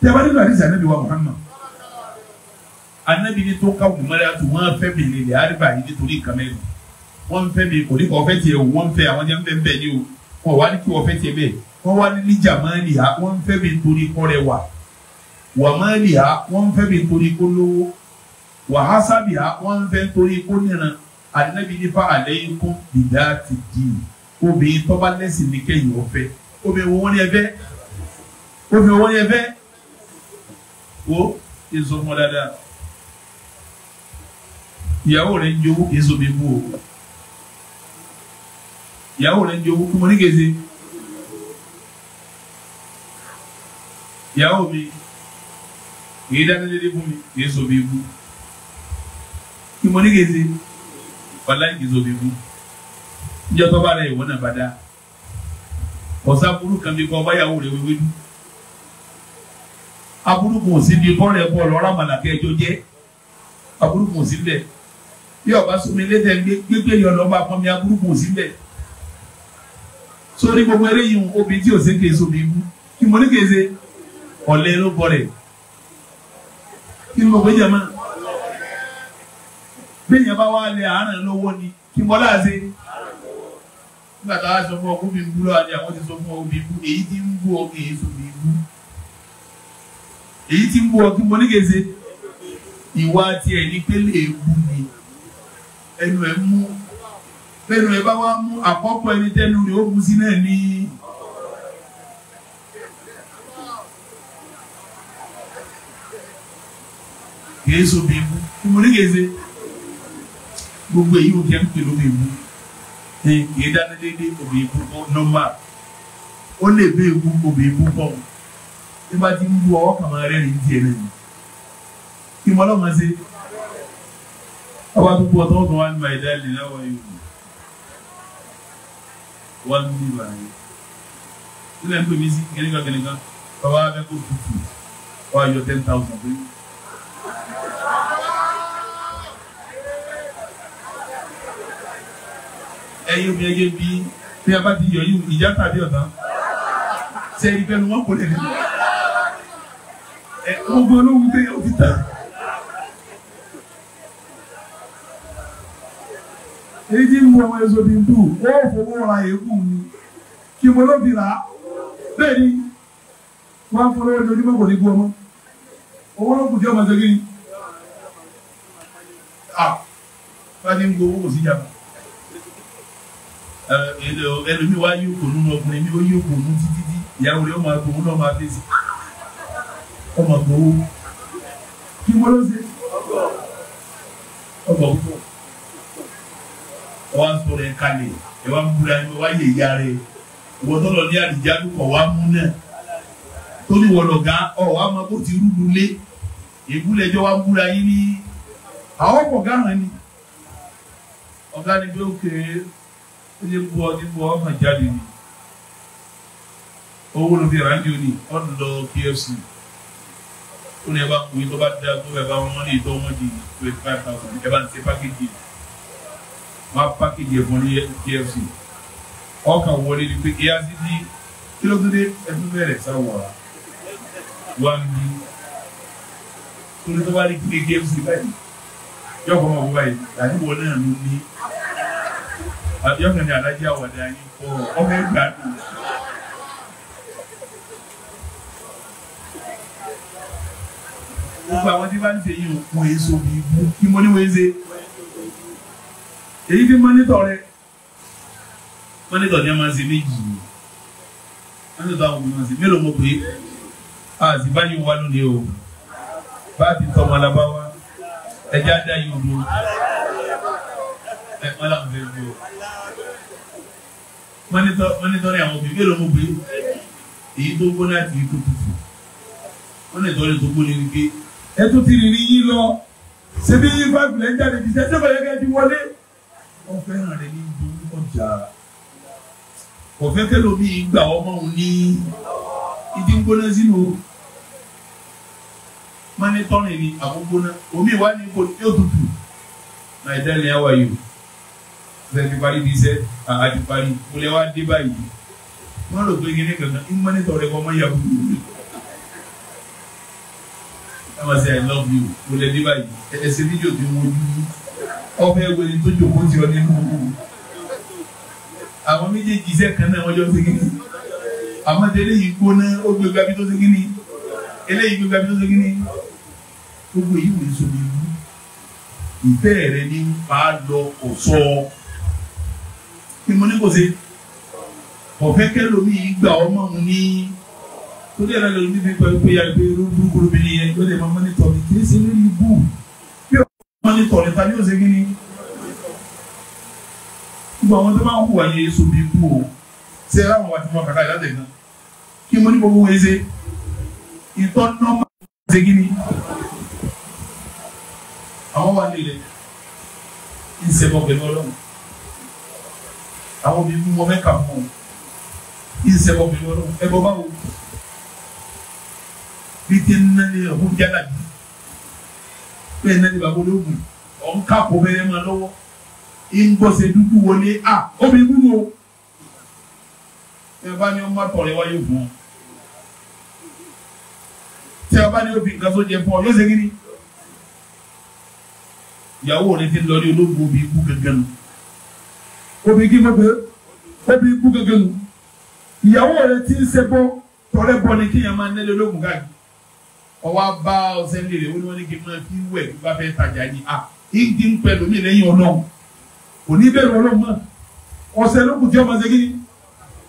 tẹ bá nínú àdìsí ànábì wa Muhammad ànábì ni tó ká wùmọ́lẹ́ àti wọ́n fẹ́ bèèrè lẹ́ àríbà wọ́n ń fẹ́ mi kò ní kọ́ fẹ́ tiẹ̀ o wọ́n ń fẹ́ àwọn jẹ́ ń fẹ́ bẹ́ẹ̀ ni o wọ́n wá ní kí wọ́n fẹ́ tiẹ̀ bẹ́ẹ̀ wọ́n wá ní níjà máa ń lìhá wọ́n ń fẹ́ mi torí kọ́ rẹ wà wà máa ń lìhá wọ́n ń fẹ́ mi torí kó lówó wà á sábìhá wọ́n ń fẹ́ torí kó níran ànábi nípa àlẹ́ ikú ìdá ti di obìnrin tọ́ba lẹ́sìn ní kẹ́yìn ọ̀fẹ́ obìnrin wọn ni ẹ fẹ́ obìnrin wọn ni ẹ fẹ́ wo dáadáa ìyàwó rẹ̀ ń jowó èso mi o ìyàwó rẹ̀ ń jẹ owó fún wọn ní gèzè ìyàwó mi kì í dáná dédé fún mi kì í sọ bí ibú kí mo ní gèzè wàlá kì í sọ bí ibú níjọ́ tó bá rẹ̀ ìwọ náà bá dá ọ̀sá burú kan bí kọ́ báyàwó rẹ̀ wíwí dùn aburúkú ò sí bí bọ́ọ̀lù ẹ̀bọ́ ọ̀lọ́ rámàlàkẹ́ ẹjọ́ jẹ́ aburúkú ò sí bẹ́ẹ̀ bí ọba súnmi létẹ̀ gbégbé yọ̀ lọ́ba pọ́nmi aburúkú ò sí bẹ́ẹ̀ sórí gbogbo eré yìí obì tí òsè kèé sóbi mú kí mo ní kèé se ọ̀lẹ́ ló bọ̀ rẹ̀ kí ni mo gbé jẹ mọ́ bẹ́ẹ̀ yẹn bá wà lẹ̀ àárẹ̀ lówó ni kí mo láà se nígbà tá a sọ fún ọ kó mi bú lọ́wọ́ ni àwọn ti sọ fún ọ mi bú èyí tí ń bú ọ kèé sóbi mú èyí tí ń bú ọ kí mo ní kèé se ìwà tiẹ̀ ní pélé èébú mi ẹnu ẹ̀ mú bẹ́ẹ̀ni ẹ bá wá mú àkọ́kọ́ ẹni tẹ́nu ni ó mú sí náà ní. kìí so bí mú ìmúlí kìí ṣe gbogbo èyí ò jẹ́ pẹ̀lú bí mú kìí dáná déédéé òbí púpọ̀ nọ́mbà ó lè bẹ́ẹ̀ wú òbí púpọ̀ nígbà tí ń wú ọwọ́ kàn máa rẹ́rìn-ín tiẹ̀ ni kí n bọ́ lọ́mọ ṣe ọba púpọ̀ tó ń kàn ní bàyìí dáìlì láwọn yòókù wàlú ní ìlú àyè nílẹ̀ ń pè mí sí kẹ́nìkan kẹ́nìkan bàbá abẹ́ kó tutù wà á yọ ten thousand pé. ẹyin omi ẹyẹ bí bí a bá ti yọ yìí ìjà tàbí ọ̀tá ṣe ibẹ̀ ni wọ́n kò lè rí. ẹ gbogbo olóhùn tẹ òfin tán. èyí tí ń wo ọmọ èso bí n dù ó fowó ra èékún ni kí mo ló fi rà á bẹ́ẹ̀ ni wọ́n fọwọ́ ojoojúmọ́ kò ní gbọ́ ọmọ owó ló kù tí ọmọ ṣe kí ni fani ń gbowó kò sí jàmbá ẹlòmíì wá yóò kò nínú ọkùnrin mi ó yóò kò nínú títí tí ìyàwó rẹ ọmọ agbowó náà máa fèsì ọmọ agbowó kí wọ́n ló ṣe ọgbà púpọ̀ ẹ wá ń sọ̀rọ̀ ẹ kalẹ̀ ẹ wá ń búra ẹ wá yẹ ìyá rẹ wọ́n tọ́lọ̀ ní àdìjá lùkọ̀ wá mú náà torí wọ́n lọ̀gá ọ̀ wá mọ bó ti rúdu lé ìbúlẹ̀jọ́ wá búra yín ní àwọn ọ̀pọ̀ gáhàn ni ọ̀gá ni bí ó kéré ó lè bu ọ níbu ọmọ jáde ni owó ló fi ránjọ ni ọ lọ KFC ó lè bá kùn yín tó bá dáa tó bẹ bá wọn lè tọ́ wọn di twenty five thousand ẹ bá ń ṣe pákéjì yìí wọ́n á pákéjì ẹ̀ fún ní KFC ọkàn wọlé ni pé EFCC kí ló tún dé ẹtún bẹ̀rẹ̀ sáwọ̀ra wá ń bí torí tó bá rí kí ní KFC báyìí yọkọ̀ ọmọ bàbá yìí àti wọlé náà ló ní yọkàn ní alájà àwàdà yìí kọ́ ọmọ ẹgbàá dùn. gbogbo àwọn tí bá ń ṣe yìí òkun èso bíi ibú èyí fi mọ́nítọ̀ rẹ mọ́nítọ̀ ni a máa ṣe méjì mọ́nítọ̀ àwọn ọmọ máa ṣe mélòó mo pè é àti báyìí wà lónìí o bá a ti tọ́ ọmọ alábáwá ẹjẹ́ á dá yìí o lóo ẹ wọ́n làwọn fẹ́ gbé o mọ́nítọ̀ mọ́nítọ̀ rẹ àwọn obìnrin mélòó mo pè é èyí tó gbóná àti èyí tó tutù mọ́nítọ̀ rẹ tó gbóná wípé ẹ tó ti rìn ní yín lọ ṣebí yín fáfilẹ̀ ń jáde kìí ṣe ṣé bàyẹ̀ ti wọlé wọ́n fẹ́ràn rẹ̀ ní ìdúró ọjà kò fẹ́ kẹ́ lómi gbà ọmọ òun ní ìdí ń gbóná sínú mọ́nítọ́rìn ni àwọn gbóná omi ìwà ní kò yóò tutù náà ìdá ni àwa yìí ṣe ti parí bí iṣẹ́ àti parí kò lè wá dé báyìí wọ́n lò pé kíní kankan ń mọ́nítọ́rìn kọ́ mọ́ yà kú ẹ wá sẹ́ I love you kò lè dé báyìí ẹ ẹ ṣe fídíò tí wọ́n yí ọbẹ̀ ẹgbẹ́ ni tó jókòó ti ọ nínú àwọn méjèèjì iṣẹ́ kan náà wọ́n jọ ṣe kíni àmọ́ tí eléyìí gbóná ó gbé gabi tó ṣe kíni eléyìí gbé gabi tó ṣe kíni gbogbo yìí wòye sómi ìlú ìfẹ́ rẹ ní bá lọ kò sọ kí mo ní kò ṣe ọ̀fẹ́ kẹlòmí yìí gbà ọmọ òun ní tó dé ẹ̀rọ lòmí fi pẹ̀lú pé ya ìgbé irú burúkú lómi nìyẹn ló lè máa mi kì í ṣe lórí ibú wọ́n lè tọ̀lẹ̀ ta ní òsè kí ni. gbogbo àwọn tó máa ń hùwà yẹn èso bí kú o ṣe é láwọn àti wọn kàkà ìlàtẹ̀ náà kí mo ní gbogbo wọn ṣe ìtọ́ nọ́mà ṣe kí ni. àwọn wà nílẹ̀ ń ṣẹbọ pẹ̀lú ọlọ́run àwọn bíi mú wọn mẹ́ka fún un ń ṣẹbọ pẹ̀lú ọlọ́run ẹbọ báwo bí tí ń nálẹ̀ ọ̀hún jálàbí bẹ́ẹ̀ náà ni bàbá ológun ọ̀n kápò bẹ́ẹ̀ máa lọ́wọ́ ìgbọ̀nsẹ̀ dúdú wọlé à omi dúdú o tẹ bá ní ọmọ àtọ̀rẹ́ wáyé fún ọ tẹ bá ní obì nǹkan tó jẹ fún ọ yóò ṣe kí ni ìyàwó rẹ ti lọ ní ológun obì ikú gẹ́gẹ́ nu obì kí ló obì ikú gẹ́gẹ́ nu ìyàwó rẹ ti ń ṣe bọ́ tọrẹ bọ́ ni kéèyàn máa nẹ́lẹ́ ológun káàkiri ọwọ́ bá ọsẹ nílé rẹ̀ ó ní wọ́n ní kí n máa fi wẹ̀ tó bá fẹ́ tajà ni à ìdí ń pẹ́ lómi lẹ́yìn ọlọ́run kò ní bẹ̀rù ọlọ́run mọ́ ọsẹ ló kù tí ọmọ ṣe kí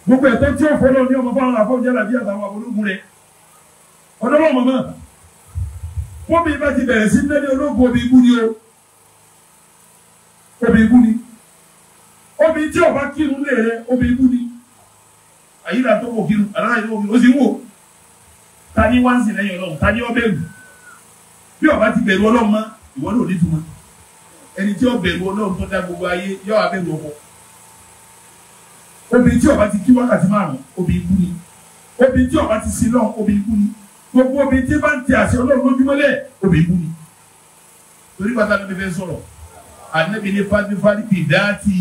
gbogbo ẹ̀tọ́ tí ó fọlọ́ ní ọmọ fáwọn àfọwọ́ jẹ́ làbí àtàwọn àfọlógún rẹ̀ ọdọ́rọ̀ mọ̀mọ́ bóbi bá ti bẹ̀rẹ̀ sí nílẹ̀ ológun obì ibú ni o obì ibú ni obì tí ọba kírun lè rẹ obì ibú ni àyílà tó kò kírun àlàyé tó kò kírun ó sì ń wò ta ni wá ń sìn lẹ́yìn ọlọ́run ta ni ó bẹ̀rù bí ọba ti bẹ̀rù ọlọ́run mọ́ ìwọ náà ò ní túmọ̀ ẹni tí ó bẹ̀rù ọlọ́run tó dá gbogbo ayé yọ abẹ́rù ọkọ obìnrin tí ọba ti kí wákàtí márùn obìnrin kú ni obìnrin tí ọba ti sin lọ́run obìnrin kú ni gbogbo obìnrin tí bá ń tẹ àṣẹ ọlọ́run lójúmọ́lẹ̀ obìnrin kú ni torí bàtà ló fẹ́ sọ̀rọ̀ ànábì ní fánífáni kì ti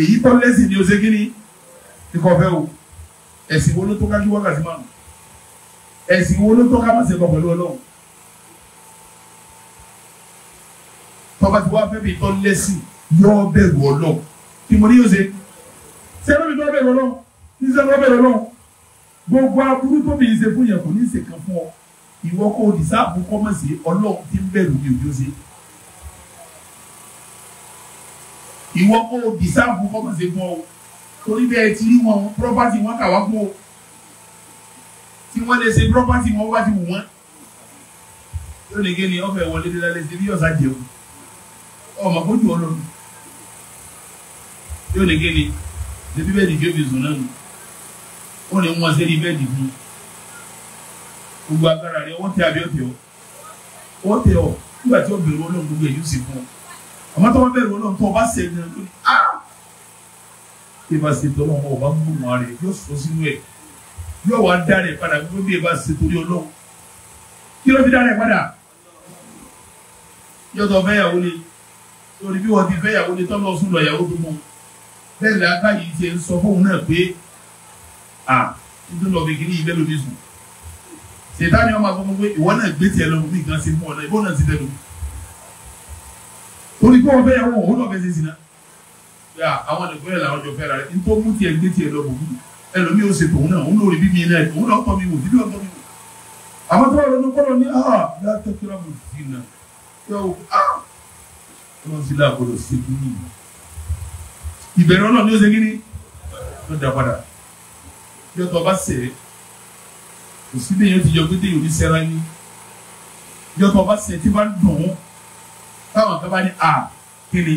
èyí kọ́ lẹ́sìn ní oṣù kínní ikọ̀ fẹ́ o ẹ̀sìn wo ló tó kájú wákàtí márùn ẹ̀sìn wo ló tọ́ ká má ṣe bọ̀ pẹ̀lú ọlọ́run tọ́ba ti wá fẹ́mi tọ́ lẹ́sìn yọ bẹ̀rù ọlọ́run kí mo ní yóò ṣe ṣé lóbi tó bẹ̀rù ọlọ́run kí ṣe lọ́ bẹ̀rù ọlọ́run gbogbo aburú tó mi ṣe fún yẹn kò ní ṣe kan fún ọ ìwọ kò ní sáàbù kọ́mọ̀sì ọlọ́run ti ń bẹ̀rù mi ò yóò ṣe. ìwọ kò ní sáàbù kọ́mọ̀sì fún ọ torí bẹ́ẹ̀ ti rí wọn property wọn kà wá fún ọ tí wọ́n lè ṣe property wọn wá ti wù wọ́n yóò lè gé ni ọ̀fẹ́ wọlé dé lálẹ́ ṣe bí ọ̀sà jẹun ọmọ kójú ọlọ́run yóò lè gé ni lè bí bẹ́ẹ̀dì jóbi sùn náà nù ó lè wọ́n sẹ́ni bẹ́ẹ̀dì fún gbogbo agbára rẹ wọ́n tẹ àbí ọ̀tẹ̀ ọ́ wọ́n tẹ ọ́ nígbà tí ó bẹ̀rù ọlọ́run gbogbo èyí sì fún ọ àmọ́ tó bá bẹ̀rù ọlọ́run tó o bá sẹ́ni náà lónìí ah bí o bá ṣe tọ́ ọmọ o mú wọn rẹ yóò sọ sínú ẹ̀ yóò wá dára ẹ̀ padà gbogbo bí ẹ bá ṣe torí ọlọ́run kí ló fi dára ẹ̀ padà yọ̀tọ̀ fẹ́yàwó ni torí bí wọ́n ti fẹ́yàwó ni tọ́lọ́ sùn lọ ìyàwó tó mọ́ bẹ́ẹ̀ ni aká yìí ti ń sọ fóun náà pé à nítorí ọ̀bẹ kìíní yìí bẹ́ẹ̀ ló fi sùn ṣètá ni wọ́n máa fọ́ fún pé ìwọ náà gbé tiẹ̀ lọ́wọ́ bí nǹkan ṣe mú ọ̀nà ìbọn náà ti dẹ́nu torí pé wọ́n fẹ́yàwó òun náà fẹ́ ṣe sí náà àwọn ẹ̀dẹ̀gbẹ́rẹ̀ làwọn jọ fẹ́ ra rẹ̀ nítorí mú tiẹ̀ gbé tiẹ̀ lọ́wọ́ bí ẹlòmíì ó ṣe tòun náà òun lórí bíbí iná ẹ òun náà tọ́ mi wò bíbí ọ̀tọ́ mi wò àmọ́ tó ọ̀rọ̀ nìkọ́lọ̀ ní ah bí a tẹ́kíra mo fi nà yọ wò ah ọlọ́run ti láàbọ̀dọ̀ ṣe kí ni ìbẹ̀rẹ̀ ọlọ́run ó ṣe kí ni ló dá padà bí ọtọ̀ bá ṣe é kò sí bí èèyàn ti yọ pété yòóní sẹ́ra ní bí ọtọ̀ bá ṣe é tí bá dùn ún táwọn kan bá ní ah kí ni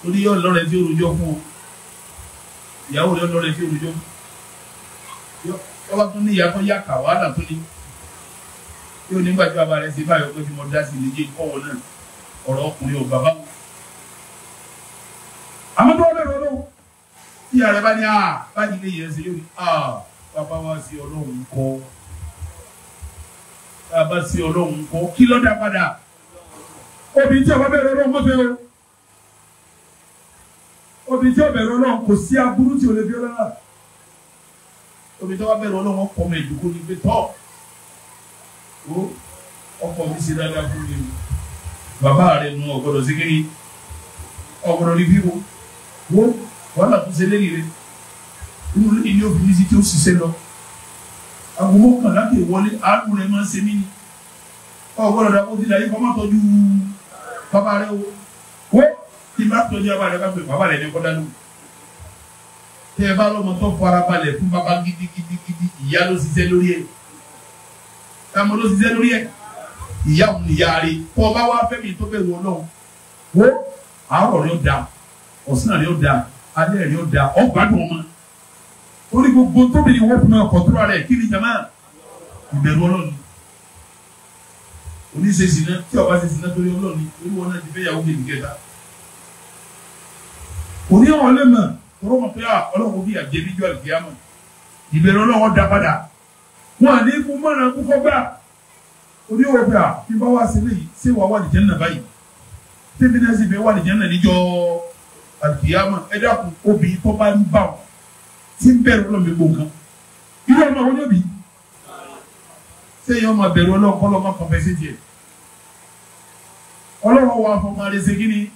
torí yọ ọlọ́run ẹ ti rojọ́ fún ọ ìyàwó rẹ̀ lọ́rẹ̀ sí olùjọ́ ọba tún ní ìyá tó yá kà wàhálà tún ní yóò nígbà tí bàbá rẹ̀ ṣe báyọ̀ pé kí mo dá sí ìdíje kọ́wọ́ náà ọ̀rọ̀ ọkùnrin ò bàbá wò. àmọ́ tó lè rọ́lọ́ tí ìyá rẹ̀ bá ní àá báyìí lè yẹ ṣe yóò ní àá bàbá wa sí ọlọ́run kọ́ bàbá sí ọlọ́run kọ́ kí lọ́dà padà obìnrin tí ọba bẹ̀rẹ̀ ọlọ́run mọ́fẹ́ obìnrin tí ó bẹ̀rù ọlọ́run kò sí aburú tí ò lè fi ọlọ́run obìnrin tí wọ́n bẹ̀rù ọlọ́run kọ́ ọmọ ìdúgbò ní pé tọ́ o ọkọ mi ṣe dáadáa fún mi bàbá rẹ nu ọ̀gbọ́dọ̀ sí kiri ọ̀gbọ́dọ̀ rí bíbo wo wàhálà tó ṣe lérí rẹ inú lẹ́yìn ní obìnrin sí tí ó ṣiṣẹ́ lọ àgbo mọ́kànlá kè wọlé àánú rẹ máa ń ṣe mí ni ọ̀gbọ́dọ̀ dàpọ̀ ti dàyé kọ́ má tọ́jú bàbá rẹ wo tí bá tọ́jú bàbá rẹ bá pè bàbá rẹ ní kọ́ dánú. tẹ ẹ bá lọ́mọ tó fara balẹ̀ fún bàbá gidigidigidi ìyá ló ṣiṣẹ́ lórí ẹ̀ táwọn ló ṣiṣẹ́ lórí ẹ̀ ìyá òun ìyá rẹ kọ́ ọba wa fẹ́mi tó bẹ̀rù ọlọ́run wo àárọ̀ rẹ ó da ọ̀sán rẹ ó da alẹ́ rẹ ó da ọgbàdùn ọmọ orí gbogbo tóbi ni wọ́n fún ọkọ̀ tó rà rẹ̀ kí ni jama ìbẹ̀rù ọlọ́run oníṣẹ́ sinna tí ọba ṣe sinna torí ọlọ́run ni olúwọ́n náà ti fẹ́ yàwó kejì òní ọ̀rọ̀ lè mọ̀ ọ̀rọ̀ mọ̀ pé ah, ọlọ́run bí àjẹbí jọ àlùfíà mọ̀ ìbẹ̀rù ọlọ́run dá padà wọn àní ikú mọ̀nà kúkọ́ gbà òní ọ̀rọ̀ pé bí bá wá sílẹ̀ yìí ṣé wàá wà ní jẹ́nà báyìí tẹ́bí náà sì fẹ́ wà ní jẹ́nà níjọ́ àlùfíà mọ̀ ẹ dákun obìnrin tó bá ń bà wọn tí ń bẹ̀rù ọlọ́run gbogbo nǹkan irú ọmọ wọn yóò sẹ́yìn ọmọ bẹ̀rù ọlọ́run kọ́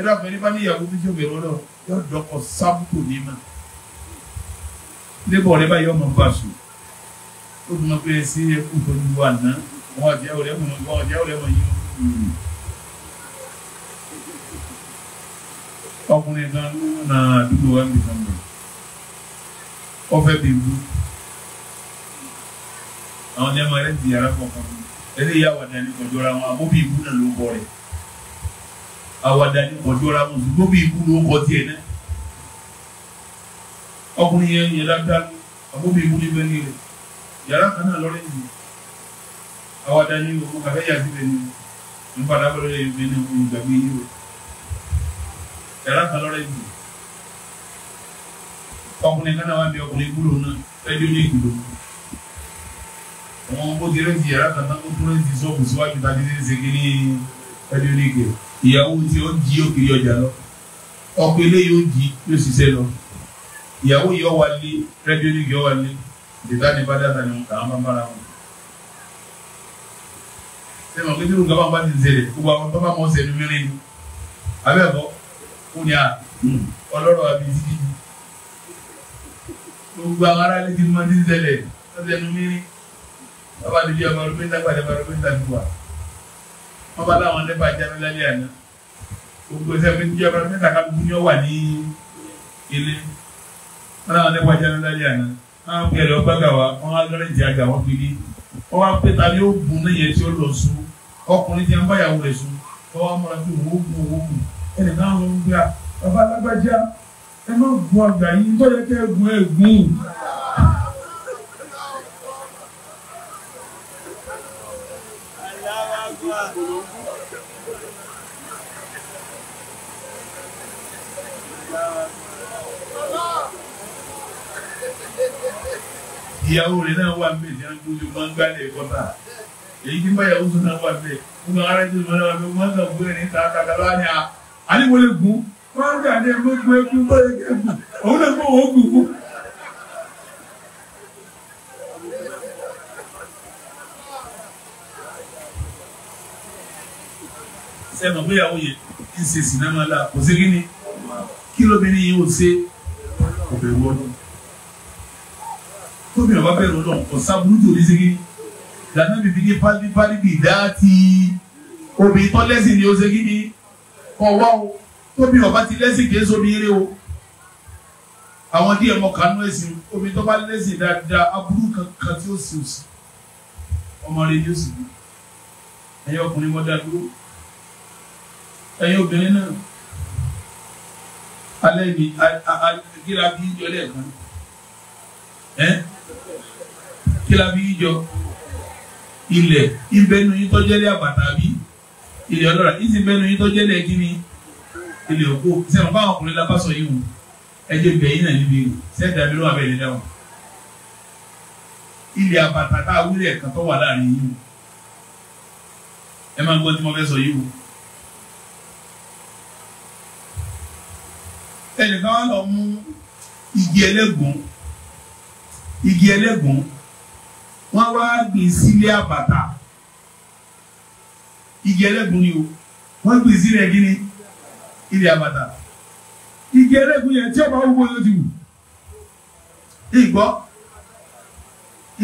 ẹ dàpọ̀ ẹni bá níyàwó méjì obìnrin wọn náà yọ dọkọ sábùkù ní ma lébọ̀ rẹ báyọ̀ ọmọ bá sùn ó dùn pé ẹ sí ẹkú pẹ̀lú wa ná wọn àjẹ́ òrẹ́ mọ̀ wọn àjẹ́ òrẹ́ mọ̀ yín ọkùnrin kan na àdúgbò wa nìkan mọ̀ ọfẹ́ bí bú àwọn ẹ̀ma rẹ̀ ti yàrá kọ̀ọ̀kan ẹ̀rí ìyá wà dání kọjọ́ra wọn àbó bí bú náà ló bọ̀ rẹ̀ àwàdà ni kò jọra wọn ṣùgbọ́n bí ikú ló kọ tiẹ̀ náà ọkùnrin yẹn yẹn dáadáa àbúrò ikú ní bẹ́ẹ̀ ni rẹ̀ yàrá kana náà lọ́rẹ́ nìyẹn àwàdà ni o kàfẹ́ yà síbẹ̀ ni n padà bẹ̀rẹ̀ yẹn bẹ́ẹ̀ ni o gbàgbé yìí o yàrá kan lọ́rẹ́ nìyẹn ọkùnrin kan náà wà bí ọkùnrin gbúlò náà ẹbí ní ìgbúlò wọn bó ti rẹ́ǹtì yàrá kan náà ó tó rẹ́ǹtì sọ́ọ̀bù síwájú tàbí ṣe é ṣe kí ní ẹbí ní ìgbèrè ìyàwó tí ó jí òkiri ọjà lọ ọkọ eléyìí ó jí yóò ṣiṣẹ́ lọ ìyàwó yìí ó wà lé rẹ́díò yìí ó wà lé ìdíkà ní bá dáadáa ni àwọn máa bára wọn. ṣé màá pété olùkọ́ máa bá ti ṣẹlẹ̀ gbogbo àwọn tó bá mọ̀ ṣẹlẹ̀ mìíràn ni abẹ́ bọ́ ó ní à ọlọ́rọ̀ àbí títí gbogbo àwọn ará ilé ti máa ti ṣẹlẹ̀ lọ́sẹ̀ nu mìíràn bàbá àdébíyà bàrọ̀ pé ń tàgbà wọ́n bá láwọn lẹ́bà jáde lálẹ́ àná gbogbo sẹ́mi ní ìjọba mẹ́ta ká gbogbo ní ọ wà ní ilé wọ́n láwọn lẹ́bà jáde lálẹ́ àná wọ́n á kẹlẹ̀ ọgbà gà wá wọ́n á lọ́rẹ́ ìjà gà wọ́n fi dé wọ́n á pé tàbí ó bùn náà yẹn tí ó lọ sùn ọkùnrin tí wọ́n bá yàwó rẹ̀ sùn wọ́n á múra pé òwò bù òwò bù ẹnì kan ló ń gbé a bàbá alágbájá ẹ má gun àgbà yìí nítorí ẹ polongo. ìyàwó rẹ̀ náà wà mí ní agbójú máa ń gbálẹ̀ kọ́tà èyí tí báyàwó tó náà wà mí wọn kàn ara jẹ́ ìmọ̀lẹ́wà mi wọn kàn gbé ní ta kàkàlá ni a àníwọlé gùn wọn kàn ní ẹgbẹ́ gbé gbé gbé gbé òun náà gbọ́ wọ́n gùn sẹ́mọ̀ pé ìyàwó yẹn ń ṣe sì náà la kò sí kíni kí lóbìnrin yìí ó ṣe kò bẹ̀rù ọdún tóbi ọba bẹ̀rù ọdún kò sábúrú tó ní ṣégin lànà bìbí ní pálípálí bì dáàtì obìnrin tó lẹ́sìn ni ó ṣe kíni ọwọ́ o tóbi ọba ti lẹ́sìn kì í so ní eré o àwọn díẹ̀ mọ kanú ẹ̀sìn obìnrin tó bá lẹ́sìn dáadáa aburú kankan tí ó sì ọmọ rẹ̀ ni ó sì bí ẹ̀yọ́ ọkùnrin ẹ̀yin obìnrin náà alẹ́ mi kíra bí yíjọ lẹ́ẹ̀kan ẹ́ kíra bí yíjọ ilẹ̀ ìbẹ́nu yín tọ́jẹ́lẹ̀ àbàtà bí ilẹ̀ ọlọ́ra yín sì bẹ́nu yín tọ́jẹ́lẹ̀ kíni ilẹ̀ òkú sẹ́wọ̀n fáwọn ọkùnrin la bá sọ yìí wọn ẹjẹ bẹ̀yìn náà níbi sẹ́ẹ̀dá mi ló wà bẹ́ẹ̀ lẹ́wọ̀n ilẹ̀ àbàtà tá a wúlẹ̀ kan tó wà láàrin yìí ẹ máa gbọ́ tí mo fẹ́ sọ yìí wọn. ẹnìkan wà lọ mú igi ẹlẹ́gùn igi ẹlẹ́gùn wọ́n wá gbìn sílé àbàtà igi ẹlẹ́gùn ni o wọ́n gbìn sílẹ̀ gíní ilé àbàtà igi ẹlẹ́gùn yẹn tí ọba wúwo yóò ti wù ìgbọ́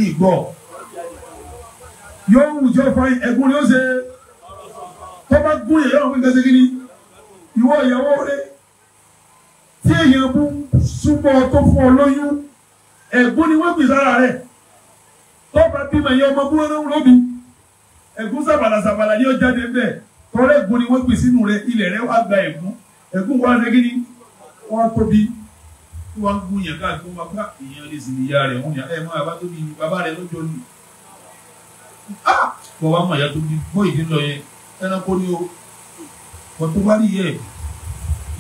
ìgbọ́ yóò wù tí ó fa ẹ̀gún ni ó ṣe tọ́ba gún yẹn yóò fi gẹ́sẹ́ gíní ìwọ ìyàwó rẹ̀ tí èèyàn mú súnmọ́ tó fún ọ lóyún ẹ̀gún ni wọ́n gbìn sára rẹ̀ tó bá bímọ ìyá ọmọ kúrò náà lóbi ẹ̀gún sàbàlà sàbàlà ni ó jáde bẹ́ẹ̀ tọ́lẹ̀ ẹ̀gún ni wọ́n gbìn sínú rẹ̀ ilẹ̀ rẹ̀ wá gba ẹ̀gún ẹ̀gún wọn ṣe kíni wọ́n tóbi tí wọ́n gún yàn káàkiri wọn bá èèyàn lè sìn ìyá rẹ̀ wọ́n yàn ẹ̀ máa bá tóbi bàbá rẹ̀ lójó ni bọ́ mọ̀ ìyá tóbi bó ìdí lọ yẹn ẹranko ni o wọ́n tó wá rí yẹ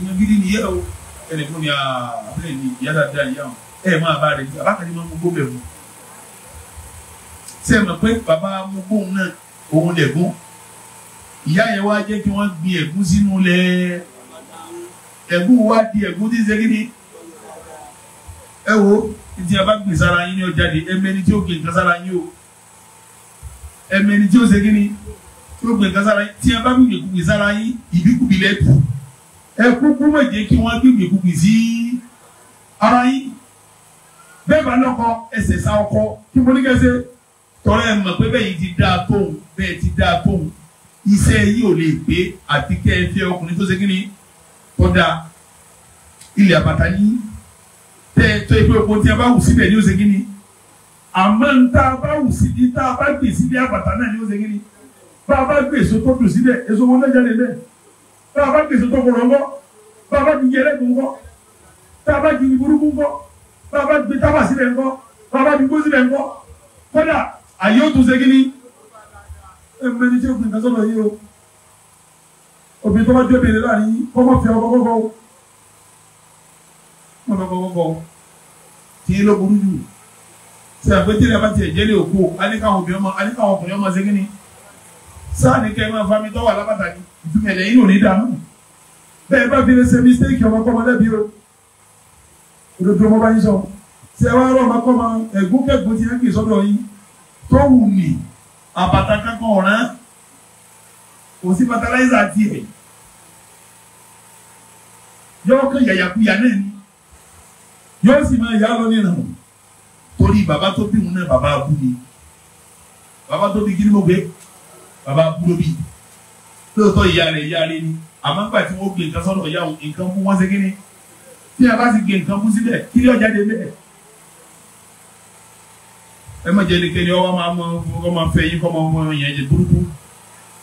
ìyàn gidi nìyẹn o ẹnì fún ni àbúrò ní ìyá dáadáa ìyá wọn ẹ máa bá rẹ gbé abákan ní máa mú gbóbẹ̀ mu ṣé ẹ mọ̀ pé bàbá mú gbóhùn náà òun lẹ̀gún ìyá yẹn wá jẹ́ kí wọ́n gbin ẹ̀gún sínú lẹ̀ ẹ̀gún wá di ẹ̀gún tí ń ṣe kí ni ẹ wo ìdí ẹ bá gbìn sára yín ní ọjà di ẹmẹni tí ó gbìn kan yín o ẹmẹni tí ó ṣe ni tí ó gbìn kan yín tí ẹ bá gbìn sára yín ìbíkúbi lẹ́tù ẹ kúkú méje kí wọ́n gbígbì kúkì sí ara yín bẹ́ẹ̀ bá lọ́kọ ẹsẹ̀ sá ọkọ kí mo ní kẹsẹ̀ tọ́lá ẹ mọ̀ pé bẹ́ẹ̀ yìí ti dáa tóun bẹ́ẹ̀ ti dáa tóun iṣẹ́ yìí ò lè gbé àti kẹ́ ẹ fẹ́ ọkùnrin tó ṣe kí ni kọ́dà ilẹ̀ àbàtà yín tẹ́ ẹ tó ẹ pé oko tí a bá wù síbẹ̀ ni ó ṣe kí ni àmọ́ ń tá a bá wù síbi tá a bá gbè síbi àbàtà náà ni ó ṣe kí ni bá a bá gbè èso tó dùn síbẹ̀ èso wọn náà jáde bẹ́ẹ̀ tá a bá pèsè tó kọ̀ọ̀rọ̀ ńkọ́ tá a bá ti yẹlẹ́ kún tá a bá ti ní burúkú kọ́ tá a bá ti gbé tábà sílẹ̀ ńkọ́ tá a bá ti gbó sílẹ̀ ńkọ́ kódà àyè ó tún ṣe kí ni ẹ mẹ́ni tí o kùn ìdásọ́nà yìí o òbí tó bá dé obìnrin láàrin yìí kọ́kọ́ fi ọkọ̀ kọ́kọ́ o wọn bá kọ́kọ́ kọ́ tí ló burú jù ṣe àgbẹ̀tẹ̀lẹ̀ abáti ẹ̀jẹ̀ lè kú alẹ́ káwọn obìnrin ọmọ alẹ́ káwọn ọkùnrin ọmọ ṣe kí ni sáà ní kẹ́ ẹ máa fa mi tọ́wọ́ alábàtà ni ẹ̀yìn yìí ò ní bẹ́ẹ̀ bá fi ṣe mistake ọmọkọ́mọ lẹ́bi o òdodo ọmọ bá yín sọ ṣe wá rọ ọmọkọ́mọ ẹ̀gúnkẹ̀gún ti yẹn kì í sọ́dọ̀ yín tó wù mí àbàtà kankan ọ̀ràn kò sí fertilizer tiẹ̀ yóò kàn yàyàkuyà náà ni yóò sì máa yá lọ nínú torí bàbá tó bí wọn náà bàbá abú bàbá tó bí gírímọ̀ gbé bàbá abú bí lóòótọ́ ìyá rẹ̀ ìyá rẹ̀ ni àmọ́ nígbà tí wọ́n gbé nǹkan sọ́dọ̀ ìyá òun nǹkan mú wọ́n ṣe kí ni tí a bá sì gbé nǹkan mú síbẹ̀ kí ni ọjà dé bẹ́ẹ̀. ẹ má jẹ́ nìkan ni ọwọ́ máa mọ ọkọ máa fẹ́ yín kọ́ máa mọ ìyẹn jẹ burúkú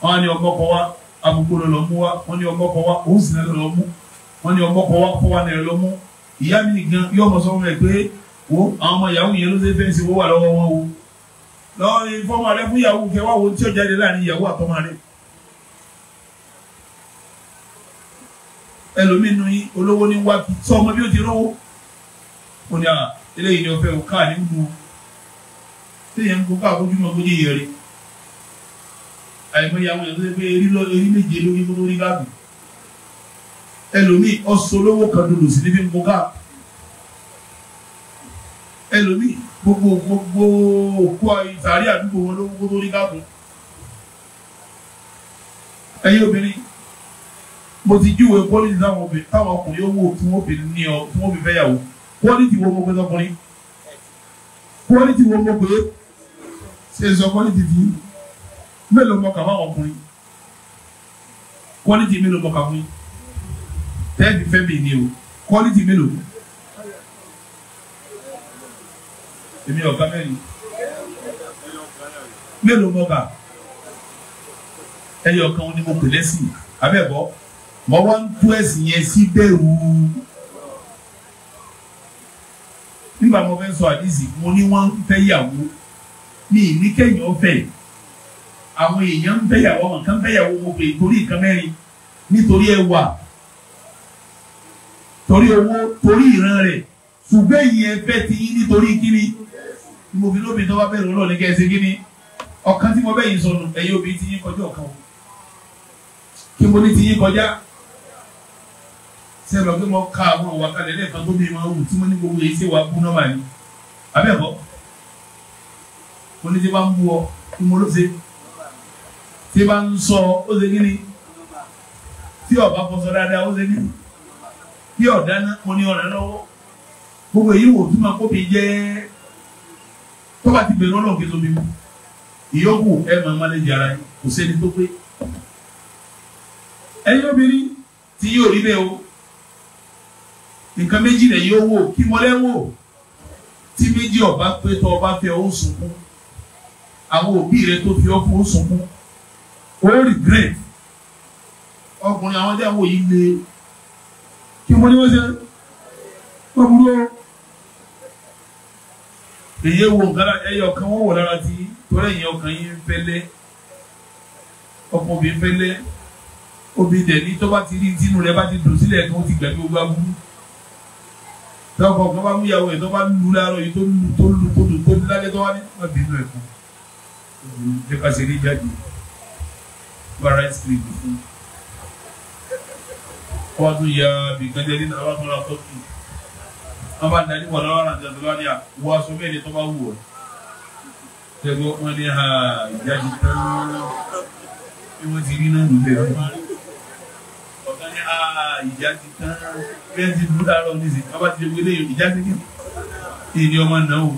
wọ́n á ní ọgbọ́n kọ wá agbègbè lọ lọ mú wá wọ́n ní ọgbọ́n kọ wá òun sì náà lọ mú wọ́n ní ọgbọ́n kọ wá kọ́ wá náà lọ mú ìyá mi nìkan yóò mọ̀ sọ́wọ́n rẹ̀ pé wo àwọn ọmọ yahoo yẹn ló ṣe fẹ́ǹsì wọ́n wà lọ́wọ́ wọn o lọ́ọ́ fọ́ọ̀mù alẹ́ fún yahoo kẹwàá wo tí ó jáde láàrin yahoo àtọ́mọ́ alẹ́ ẹlòmínú yín olówó ní wá sọ ọmọ bí ó ti rówó ó ní à eléyìí ni ọ̀fẹ́ òkà ní mú o téèyàn ń gbogbo àbójúmọ́ tó yé yẹrẹ àìmọye àwọn èèyàn tó ṣe pé erí lọ erí méje lórí mú lórí gáàbù ẹlòmíì ọsọ olówó kan dòdò sí níbi mú gáàbù ẹlòmíì gbogbo gbogbo òkú ìtàrí àdúgbò wọn lówó lórí gáàbù ẹ̀yin obìnrin mo ti júwe quality táwọn obìnrin táwọn ọkùnrin ó wò tí wọ́n fi ní ọ tí wọ́n fi fẹ́ yàwó quality wo mo pè sọkùnrin quality wo mo pè ṣe sọ quality ti mélòó mọ kàwá ọkùnrin quality mélòó mọ kàwé tẹ́ẹ̀bì fẹ́ bì o quality mélòó èmi ọ̀gá mẹ́rin mélòó mọ kà ẹyọ kan ni mo pè lẹ́sìn abẹ́bọ̀ mo wá ń tú ẹ̀sìn yẹn sí bẹ̀rù nígbà mo fẹ́ sọ àdìsí mo ní wọ́n ń fẹ́yàwó ní ìníkẹ́yìn ọ̀fẹ́ àwọn èèyàn ń fẹ́yàwó àwọn kan fẹ́yàwó mo pè torí nǹkan mẹ́rin nítorí ẹwà torí owó torí ìran rẹ̀ ṣùgbọ́n ìyẹn fẹ́ ti yín nítorí kíni mo fi lóbi tó bá bẹ̀rù ọlọ́ọ̀ni kẹ́ ẹ ṣe kíni ọ̀kan tí mo bẹ́yìn sọnù ẹ̀yin òbí ti yín kọjá ọ̀kan kí mo ní ti yín kọjá sẹ́mi ọ̀gbẹ́ mọ́ ká àwọn ọ̀wà kalẹ̀ lẹ́ẹ̀kan tó bí máa wù tí wọ́n ní gbogbo yìí ṣe wà kú náà mà ní abẹ́ẹ̀kọ́ oníṣẹ́ bá ń bu ọ ní mo ló ṣe tí bá ń sọ ó ṣe kíni tí ọba fọṣọ dáadáa ó ṣe kíni tí ọ̀dá náà mo ní ọ̀rẹ́ lọ́wọ́ gbogbo èyí wò tí máa kó jẹ́ tó ti bẹ̀rẹ̀ ọlọ́ọ̀kẹ́ tó mi mú ìyókù ẹ máa má lè jara kò sẹ́ni tó pé ẹ̀yin tí yóò rí bẹ́ẹ̀ o nǹkan méjì rẹ̀ yóò wò kí mọ́lẹ́ wò tí méjì ọba pé tó ọba fẹ́ ó sunkún àwọn òbí rẹ tó fi ọkùn ó sunkún ó regret ọkùnrin àwọn tí àwọn yìí le kí wọ́n ní wọ́n ṣe wọ́n burú o èyí wo nǹkan ẹyẹ ọ̀kan wọ́n wọ̀ lára tí torí ẹ̀yìn ọkàn yìí ń fẹ́lẹ́ ọkùnrin obìnrin fẹ́lẹ́ obìnrin dẹ̀ ní tó ti rí tínú rẹ bá ti dùn sílẹ̀ kí ti gbàgbé gbogbo aburú tọ́kọ̀ kọ́ bá mú ìyàwó yẹn tó bá lu láàárọ̀ yìí tó lu tó lu tó lu tó lu lálẹ́ tó wá ní má bínú ẹ̀ fún jẹ́ ká ṣe ní jáde wá rice cream fún wá tún ya bìkan jẹ́ nínú àwọn akọ́lá tó tù wọ́n bá darí wọ̀ lọ́wọ́ àti àti ní à wọ́n aṣọ mẹ́rin tó bá wù ọ́ tẹ́gbọ́n wọn ní ha ìjáde tán bí wọ́n ti rí náà nù bẹ́ẹ̀ ní ìjà ti tán bẹ́ẹ̀ ti dúró dárọ̀ nísìnyí bàbá ti wọlé ìjà ti kí ìní ọmọ náà o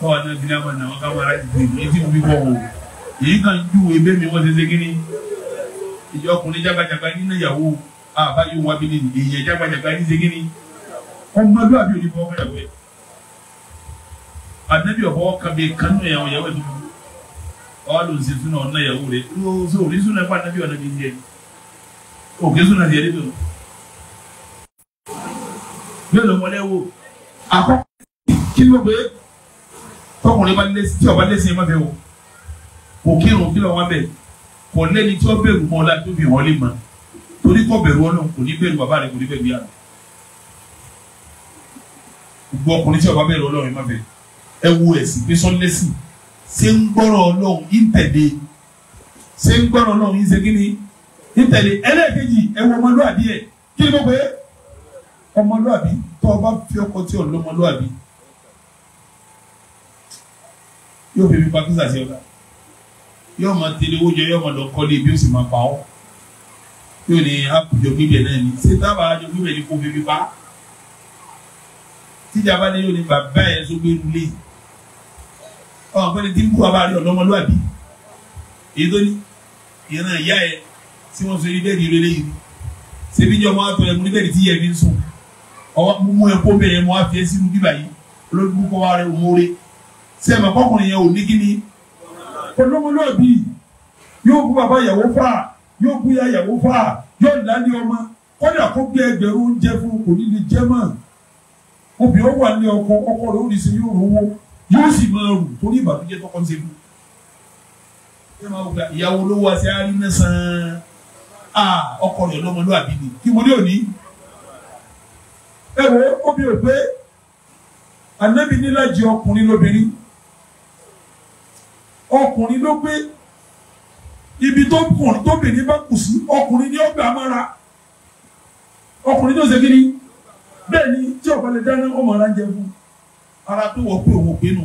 káwa náà bí náà náà ká wọn aláìsí ti èyí tí mo fi bọ̀ o èyí kan ju ebé mi wọ́n ti ṣe kíní ìjọ ọkùnrin jágbajàgba nínú ìyàwó àbáyé wọn bí nìyí èyí jágbajàgba ní ṣe kíní ọmọdé àbí òní fọwọ́ kọ́yàwó ẹ̀ anabi ọ̀fọwọ́ kan bíi kanú ẹ̀yàwó ẹ̀yàwó ẹ̀ tó ọ̀hún ló ń ṣe fún ọ̀nà ìyàwó rẹ̀ ló ń sọ òní sún náà fún anabi ọ̀nà bíi ń jẹ́ yìí òkè sùn náà di ẹni bẹ̀rù mélòó wọlé wo àkọ́kọ́ kí ló gbé tọkùnrin bá lé tí ọba lé sí ẹ má bẹ wò kò kírun kí lọ́wọ́ bẹ̀ kò lẹ́ni tí ó bẹ̀rù mọ́ ọlá tó fi hàn lè mọ́ torí kò bẹ̀rù ọlọ́run kò ní bẹ̀rù bàbá rẹ kò ní bẹ̀rù yàrá gbogbo ọkùnrin tí ọba bẹ̀rù ọlọ́run ẹ má bẹ̀ ẹ wo ẹ̀sìn pé sọ́ńdẹ́sì ṣé ń gbọ́rọ̀ ọlọ́run ń tẹ̀lé ṣé ń gbọ́rọ̀ ọlọ́run ń ṣe kí ni ntẹ̀lé ẹlẹ́ẹ̀kejì ẹ̀wọ̀ ọmọlúwàbí ẹ̀ kí ni mo pè é ọmọlúwàbí tó o bá fi ọkọ tí o lọ ọmọlúwàbí yóò fi fipá kí sàṣẹ ọ̀la yóò máa tẹ̀lé owó jẹ yóò máa lọ kọ́lé bí ó sì máa pa ọ́ yóò ní àpòjọ gbígbẹ̀ náà ni ṣé tábà àjọ gbígbẹ̀ ni kò fi fipá tíjà bá dé yóò ní bàbá ẹ̀ tó gbé lulẹ̀ ọ̀ pẹ́ni tí ń bú wa bá rí ọ̀dọ́mọlúwàbí èyí tó ní ìran ìyá ẹ̀ tí wọ́n sọ yìí bẹ́ẹ̀ ni ìrẹ̀lẹ̀ yìí ṣebí ní ọmọ àtọ̀ ẹ̀mú níbẹ̀ tí yẹmi ń sùn ọwọ́ mímú ẹ̀kọ́ bẹ̀rẹ̀ mọ́ àfi ẹ̀ sínú bíbà yìí olódùkú kọ́ wa rẹ̀ òmóore sẹ́mi ọkọ̀kùnrin yẹn ò ní kíni olómọlóòbí yóò bú bàbá ìyàwó fà yóò bú ya ìyàwó fà yóò lálé ọmọ kọ́dà kó gbé ẹgbẹ̀rún oúnjẹ fún kò ní lè jẹ́ mọ́ obìnrin wà ní ọkọ ọkọ rẹ̀ ó lè ṣe yóò rówó yóò sì máa rù torí ìbànújẹ́ tọkọ ń ṣe fún ìyàwó ló wá sí àárín náà sàn án. Ah, ọkọ rẹ̀ lọ́mọlúwàbí ni kí mo ní òní. ẹ wo omi ò pé ànábì níláàjì ọkùnrin lóbìnrin ọkùnrin ló gbé ibi tó kùn tóbìnrin bá kù sí ọkùnrin ni ó gbà mára ọkùnrin tó ṣe kí ni bẹ́ẹ̀ ni tí ọ̀pá lè dáná ọmọ ara ń jẹ fún ara tó wọ pé òun ò gbénu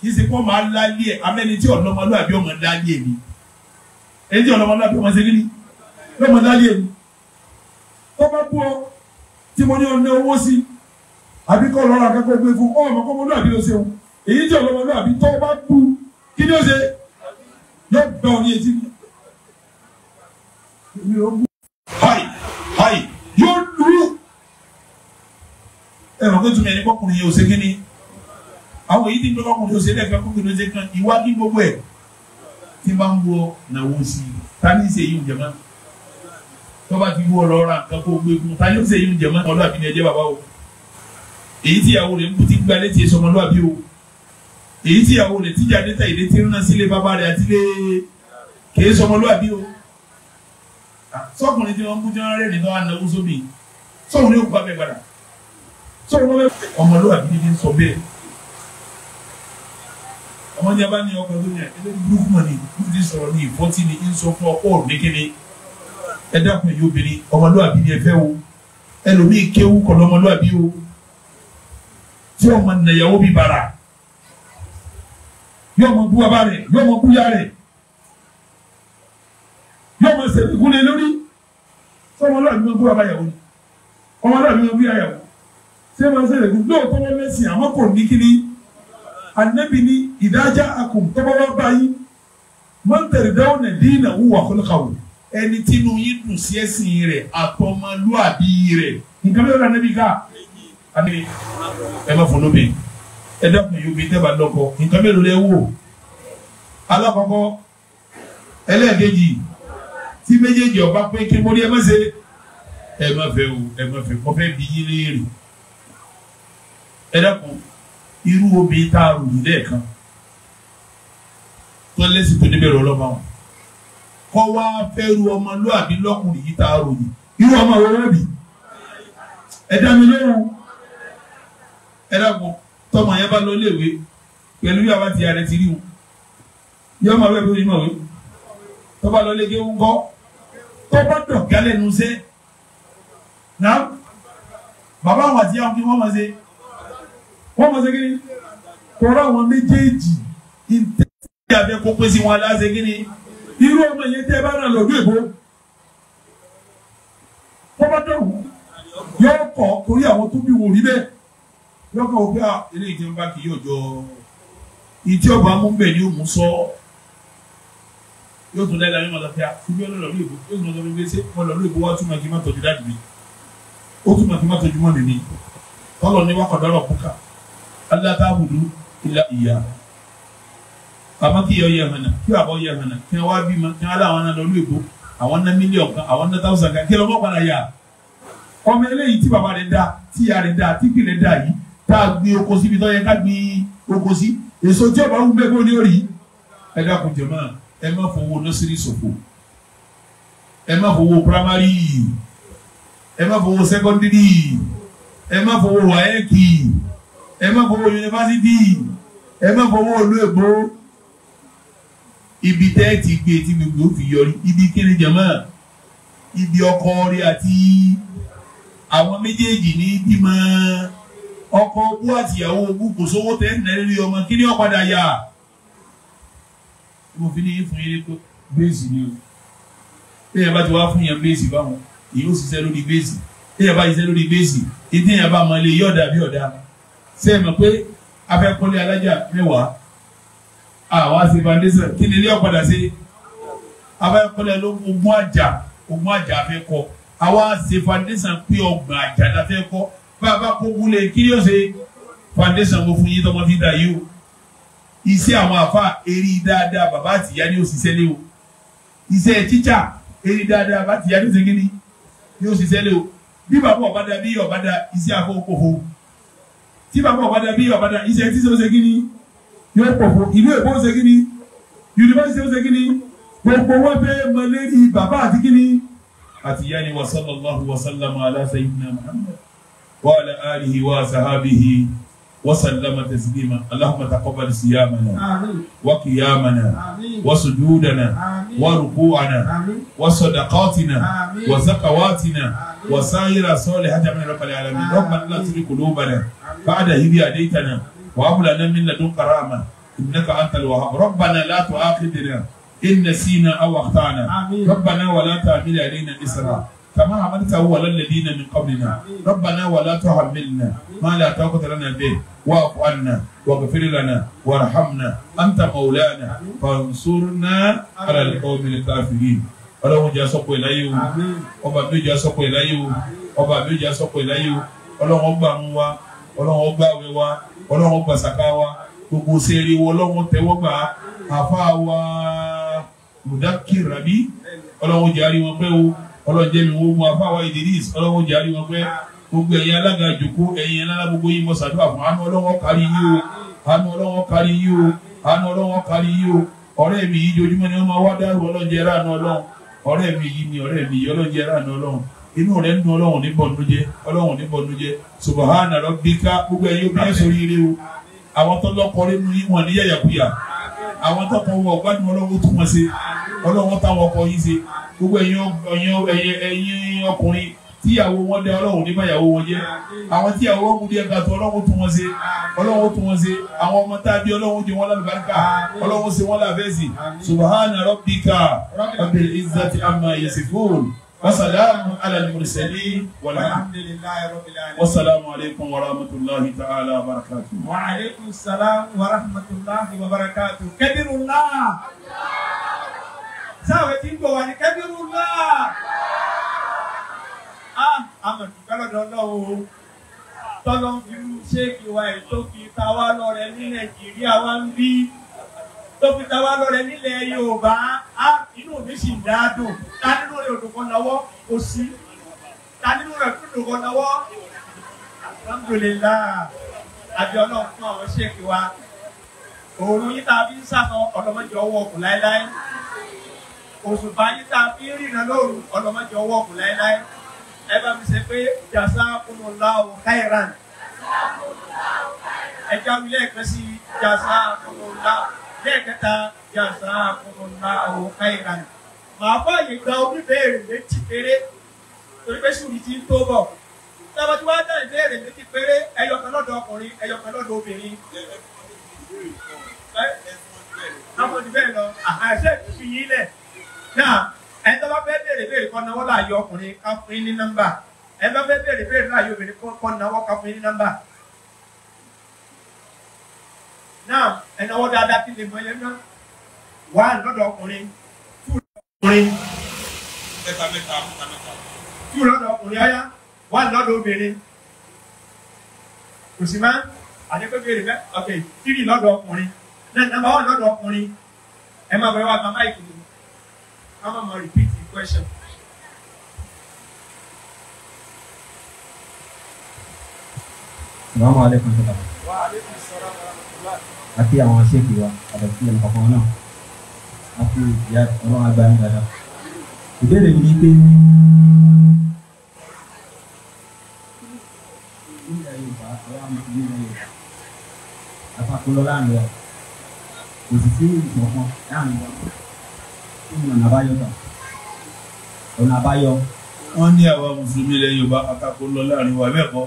kì í ṣe kó máa lálé ẹ amẹ́ni tí ọ̀lọ́mọlúwàbí ọmọ lálé ẹ ni ẹni tí ọ̀lọ́mọlúwàbí ọmọ ṣe kí ni ló mọ̀ láyé mi tó bá bú ọ tí mo ní ọ ní owó sí àbí kọ́ lọ́ra akẹ́kọ̀ọ́ gbé fún ọmọ kọ́ mọ́lú àbí ló ṣe òun èyí jẹ́ ọlọ́mọlú àbí tó bá bú kí ni ó ṣe yóò gbẹ ọ ní etí mi. hayi hayi yóò lu ẹ̀rọ tó tún yẹ ní kọkùnrin yẹn ò ṣe kí ni àwọn èyí tí ń dọ́kọ̀kùnrin ò ṣe lẹ́ẹ̀kan kókùnrin ò ṣe kan ìwádìí gbogbo ẹ̀ tí bá ń wọ nàwó sí ta ní í ṣe yìí ò jẹ́ máa tó bá ti wú ọ lọ ra nǹkan kó gbégun ta ni ó sì yún jẹ mọ́ ọmọlúwàbí ni ẹ jẹ́ bàbá o èyí tí ìyàwó rẹ̀ ń bú ti gba létí èso ọmọlúwàbí o èyí tí ìyàwó rẹ̀ tíjà létà ìdè tí ń rán sílé bàbá rẹ̀ àti lé kèé sọmọlúwàbí o sọkùnrin tí wọ́n ń tí wọ́n rẹ̀ nínú anáwó sómi sọ̀rọ̀ ní òkú abẹ́ padà sọ̀rọ̀ lọ́wọ́ ọmọlúwàbí ni ń sọ bẹ́ẹ̀ ọmọ ní abá ní ọkọ̀ ẹ dákun èyí obìnrin ọmọlúwàbí ni ẹ fẹ́ o ẹlòmíì kéwú kọ̀ lọ́mọlúwàbí o tí ọmọ nàyàwó bí bara yóò mọ bú bàbá rẹ̀ yóò mọ bú yá rẹ̀ yóò mọ sẹ̀kúnlẹ̀ lórí tí ọmọlúwàbí mọ bú bàbá yàwó ni ọmọlúwàbí mọ bú yá yàwó tí ẹ máa sẹ̀kún lóòótọ́ mẹ́sìn àmọ́ kò ní kíní anabi ni ìdájà akùn tọ́gbọ́n bá yín mọ́ntẹ̀rẹ̀dáwọn nà dín náà wù wà ẹni tínú yín dùn sí ẹ̀sìn rẹ̀ àtọmọlúàbí rẹ̀ nǹkan bí ó rà níbi ká àbí ẹ má fún lóbi ẹ dákun yóò bí tẹ́bà lọ́kọ nǹkan mélòó lẹ́ wò alákọ̀ọ́kọ́ ẹlẹ́ẹ̀kejì tí méjèèjì ọba pé kí mo rí ẹ má ṣe ẹ má fẹ́ o ẹ má fẹ́ kọ́ bí yín léèrè ẹ dákun irú obìnrin tá a rò yìí lẹ́ẹ̀kan tó lẹ́sìn tó débẹ̀rẹ̀ ọlọ́mọ àwọn kọ́ wá fẹ́rù ọmọlúàbí lọ́kùnrin yìí tá a ròyìn irú ọmọ wo wọ́n bì ẹ dá mi lóhùn ẹ dàgbọ́ tọmọ yẹn bá lọ léwe pẹ̀lú yàrá ti yàrá ti rí wọn yóò máa wẹ́ẹ́ bí onímọ̀ wí tọ́ba lọ lé géwú ńkọ́ tọ́ba dọ̀gá lẹ́nu sẹ́ náà bàbá àwọn àti àwọn kí wọ́n máa ṣe wọ́n máa ṣe kí ni tọ́ra àwọn méjèèjì ìtẹ́sí àbẹ́kọ́ pèsè wọn aláṣẹ kí ni irú ọmọ yẹn tẹ́ bá ràn lọ́dún èbó pọ́pọ́tọ́rù yóò kọ́ torí àwọn tó bí wò rí bẹ́ẹ̀ lọ́kàn ó pé à ilé ìjọba kì yóò jọ ìdí ọba mú bẹ́ẹ̀ ni ó mú sọ yóò tún lẹ́la yóò máa lọ pé à fún mi ọlọ́lọ́lọ́ èbó yóò tún lọ lórí gbèsè ọlọ́lọ́ èbó wá túmọ̀ kí n má tọ́jú dáàbì mi ó túmọ̀ kí má tọ́jú mọ́ mi ni ọlọ́ ni wákọ̀dọ́rọ̀ bùkà alátàbùdù ilá ìyá bàbá kí yọ yẹ mẹ́nà kí bàbá yẹ mẹ́nà kí wọ́n wá bí ma kí wọ́n láwọn náà lọ́lú èbó àwọn ná mílíọ̀n kan àwọn ná táwùsàn kan kí lọ́mọ́ padà yà ọmọ eléyìí tí bàbá rẹ̀ dá tí ìyá rẹ̀ dá tí kìlẹ̀ dá yìí tá a gbin oko síbi tó yẹ ká gbin oko sí èso tí ọba wúgbẹ́ kó ní orí ẹ dákun jẹ̀mọ́ ẹ má fowó nọ́sírì ṣòfò ẹ má fowó pírámàrì ẹ má fowó sẹ́kọ́ndírì ẹ má fowó wáyẹ́kì ẹ má fowó yunifásitì ẹ má fowó olú ègbó ibi tẹ́ ti gbé e tí gbogbo ó fi yọrí ibi kíni jama ibi ọkọ rẹ àti àwọn méjèèjì ní bímọ ọkọ ogún àtìyàwó ogún kò sówó tẹ ń tẹ̀lé rí ọmọ ni ọ̀padà yà mo fi ní fún yín pé bẹ́ẹ̀sì ni o bẹ́ẹ̀ bá ti wá fún yẹn bẹ́ẹ̀sì báwọn èyí ó ṣiṣẹ́ lórí bẹ́ẹ̀sì bẹ́ẹ̀ bá ṣiṣẹ́ lórí bẹ́ẹ̀sì ètò yẹn bá mọ ilé yọ̀ọ̀dà bí ọ̀dà sẹ́yìn pé afẹ́kọ́lé alájà mẹ́wàá àwa ṣe vandalism kí ni ilé ọ̀padà ṣe abẹ́kọ́lẹ̀ ló ogun àjà ogun àjà fẹ́ kọ́ àwa ṣe vandalism pé ọgbà àjà la fẹ́ kọ́ bàbá kó wúlé kí ni ó ṣe vandalism kó fún yín tọmọ fi dà yìí o iṣẹ́ àwọn àfa eré dáadáa bàbá àtìyá ni ó ṣiṣẹ́ lé o iṣẹ́ tíjà eré dáadáa bàbá àtìyá ni ó ṣe kí ni ó ṣiṣẹ́ lé o bí bàbá ọ̀bádà bí ọ̀bádà iṣẹ́ àfọwọ́kọ̀ọ́ tí bàbá ọ̀bádà bí ọ̀bádà iṣẹ́ tí ó ṣe kí yóò pọ̀ fún ìlú èkó ó ṣe kí ni yunifásitì ó ṣe kí ni gbogbo wọn fẹ́ mọ lérí bàbá àti kí ni. àti yanni wa sallallahu wa sallama ala sayyidina muhammad wa ala alihi wa sahabihi وسلم تسليما اللهم تقبل صيامنا وقيامنا وسجودنا وركوعنا وصدقاتنا وزكواتنا وسائر صالحات من رب العالمين ربنا لا تزغ قلوبنا بعد إذ هديتنا وهب لنا من لدنك رحمة إنك أنت الوهاب ربنا لا تؤاخذنا إن نسينا أو أخطأنا ربنا ولا تحمل علينا إسرا كما عملته على الذين من قبلنا ربنا ولا تحملنا ما لا طاقة لنا به واعف عنا واغفر لنا وارحمنا أنت مولانا فانصرنا على القوم الكافرين ọlọ́run jẹ́ sọ́kò ìláyé o ọba mi jẹ́ sọ́kò ìláyé o ọba mi jẹ́ sọ́kò ìláyé o ọlọ́run ọgbà mú wa ọlọ́run ọgbà wẹ ọlọ́run gbàsàkà wa gbogbo sẹ́ẹ̀rì wọ ọlọ́run tẹ́wọ́gbà àfa wa mudaki rabi ọlọ́run jàre wọn pẹ́ o ọlọ́run jẹ́ mi wọ́n mú àfa wa Idris ọlọ́run jàre wọn pẹ́ gbogbo ẹ̀yin alága jòkó ẹ̀yin alága gbogbo yìí mọ̀ sàdúrà fún àánú ọlọ́run kárí yìí o àánú ọlọ́run kárí yìí o àánú ọlọ́run kárí yìí o ọ̀rẹ́ mi yìí jojúmọ́ ni wọ́n máa wá dárò ọlọ́run jẹ́ ráàánú ọlọ́run ọ̀rẹ́ mi yìí ni ọ̀rẹ́ mi yìí ọlọ́run jẹ́ ráàánú ọlọ́run inú rẹ̀ nù ọlọ́run ní bọ̀nú jẹ́ ọlọ́run ní bọ̀nú jẹ́ subahana rabbika gbogbo ẹ̀yin obìnrin sórí ire o àwọn tó lọ́kọ̀ọ́rẹ́ nu yín wọn ní yàyàkuyà àwọn tó kọ̀ wọ ọ̀gbádùn ọlọ́run tún wọn ṣe ọlọ́run táwọn ọkọ yín ṣe gbogbo ẹ̀yin ọkùnrin tíyàwó wọn dẹ ọlọ́run ní báyàwó wọn jẹ́ àwọn tíyàwó wọn kú díẹ̀ gàtọ̀ ọlọ́run tún wọn ṣe ọlọ́run tún wọn ṣe àwọn ọmọ tá a bí ọlọ́run jẹ wọn lálùbáríkà ọlọ́run ṣe wọn láfẹ́sì subahana rabbika rabbil izzati amma yasifun. وسلام على المرسلين والحمد لله رب العالمين والسلام عليكم ورحمة الله تعالى وبركاته وعليكم السلام ورحمة الله وبركاته كبر الله sáwọn tí ń bọ̀ wá ní kẹ́bírú náà á àmọ̀ dùkẹ́ lọ́dọ̀ lọ́wọ́ tọ́lọ́ ń tó fi ta wá lọ́rẹ nílẹ̀ Yorùbá á inú mi sì dá dùn ta nínú rẹ̀ òdòkọ náwọ́ kò sí ta nínú rẹ̀ kó òdòkọ náwọ́ alhamdulillah àbí Ọlọ́run fún àwọn ṣèkì wa òòrùn yìí tá a fi ń sànà ọlọ́mọdé ọwọ́ ọkùn láéláé òṣùpá yìí tá a fi ń rìnà lóòrùn ọlọ́mọdé ọwọ́ ọkùn láéláé ẹ bá mi ṣe pé jazakumullahu khairan ẹjọ́ mi lẹ́ẹ̀kan sí jazakumullahu lẹ́ẹ̀kẹta yàtọ̀ àkọkọ̀nà àwọn káyìlànà màá bá yìí gba oníbèrè méjì péré torí pé sùúrù ti ń tó bọ̀ tábà tí wàá dá ìbéèrè méjì péré ẹyọkan lọ́dọ̀ ọkùnrin ẹyọkan lọ́dọ̀ obìnrin. àwọn ti bẹ́ẹ̀ lọ àṣẹ fi yín lẹ̀ náà ẹni tó bá fẹ́ béèrè béèrè kọ́ náwó láàyè ọkùnrin ká ní nọ́mbà ẹni tó bá fẹ́ béèrè béèrè láàyè obìnrin kọ́ náwó ká ní nọ́mbà náà ẹnáwó dáadáa kí lè mọ ilé náà wá lọ́dọ̀ ọkùnrin tú lọ́dọ̀ ọkùnrin mẹ́ta mẹ́ta mẹ́ta mẹ́ta tú lọ́dọ̀ ọkùnrin ọ̀yá wá lọ́dọ̀ obìnrin kò sí má àdékòbèrè mẹ́ ọ̀kẹ́ tírì lọ́dọ̀ ọkùnrin náà nàbà wà lọ́dọ̀ ọkùnrin ẹ má bẹ̀rẹ̀ wá bàbá ìkùnú ká má mọ repeat the question. Assalamu alaikum. Wa alaikum salaam àti àwọn ṣéèkì wa àdàkí ẹnì kọ̀ọ̀kan náà a kú ìyá ọlọ́run agbá ní dáadáa ìbéèrè mi ni pé nílẹ̀ yorùbá ọlọ́run mi nílẹ̀ yorùbá àpapọ̀ lọ́láàrin wa kò sì sí ìṣọ̀kan láàrin wa kí ni ọ̀nà àbáyọ tán ọ̀nà àbáyọ wọ́n ní àwa mùsùlùmí ilẹ̀ yorùbá àtakò lọ láàrin wa bẹ́ẹ̀ kọ́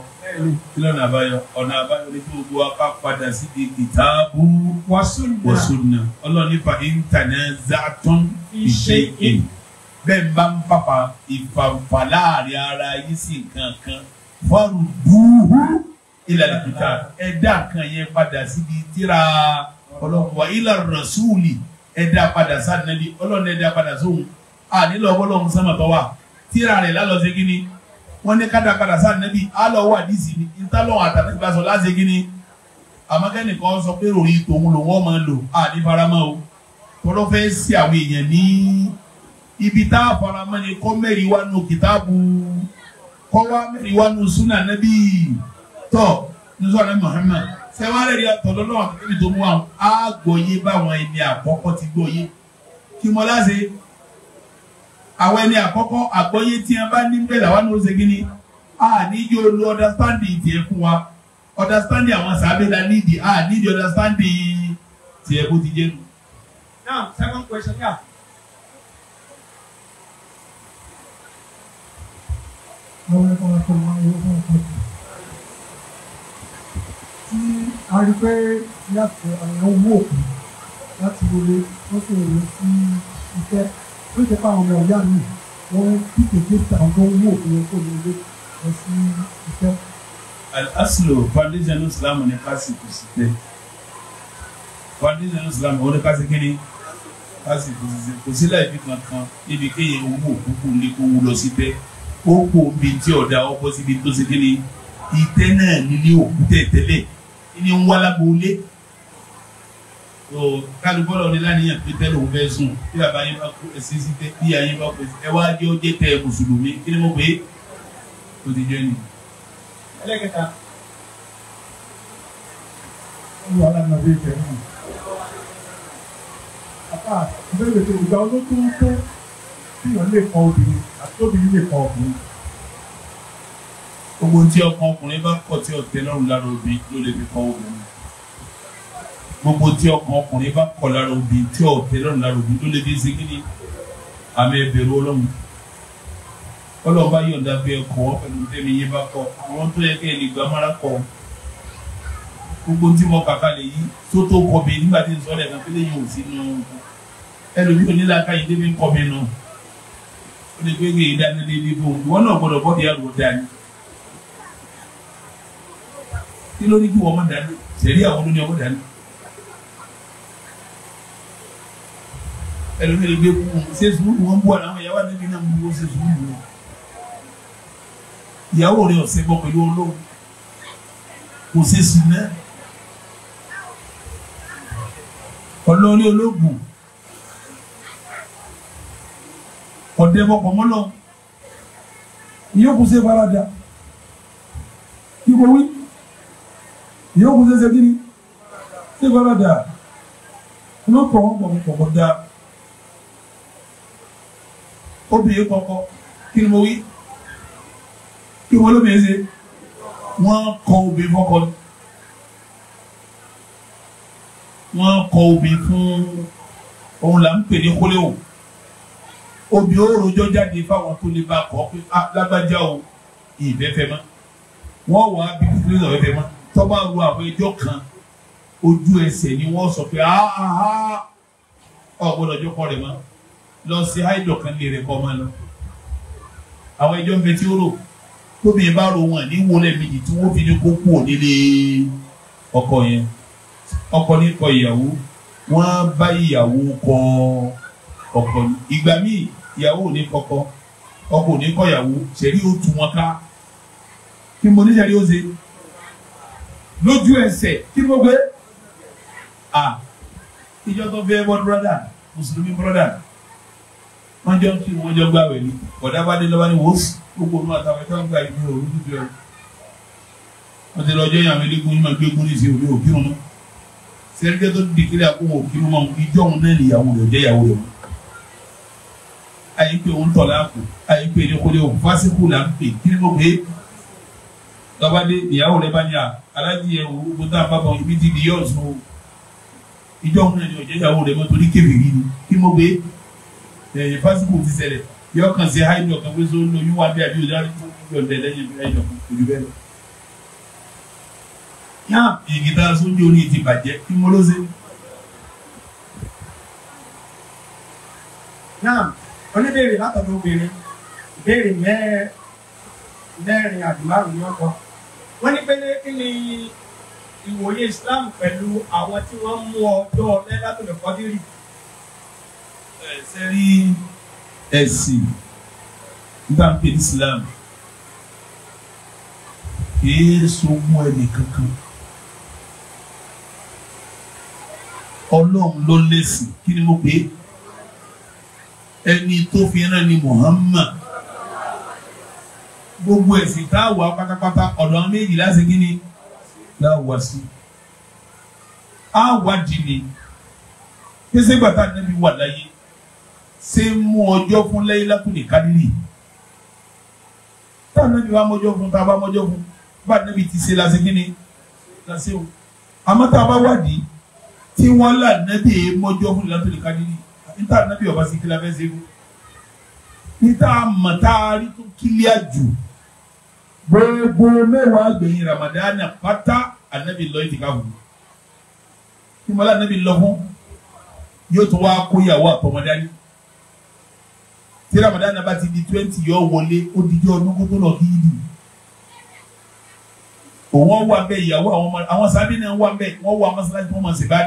kí lọ́nà àbáyọ ọ̀nà àbáyọ ní gbogbo apá padà sí di kìtàbù wàsúnà ọlọ́run nípa intanẹ́sàtún ìṣèkìn bẹ́ẹ̀ ń bá ń pàpà ìfàǹfà láàrin ara yín sí nǹkan kan fọ́ọ̀rù dúró ìlànà kìtà ẹ̀dá kan yẹn padà sí di tíra ọlọ́run wa ìlànà rọ̀ṣúùlì ẹ̀dá padà sáà nàbí ọlọ́run ẹ̀dá padà sóhun àdínlọ́gbọ́lọ́hún sámàtọ́ wà tíra rẹ̀ lálọ́ ṣe ni wọ́n ní kádàkadà sáà nẹ́bí alọ́ wà díìsì ni ntálọ́wọ̀n àtàlẹ́bí bá sọ ni àmọ́kẹ́nìkan sọ pé ròrí tòun lòun ọmọ lò á ní faramọ́ o tọ́lọ́ fẹ́ sí àwọn èèyàn ní ibi tá a faramọ́ ni kọ́ mẹ́rin wá nu kìtáàbù kọ́ wá mẹ́rin wá nu súnà nẹ́bí tọ́ nusọ́ àná Muhammad sẹ́wárẹ̀ rí àtọ̀dọ́ náà àtàlẹ́bí tó mú àwọn àgbọ̀yé báwọn ẹni àkọ́kọ́ ti gbọ́yé kí mo láṣẹ àwọn ẹni àkọ́kọ́ àgbọ́yé tí wọ́n bá ní bẹ́ẹ̀ làwọn náà ṣe gíní a nídìí olú ọ̀dàstandì tiẹ̀ fún wa ọ̀dàstandì àwọn sàbẹ̀ la nídìí a nídìí ọ̀dàstandì tiẹ̀ bó ti jẹ́ nu. now second question yeah. tí a rí pé yàtọ̀ àwọn owó òkú láti wọlé wọ́n sì wọlé sí iṣẹ́ ó ṣe pa àwọn ọ̀yá mi wọ́n tètè dé tàwọn tó ń wò ó yẹ kó lè lọ sí iṣẹ́. al-aslu foundation islam ní kásìkò sí pé foundation islam ó ní kásìkò ní kásìkò sí pé kò sí láìpẹ́ kankan níbi kéèyàn owó òkúkú ní kó wú lọ sí pé ó kó ni ìtẹ́ kálukọ́lọ́ ní lánìyàn pé tẹ́lẹ̀ òun fẹ́ sùn bí bàbá yín bá kú ẹ̀sìn sí tẹ́ bí àyín bá kú ẹ̀sìn ẹ wá jẹ́ ó jẹ́ tẹ mùsùlùmí kí ni mo pè é tó ti jẹ́ nìyí. ẹlẹ́kẹta ọmọ alánàbí ìfẹ́ náà àpá ìbéèrè tó gba olókùn tó kíyàn lè kọ obìnrin àti obìnrin lè kọ ọkùnrin. gbogbo tí ọkàn ọkùnrin bá kọ̀ tí ọ̀tẹ̀ lọ́rùn lára obìnrin ló lè fi kọ obìnrin gbogbo tí ọkàn ọkùnrin bá kọ lára obì tí ọ̀tẹ̀ lọ́nà lára obì ló lè fi ṣe kíni àmì ẹ̀bẹ̀rù ọlọ́run ọlọ́run bá yọ̀ǹda bí ẹ kọ́ pẹ̀lú tẹ́mi yé bá kọ́ àwọn tó yẹ kẹ́ ẹ lè gba mara kọ́ gbogbo tí mo kàkà lè yí tó tó kọ́ mi nígbà tí n sọ lẹ́ẹ̀kan pé lẹ́yìn òsì nù ẹlòmí onílàkà yìí débi ń kọ́ mi nù ó lè gbé yìí dání lé bò wọn náà gbọdọ̀ bọ́ọ̀dì kí ló ní kí dání sẹ́rí àwọn olóní ọmọ dání. ẹlòmíì lè gbé kú ṣé sùúrù wọn bú àwọn ìyàwó àti ẹbí náà mú wọn ṣe sùúrù wọn ìyàwó rẹ ọ̀sẹ̀ bọ̀ pẹ̀lú ọlọ́run kò ṣe sùn náà ọlọ́rí ológun ọ̀dẹ́bọ̀pọ̀ mọ́lọ́ ìyókù ṣe farada ìkòwí ìyókù ṣe ṣe kiri ṣe farada olóòpọ̀ wọn pọ̀ pọ̀ obìnrin kọkọ kí ni mo wí kí wọ́n lóbìnrin ṣe wọ́n kọ obìnrin fọkọ ni wọ́n kọ obìnrin fún òun là ń pè ní kólẹ́wò obìnrin ó rojọ́ jáde fáwọn tó lè bá kọ́ pé ah, lágbájá o ìfẹ́fẹ́ mọ́ wọ́n wà á bí kúkúrú ìsọ̀rọ̀ ìfẹ́ mọ́ tọ́ba ru àwọn ẹjọ́ kan ojú ẹsẹ̀ ni wọ́n sọ pé ah, ah, ọ̀gbọ́dọ̀ ọjọ́ kọ́ rẹ̀ mọ́ lọ sí àìdọ̀ kan lè rẹ̀ kọ́ ọmọ lọ. àwọn ẹjọ́ ń bẹ tí ó rò tóbìnrin bá ro wọn ní wọlé méjì tí wọ́n fi ní kó kú onílé ọkọ yẹn ọkọ ní kọ ìyàwó wọ́n bá ìyàwó kọ ọkọ ní ìgbà míì ìyàwó ò ní kọkọ ọkọ ò ní kọ ìyàwó ṣẹ̀rí ó tú wọn ká kí mo ní ṣẹ̀rí ó ṣe lójú ẹsẹ̀ kí mo gbé à ìjọ fẹ́ wọ́n brọ́dà mùsùlùmí brọ́dà wọ́n jọ ń kí wọ́n jọ gbà wẹ̀ ni ọ̀dà bá dé lọ́wọ́ ni wò ó sì gbogbo òun àtàwọn ẹ̀ka ń gba ìdí òru dúdú ẹ̀rọ. wọ́n ti lọ́jọ́ yàrá eléegun yìí máa gbé egun ní ìsìn òde òkírun mọ́ sẹ́ríkẹ́ tó di kílẹ̀ àkóhùn òkírun mọ́ ìjọ òun náà nìyàwó rẹ̀ ọ̀jẹ́ ìyàwó rẹ̀ mọ́. àyípe òun tọ̀ láàkù àyípe ìdíkọ́lé òun fásikù là ń pè kí ló pé lọ́ba dé ìyàwó rẹ̀ bá ní à alájí ẹ̀ òun gbogbo tá a bá bọ̀ ibi ti di yọ̀ọ̀sùn ìjọ òun náà ni ọ̀jẹ́ ìyàwó rẹ̀ mọ́ torí kébìrì ni kí mo gbé ẹ̀yìn eh, fásitì ti ṣẹlẹ̀ yọ kàn sí àìní ọ̀kan pé sọ lóyún wá bí àbí òjá yọ̀ǹdẹ̀ lẹ́yìn àìní ọ̀kan kò jù bẹ́ẹ̀ lọ. yá èyí tá a sún jẹ́ orí ti bàjẹ́ kí mo ló ṣe. yá oníbèrè látọ̀dọ̀ obìnrin ìbéèrè mẹ́rin àti márùn ní ọkọ wọ́n ní pé kí ni ìwòye Islam pẹ̀lú àwọn tí wọ́n mú ọjọ́ lẹ́dàtọ̀lẹ̀kọ́dírì ṣe rí ẹ̀sìn nígbà pé Islam kìí sogún ẹnì kankan ọlọ́run ló lẹ́sìn kí ni mo pè é ẹni tó fi rán ni Muhammad gbogbo ẹ̀sìn tá a wà pátápátá ọ̀dọ̀ àwọn méjì láti kí ni láwà sí a wà dì ní kí sẹ́gbàtà nẹ́bí wà láyé ṣe ń mú ọjọ́ fún Laylatul Qadr táwọn náà bí wàá mọ́jọ́ fún tá a bá mọ́jọ́ fún bá a nábì ti ṣe lásìkò kí ni lásìkò àmọ́ tá a bá wádìí tí wọ́n là nábì mọ́jọ́ fún Laylatul Qadr níta nábì ọba sí kí la fẹ́ ṣe fún níta mọ̀ tá a rí tó kílíà jù gbogbo mẹ́wàá gbẹ̀yìn Ramadan pátá ànábì lọ ìtìkáfù kí wọ́n lé ànábì lọ fún yóò tún wá kóyàwó àtọmọdé tí Ramadan bá ti di twenty yọ wọlé ó dijọ́ ọdún gbogbo lọ kí yìí dùn òun wà bẹ́ẹ̀ ìyàwó àwọn ọmọ àwọn sábì náà wà bẹ́ẹ̀ wọ́n wà mọ́sálásí wọn mọ̀ sí bá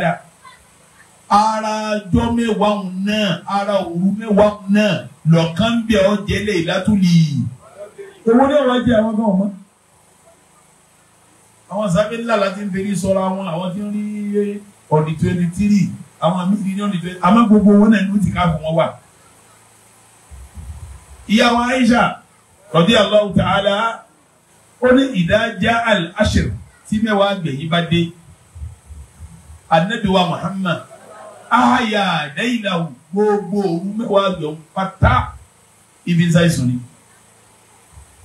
ara jọ mẹ́wàá òun náà ara òru mẹ́wàá òun náà lọ́kàn bẹ́ẹ̀ ọ jẹ́lẹ̀ ìlàtúlì. owó ní ọ̀rọ̀ jẹ́ àwọn gan-an mọ́. àwọn sábì ńlá láti ń fèrè sọ́ra wọn àwọn tí ń rí ọ̀dì twenty three àwọn míì ní ọ̀dì twenty àmọ́ gbogbo owó náà ní ti ká fún wọn wà ìyàwó Aisha radiyallahu ta'ala ó ní ìdájá al-ashir tí mẹ́wàá gbẹ̀yìn bá dé anabiwa Muhammad ahaya daylahu gbogbo òru mẹ́wàá gbẹ̀yìn pátá ibi ń sáyé sùn ni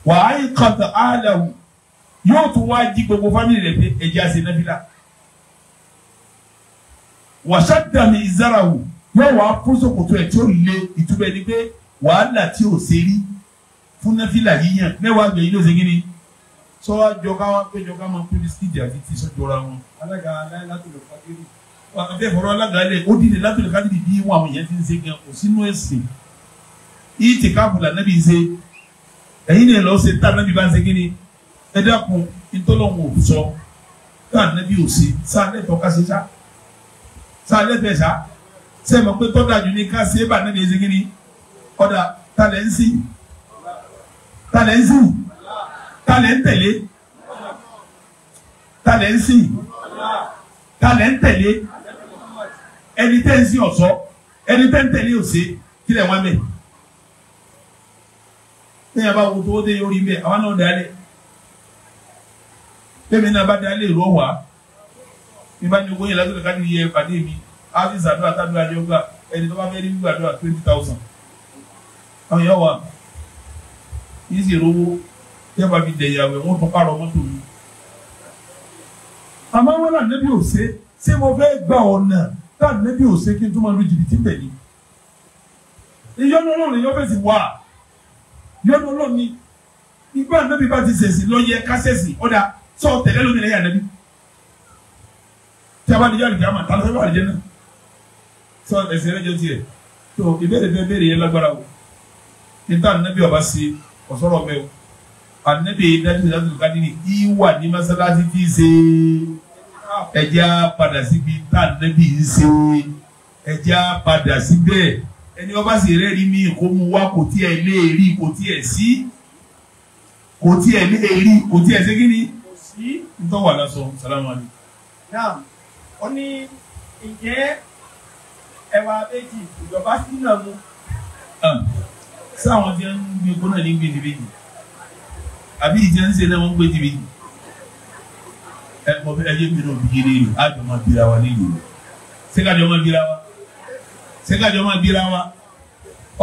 wà á yí kọ̀tà áhàlàwù yóò tún wá jí gbogbo fámìlì rẹ̀ pé ẹ̀jẹ̀ àti nàfìlà wà á ṣàdàmì yóò wá fún ṣòkòtò ẹ̀ tí ó lé ìtumẹ̀ ni pé wàhálà tí ò ṣe rí fún náfìlà yíyàn mẹ́wàá gbẹ̀yìn ló ṣe kí ni sọ́wọ́ jọká wọn péjọ ká máa pín bisikíìtì àti tí sọ́jọ́ra wọn alága látòlè fagiri abẹ́ ìfọ̀rọ̀ alága ilé ó dìde látòlè fagiri bí wọn àwọn èèyàn ti ń ṣe gan kò sínú ẹ̀sìn yìí ti káàbùlà náà bí ṣe ẹ̀yin náà lọ ṣe tá náà bí bá ń ṣe kí ni ẹ dákun ntọ́lọ́hún ò sọ tá náà ò ọ̀dà talẹ̀ ń sìn talẹ̀ ń sìn talẹ̀ ń tẹ̀lé talẹ̀ ń sìn talẹ̀ ń tẹ̀lé ẹni tẹ́ ń sìn ọ̀sọ́ ẹni tẹ́ ń tẹ̀lé òsè kílẹ̀ wọn mẹ́ ní yàrá wo tó dé orí bẹ́ẹ̀ àwọn náà dá lé bẹ́ẹ̀ náà bá dá lé ìró wá ní bá ní owó yẹn lásìkò ká ní iye pàdé mi áfíìsì àdúrà tàdúrà yọgbà ẹni tó bá fẹ́ rí gbàdúrà twenty thousand àwọn èèyàn wà yìí sì rówó tẹ́ bá fi dẹ̀yàwó wọn tún pààrọ̀ mọ́tò mi. àmọ́ wọn náà nẹ́bí ò ṣe ṣé mo fẹ́ gba ọ̀nà tá nẹ́bí ò ṣe kí n tún máa lu jìbìtì bẹ̀ ni. ìyọnu ọlọ́run ìyọ́ fèsì wà ìyọnu ọlọ́run ni ìgbà nẹ́bí bá ti ṣèṣì lọ́yẹ kásẹ̀sì ọ̀dà sọ tẹ̀lé lómi lẹ́yìn ànẹ́bí. tí a bá níjọ́ àlùjá mà tá a lọ fẹ́ bá àlùjá náà sọ ẹ̀sìn rẹ̀ jọ tiẹ̀ tó ìbéèrè fẹ́ béèrè yẹn lágbára o níta ànábì ọba ṣe ọ̀sọ́rọ̀ mẹ́wò ànábì dájú dájú ni iwa ni masalasi ti ṣe ẹja padà síbi tá ànábì ń ṣe ẹja padà síbẹ̀ ẹni ọba sì rẹ́ẹ̀rí mi kó mu wá kò tí ẹ lé rí kò tí ẹ sí kò tí ẹ lé rí kò tí ẹ sí kí ni ntọ́wà lásọ salamu alaykum. naam ó ní ǹjẹ́ ẹwà abéjì ìjọba sínú àmú sáwọn tí wọn gbé gbóná ní gbé níbí yìí àbí ìjẹ ń ṣe náà wọn gbé níbí yìí ẹ mọ bí ẹyẹ mi náà bìí léèrè àjọ máa bira wa léèrè sẹkàjọ máa bira wa sẹkàjọ máa bira wa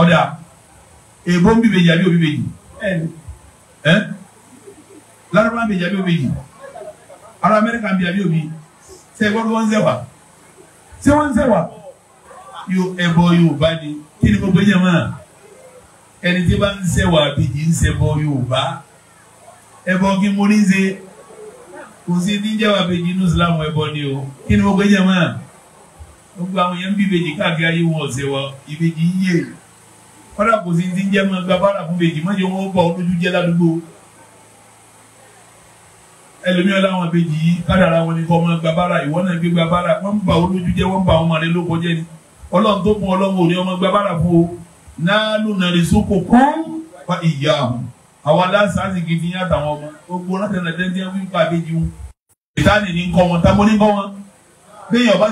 ọ̀dà èèbó ń bíbejì àbí òbí bejì ẹ lárúbá ń bejì àbí òbí bejì ará amẹ́ríkà ń bejì àbí òbí ṣe gbọ́dọ̀ wọ́n ń sẹ́wà ṣé wọ́n ń sẹ́wà yóò ẹ̀bọ yóò bá ní kí ni gbogbo ẹ̀jẹ̀ máa ẹni tí bá ń ṣẹ̀wà àbíjì ń ṣẹbọ Yorùbá ẹbọ kí mo ní ṣe kò sí ní jẹ́wà àbíjì inú Islam ẹbọ ni o kí ni mo gbé jẹ́ mọ́ à gbogbo àwọn yẹn ń bí ìbejì káàkiri ayé wọn ọ̀sẹ̀ wọ ìbejì ń yé kọ́dà kò sí ti ń jẹ́ mọ́ gbàbára fún ìbejì mọ́jọ wọn bọ̀ olójú jẹ́ ládùúgbò ẹlòmíọ́ láwọn ìbejì yìí kádàrà wọn ni kọ́ mọ́ gbàbára ìwọ náà gbé gbàbára wọ́n ń bà olójú jẹ́ wọ́n bà ọmọ rẹ ló kọjá ni ọlọ́run tó kún ọlọ́run ò náàlù nàrìsókò kún fa ìyá ahùn àwọn aláǹsá sì kì í fi yín àtàwọn ọmọ gbogbo láti ẹnà dẹ́ńtẹ́ wí pa àbẹ́jì wọn ìtàní ní kọ́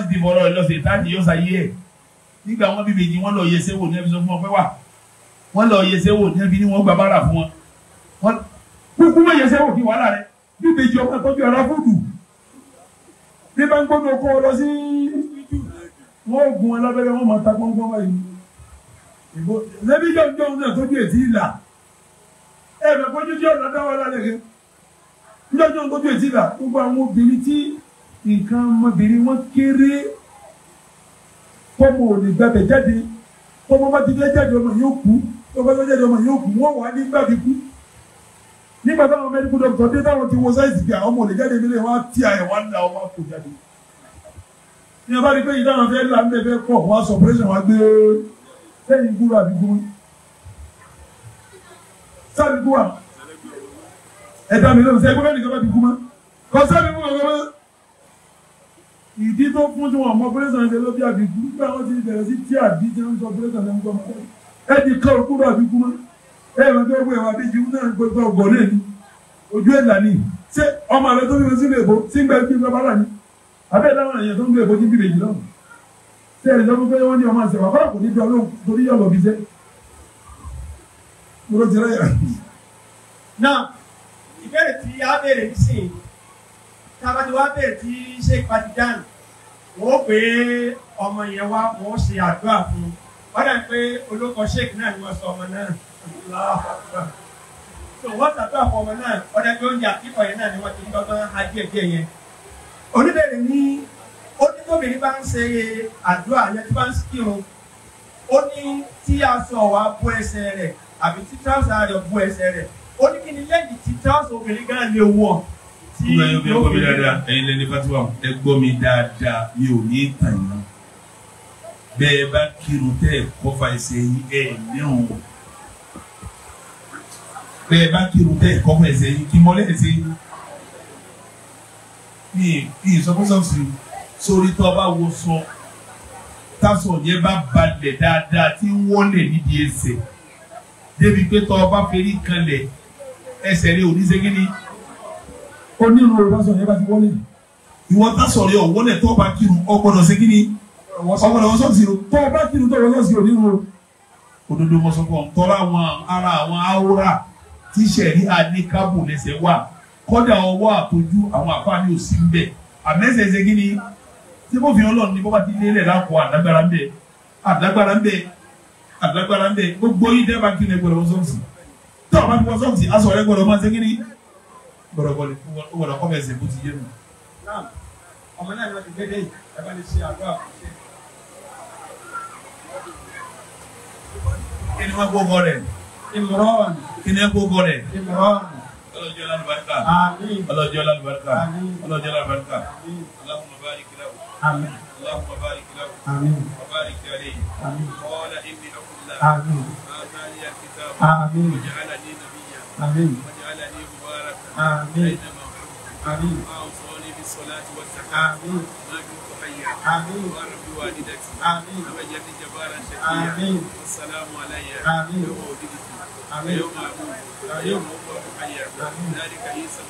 ti fọ̀rọ̀ ẹ̀ lọ́sẹ̀ ìtàní yóò ṣàyé ẹ̀ nígbà wọn bí bèjì wọn lọ yẹ sẹ́wò ní ẹbí sọ fún ọ wọn lọ yẹ sẹ́wò ní ẹbí ní wọn gbà bára fún wọn kúkú mọ̀ yẹ sẹ́wò kí wàhálà rẹ bí bèjì ọmọ tọ́jú ọ̀rá fúdù bí bá ń gbọ́dọ̀ kó lọ sí wọn gun ẹ lábẹ́rẹ́ wọn máa ta pọ́npọ́n báyìí ìbò lẹ́bí jọ̀jọ̀ náà tó jẹ́ ètí ìlà ẹ bẹ̀ kọjú tí ọ̀dọ̀ dáwọ́ lálẹ́gẹ́ jọ̀jọ̀ tó jẹ́ ètí ìlà gbogbo àwọn obìnrin tí nǹkan ọmọbìnrin wọn kéré kọ́mọ ò lè gbàgbẹ́ jáde kọ́mọ bá ti fẹ́ jáde ọmọ yóò kú kọ́mọ bá jáde ọmọ yóò kú wọ́n wà ní gbàgbé kú nígbà táwọn mẹ́rin kúndọ̀ tó dé táwọn ti wo sáyẹ̀sì bí àwọn ọmọ ò jáde nílé wọn ti àyẹ̀ wọn là wọn kò jáde ní abá rí pé ìdáhùn fẹ́ là wọn sọ pẹ́sẹ̀ wọn á sẹ́yìn gúrú àbí gúrú sábì gúrú à ẹ̀dá mi lóhùn sẹ́yìn gbọ́dọ̀ nìkan bá ti gú mọ́ kọ́ sábì gúrú ọ̀gá mọ́ ìdí tó fún tí wọn ọmọ pírẹsàn ṣe ló bí àbí gúrú nígbà wọn ti bẹ̀rẹ̀ sí tí àbí jẹ́ ń sọ pírẹsàn ṣe ń gbọ́ mọ́ ẹ ti kọ́ òkúrò àbí gúrú mọ́ ẹ ẹ̀ mọ́ tó gbé ẹ̀wà bíi jù náà gbogbo ọ̀gọ́ náà ni ojú ẹ̀ lànà ṣé ọmọ rẹ tó bí wọn sí ilé ìbò sí ń gbẹ bí wọn bá rà ṣé ẹ̀rọ ìjọba pé wọ́n ní ọmọ àṣẹwà kọ́lá kò ní bí ọlọ́run torí yọ̀ lọ́bi jẹ́ mo ló ti rẹ̀ yà. na ìbéèrè tí a béèrè nísìnyí tába tí wàá béèrè tí ṣe ìpàdé dànù wọ́n pé ọmọ yẹn wá wọ́n ṣe àdúrà fún wọ́n dà pé olóko sheik náà ni wọ́n sọ ọmọ náà so wọ́n ṣàdúrà fún ọmọ náà wọ́n dà pé oúnjẹ àkíkọ̀ yẹn náà ni wọ́n ti ń dọ́gbọ́n ajé ẹ̀jẹ̀ yẹn oníbẹ̀rẹ̀ ní ó ní tóbìnrin bá ń ṣe àdúrà yẹn tí bá ń kí o ó ní tí aṣọ ọ̀wá bó ẹsẹ̀ rẹ̀ àbí tí tíráùsà rẹ̀ bó ẹsẹ̀ rẹ̀ ó ní kí ni lẹ́yìn tí tíráùsà obìnrin gan lè wọ̀ tí yóò fi rẹ̀. ẹ̀yin lẹni fatiwa ẹ gbọ́ mi dáadáa mi ò ní tàn yín bẹ́ẹ̀ bá kírun tẹ́ ẹ̀ kọ́fà ẹsẹ̀ yín ẹ̀ lẹ́hùn bẹ́ẹ̀ bá kírun tẹ́ ẹ̀ kọ́fà yín kí mọ́lẹ́ ẹsẹ̀ yín mi ì sórí tó bá wo sọ tásọ yẹn bá balẹ̀ dáadáa tí ń wọlé nídìí ẹsẹ̀ débi pé tó bá ferí kanlẹ̀ ẹsẹ̀ rẹ oníṣẹ́gínní. onírúurú tásọ yẹn bá ti wọlé. ìwọ tásọ rẹ ọ̀wọ́lẹ̀ tó bá kírun ọgbọ́dọ̀ ṣẹ́gínní ọgbọ́dọ̀ wọ́n sọ̀tì rò. tó o bá kírun tó o wọ́n sọ̀tì rò nínú. òdodo mọ̀sọ̀kọ̀ tọ́lá àwọn ara àwọn áwòrán tí sẹ̀rí àníkàbò lẹ́sẹ̀ wà kọ́dà ọwọ́ àtọ́jú àwọn àfáàní òsì ń bẹ̀ àmẹ́sẹ̀ ṣẹ́gínní tí mo fi ọlọ́run ní bó bá ti lé lẹ̀ láǹkó àdágbára ń bẹ àdágbára ń bẹ àdágbára ń bẹ gbogbo yìí dẹ́ bá ń kíni gbọdọ̀ sọ́ọ̀sì tó o bá fi wọ sọ́ọ̀sì aṣọ rẹ gbọdọ̀ máa ṣe kí ni gbọdọ̀ gbọdọ̀ kọ́ bẹ̀ẹ̀ sẹ̀ bó ti yé nu. ọmọ náà ni wọ́n ti gbé dé yìí ẹ bá lè ṣe àdúrà fún ṣe. kí ni wọ́n gbọ́ bọ́ آمين اللهم بارك له آمين وبارك عليه آمين قال إني عبد الله آمين آتاني الكتاب آمين وجعلني نبيا آمين وجعلني مباركا آمين أينما آمين وأوصاني بالصلاة والزكاة آمين ما كنت حيا آمين وأرب والدتي آمين وجعلني جبارا شقيا آمين والسلام علي آمين يوم ولدت ويوم أموت ويوم أبعث حيا ذلك عيسى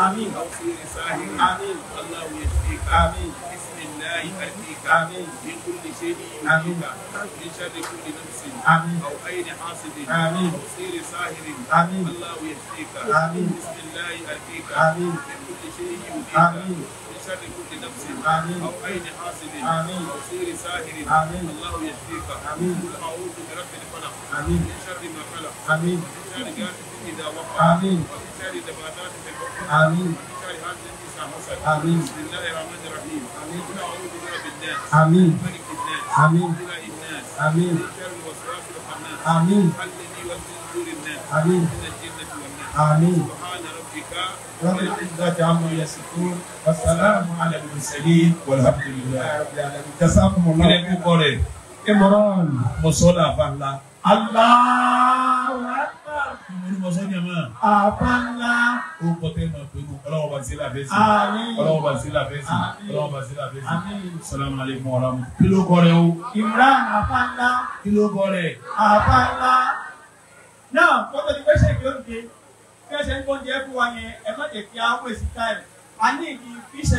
آمين أو في رساه آمين الله يشفيك آمين بسم الله أتيك آمين من كل شيء آمين من شر كل نفس آمين أو أين حاسد آمين أو سير ساهر آمين الله يشفيك آمين بسم الله أتيك آمين من كل شيء يؤذيك آمين شر كل نفس آمين أو أين حاسد آمين أو سير ساهر آمين الله يشفيك آمين قل أعوذ برب الفلق آمين من شر ما خلق آمين من شر غاسق إذا وقع آمين ومن شر دبابة آمين آمين بسم الله الرحمن الرحيم آمين أعوذ بالله آمين ملك الناس آمين إله الناس آمين من شر الوسواس الخناس آمين الذي يوسوس صدور الناس آمين من الجنة والناس آمين سبحان ربك رب العزة عما يصفون والسلام على المرسلين والحمد لله رب العالمين تسامح الله. Imran Musola Fanla aláwọ̀ àbá ńlá ó kọ tẹ́ ma pé ọlọ́wọ́ bá sílá fẹ́ sí ọlọ́wọ́ bá sílá fẹ́ sí ọlọ́wọ́ bá sílá fẹ́ sí salamu aleykum wa rahmatulah. kí ló kọ rẹ o. Imran àbá ńlá. kí ló kọ rẹ. àbá ńlá. náà kọ́tọ̀ ti fẹ́ de fẹ́ ṣe ń gbọ́n jẹ́ fún wa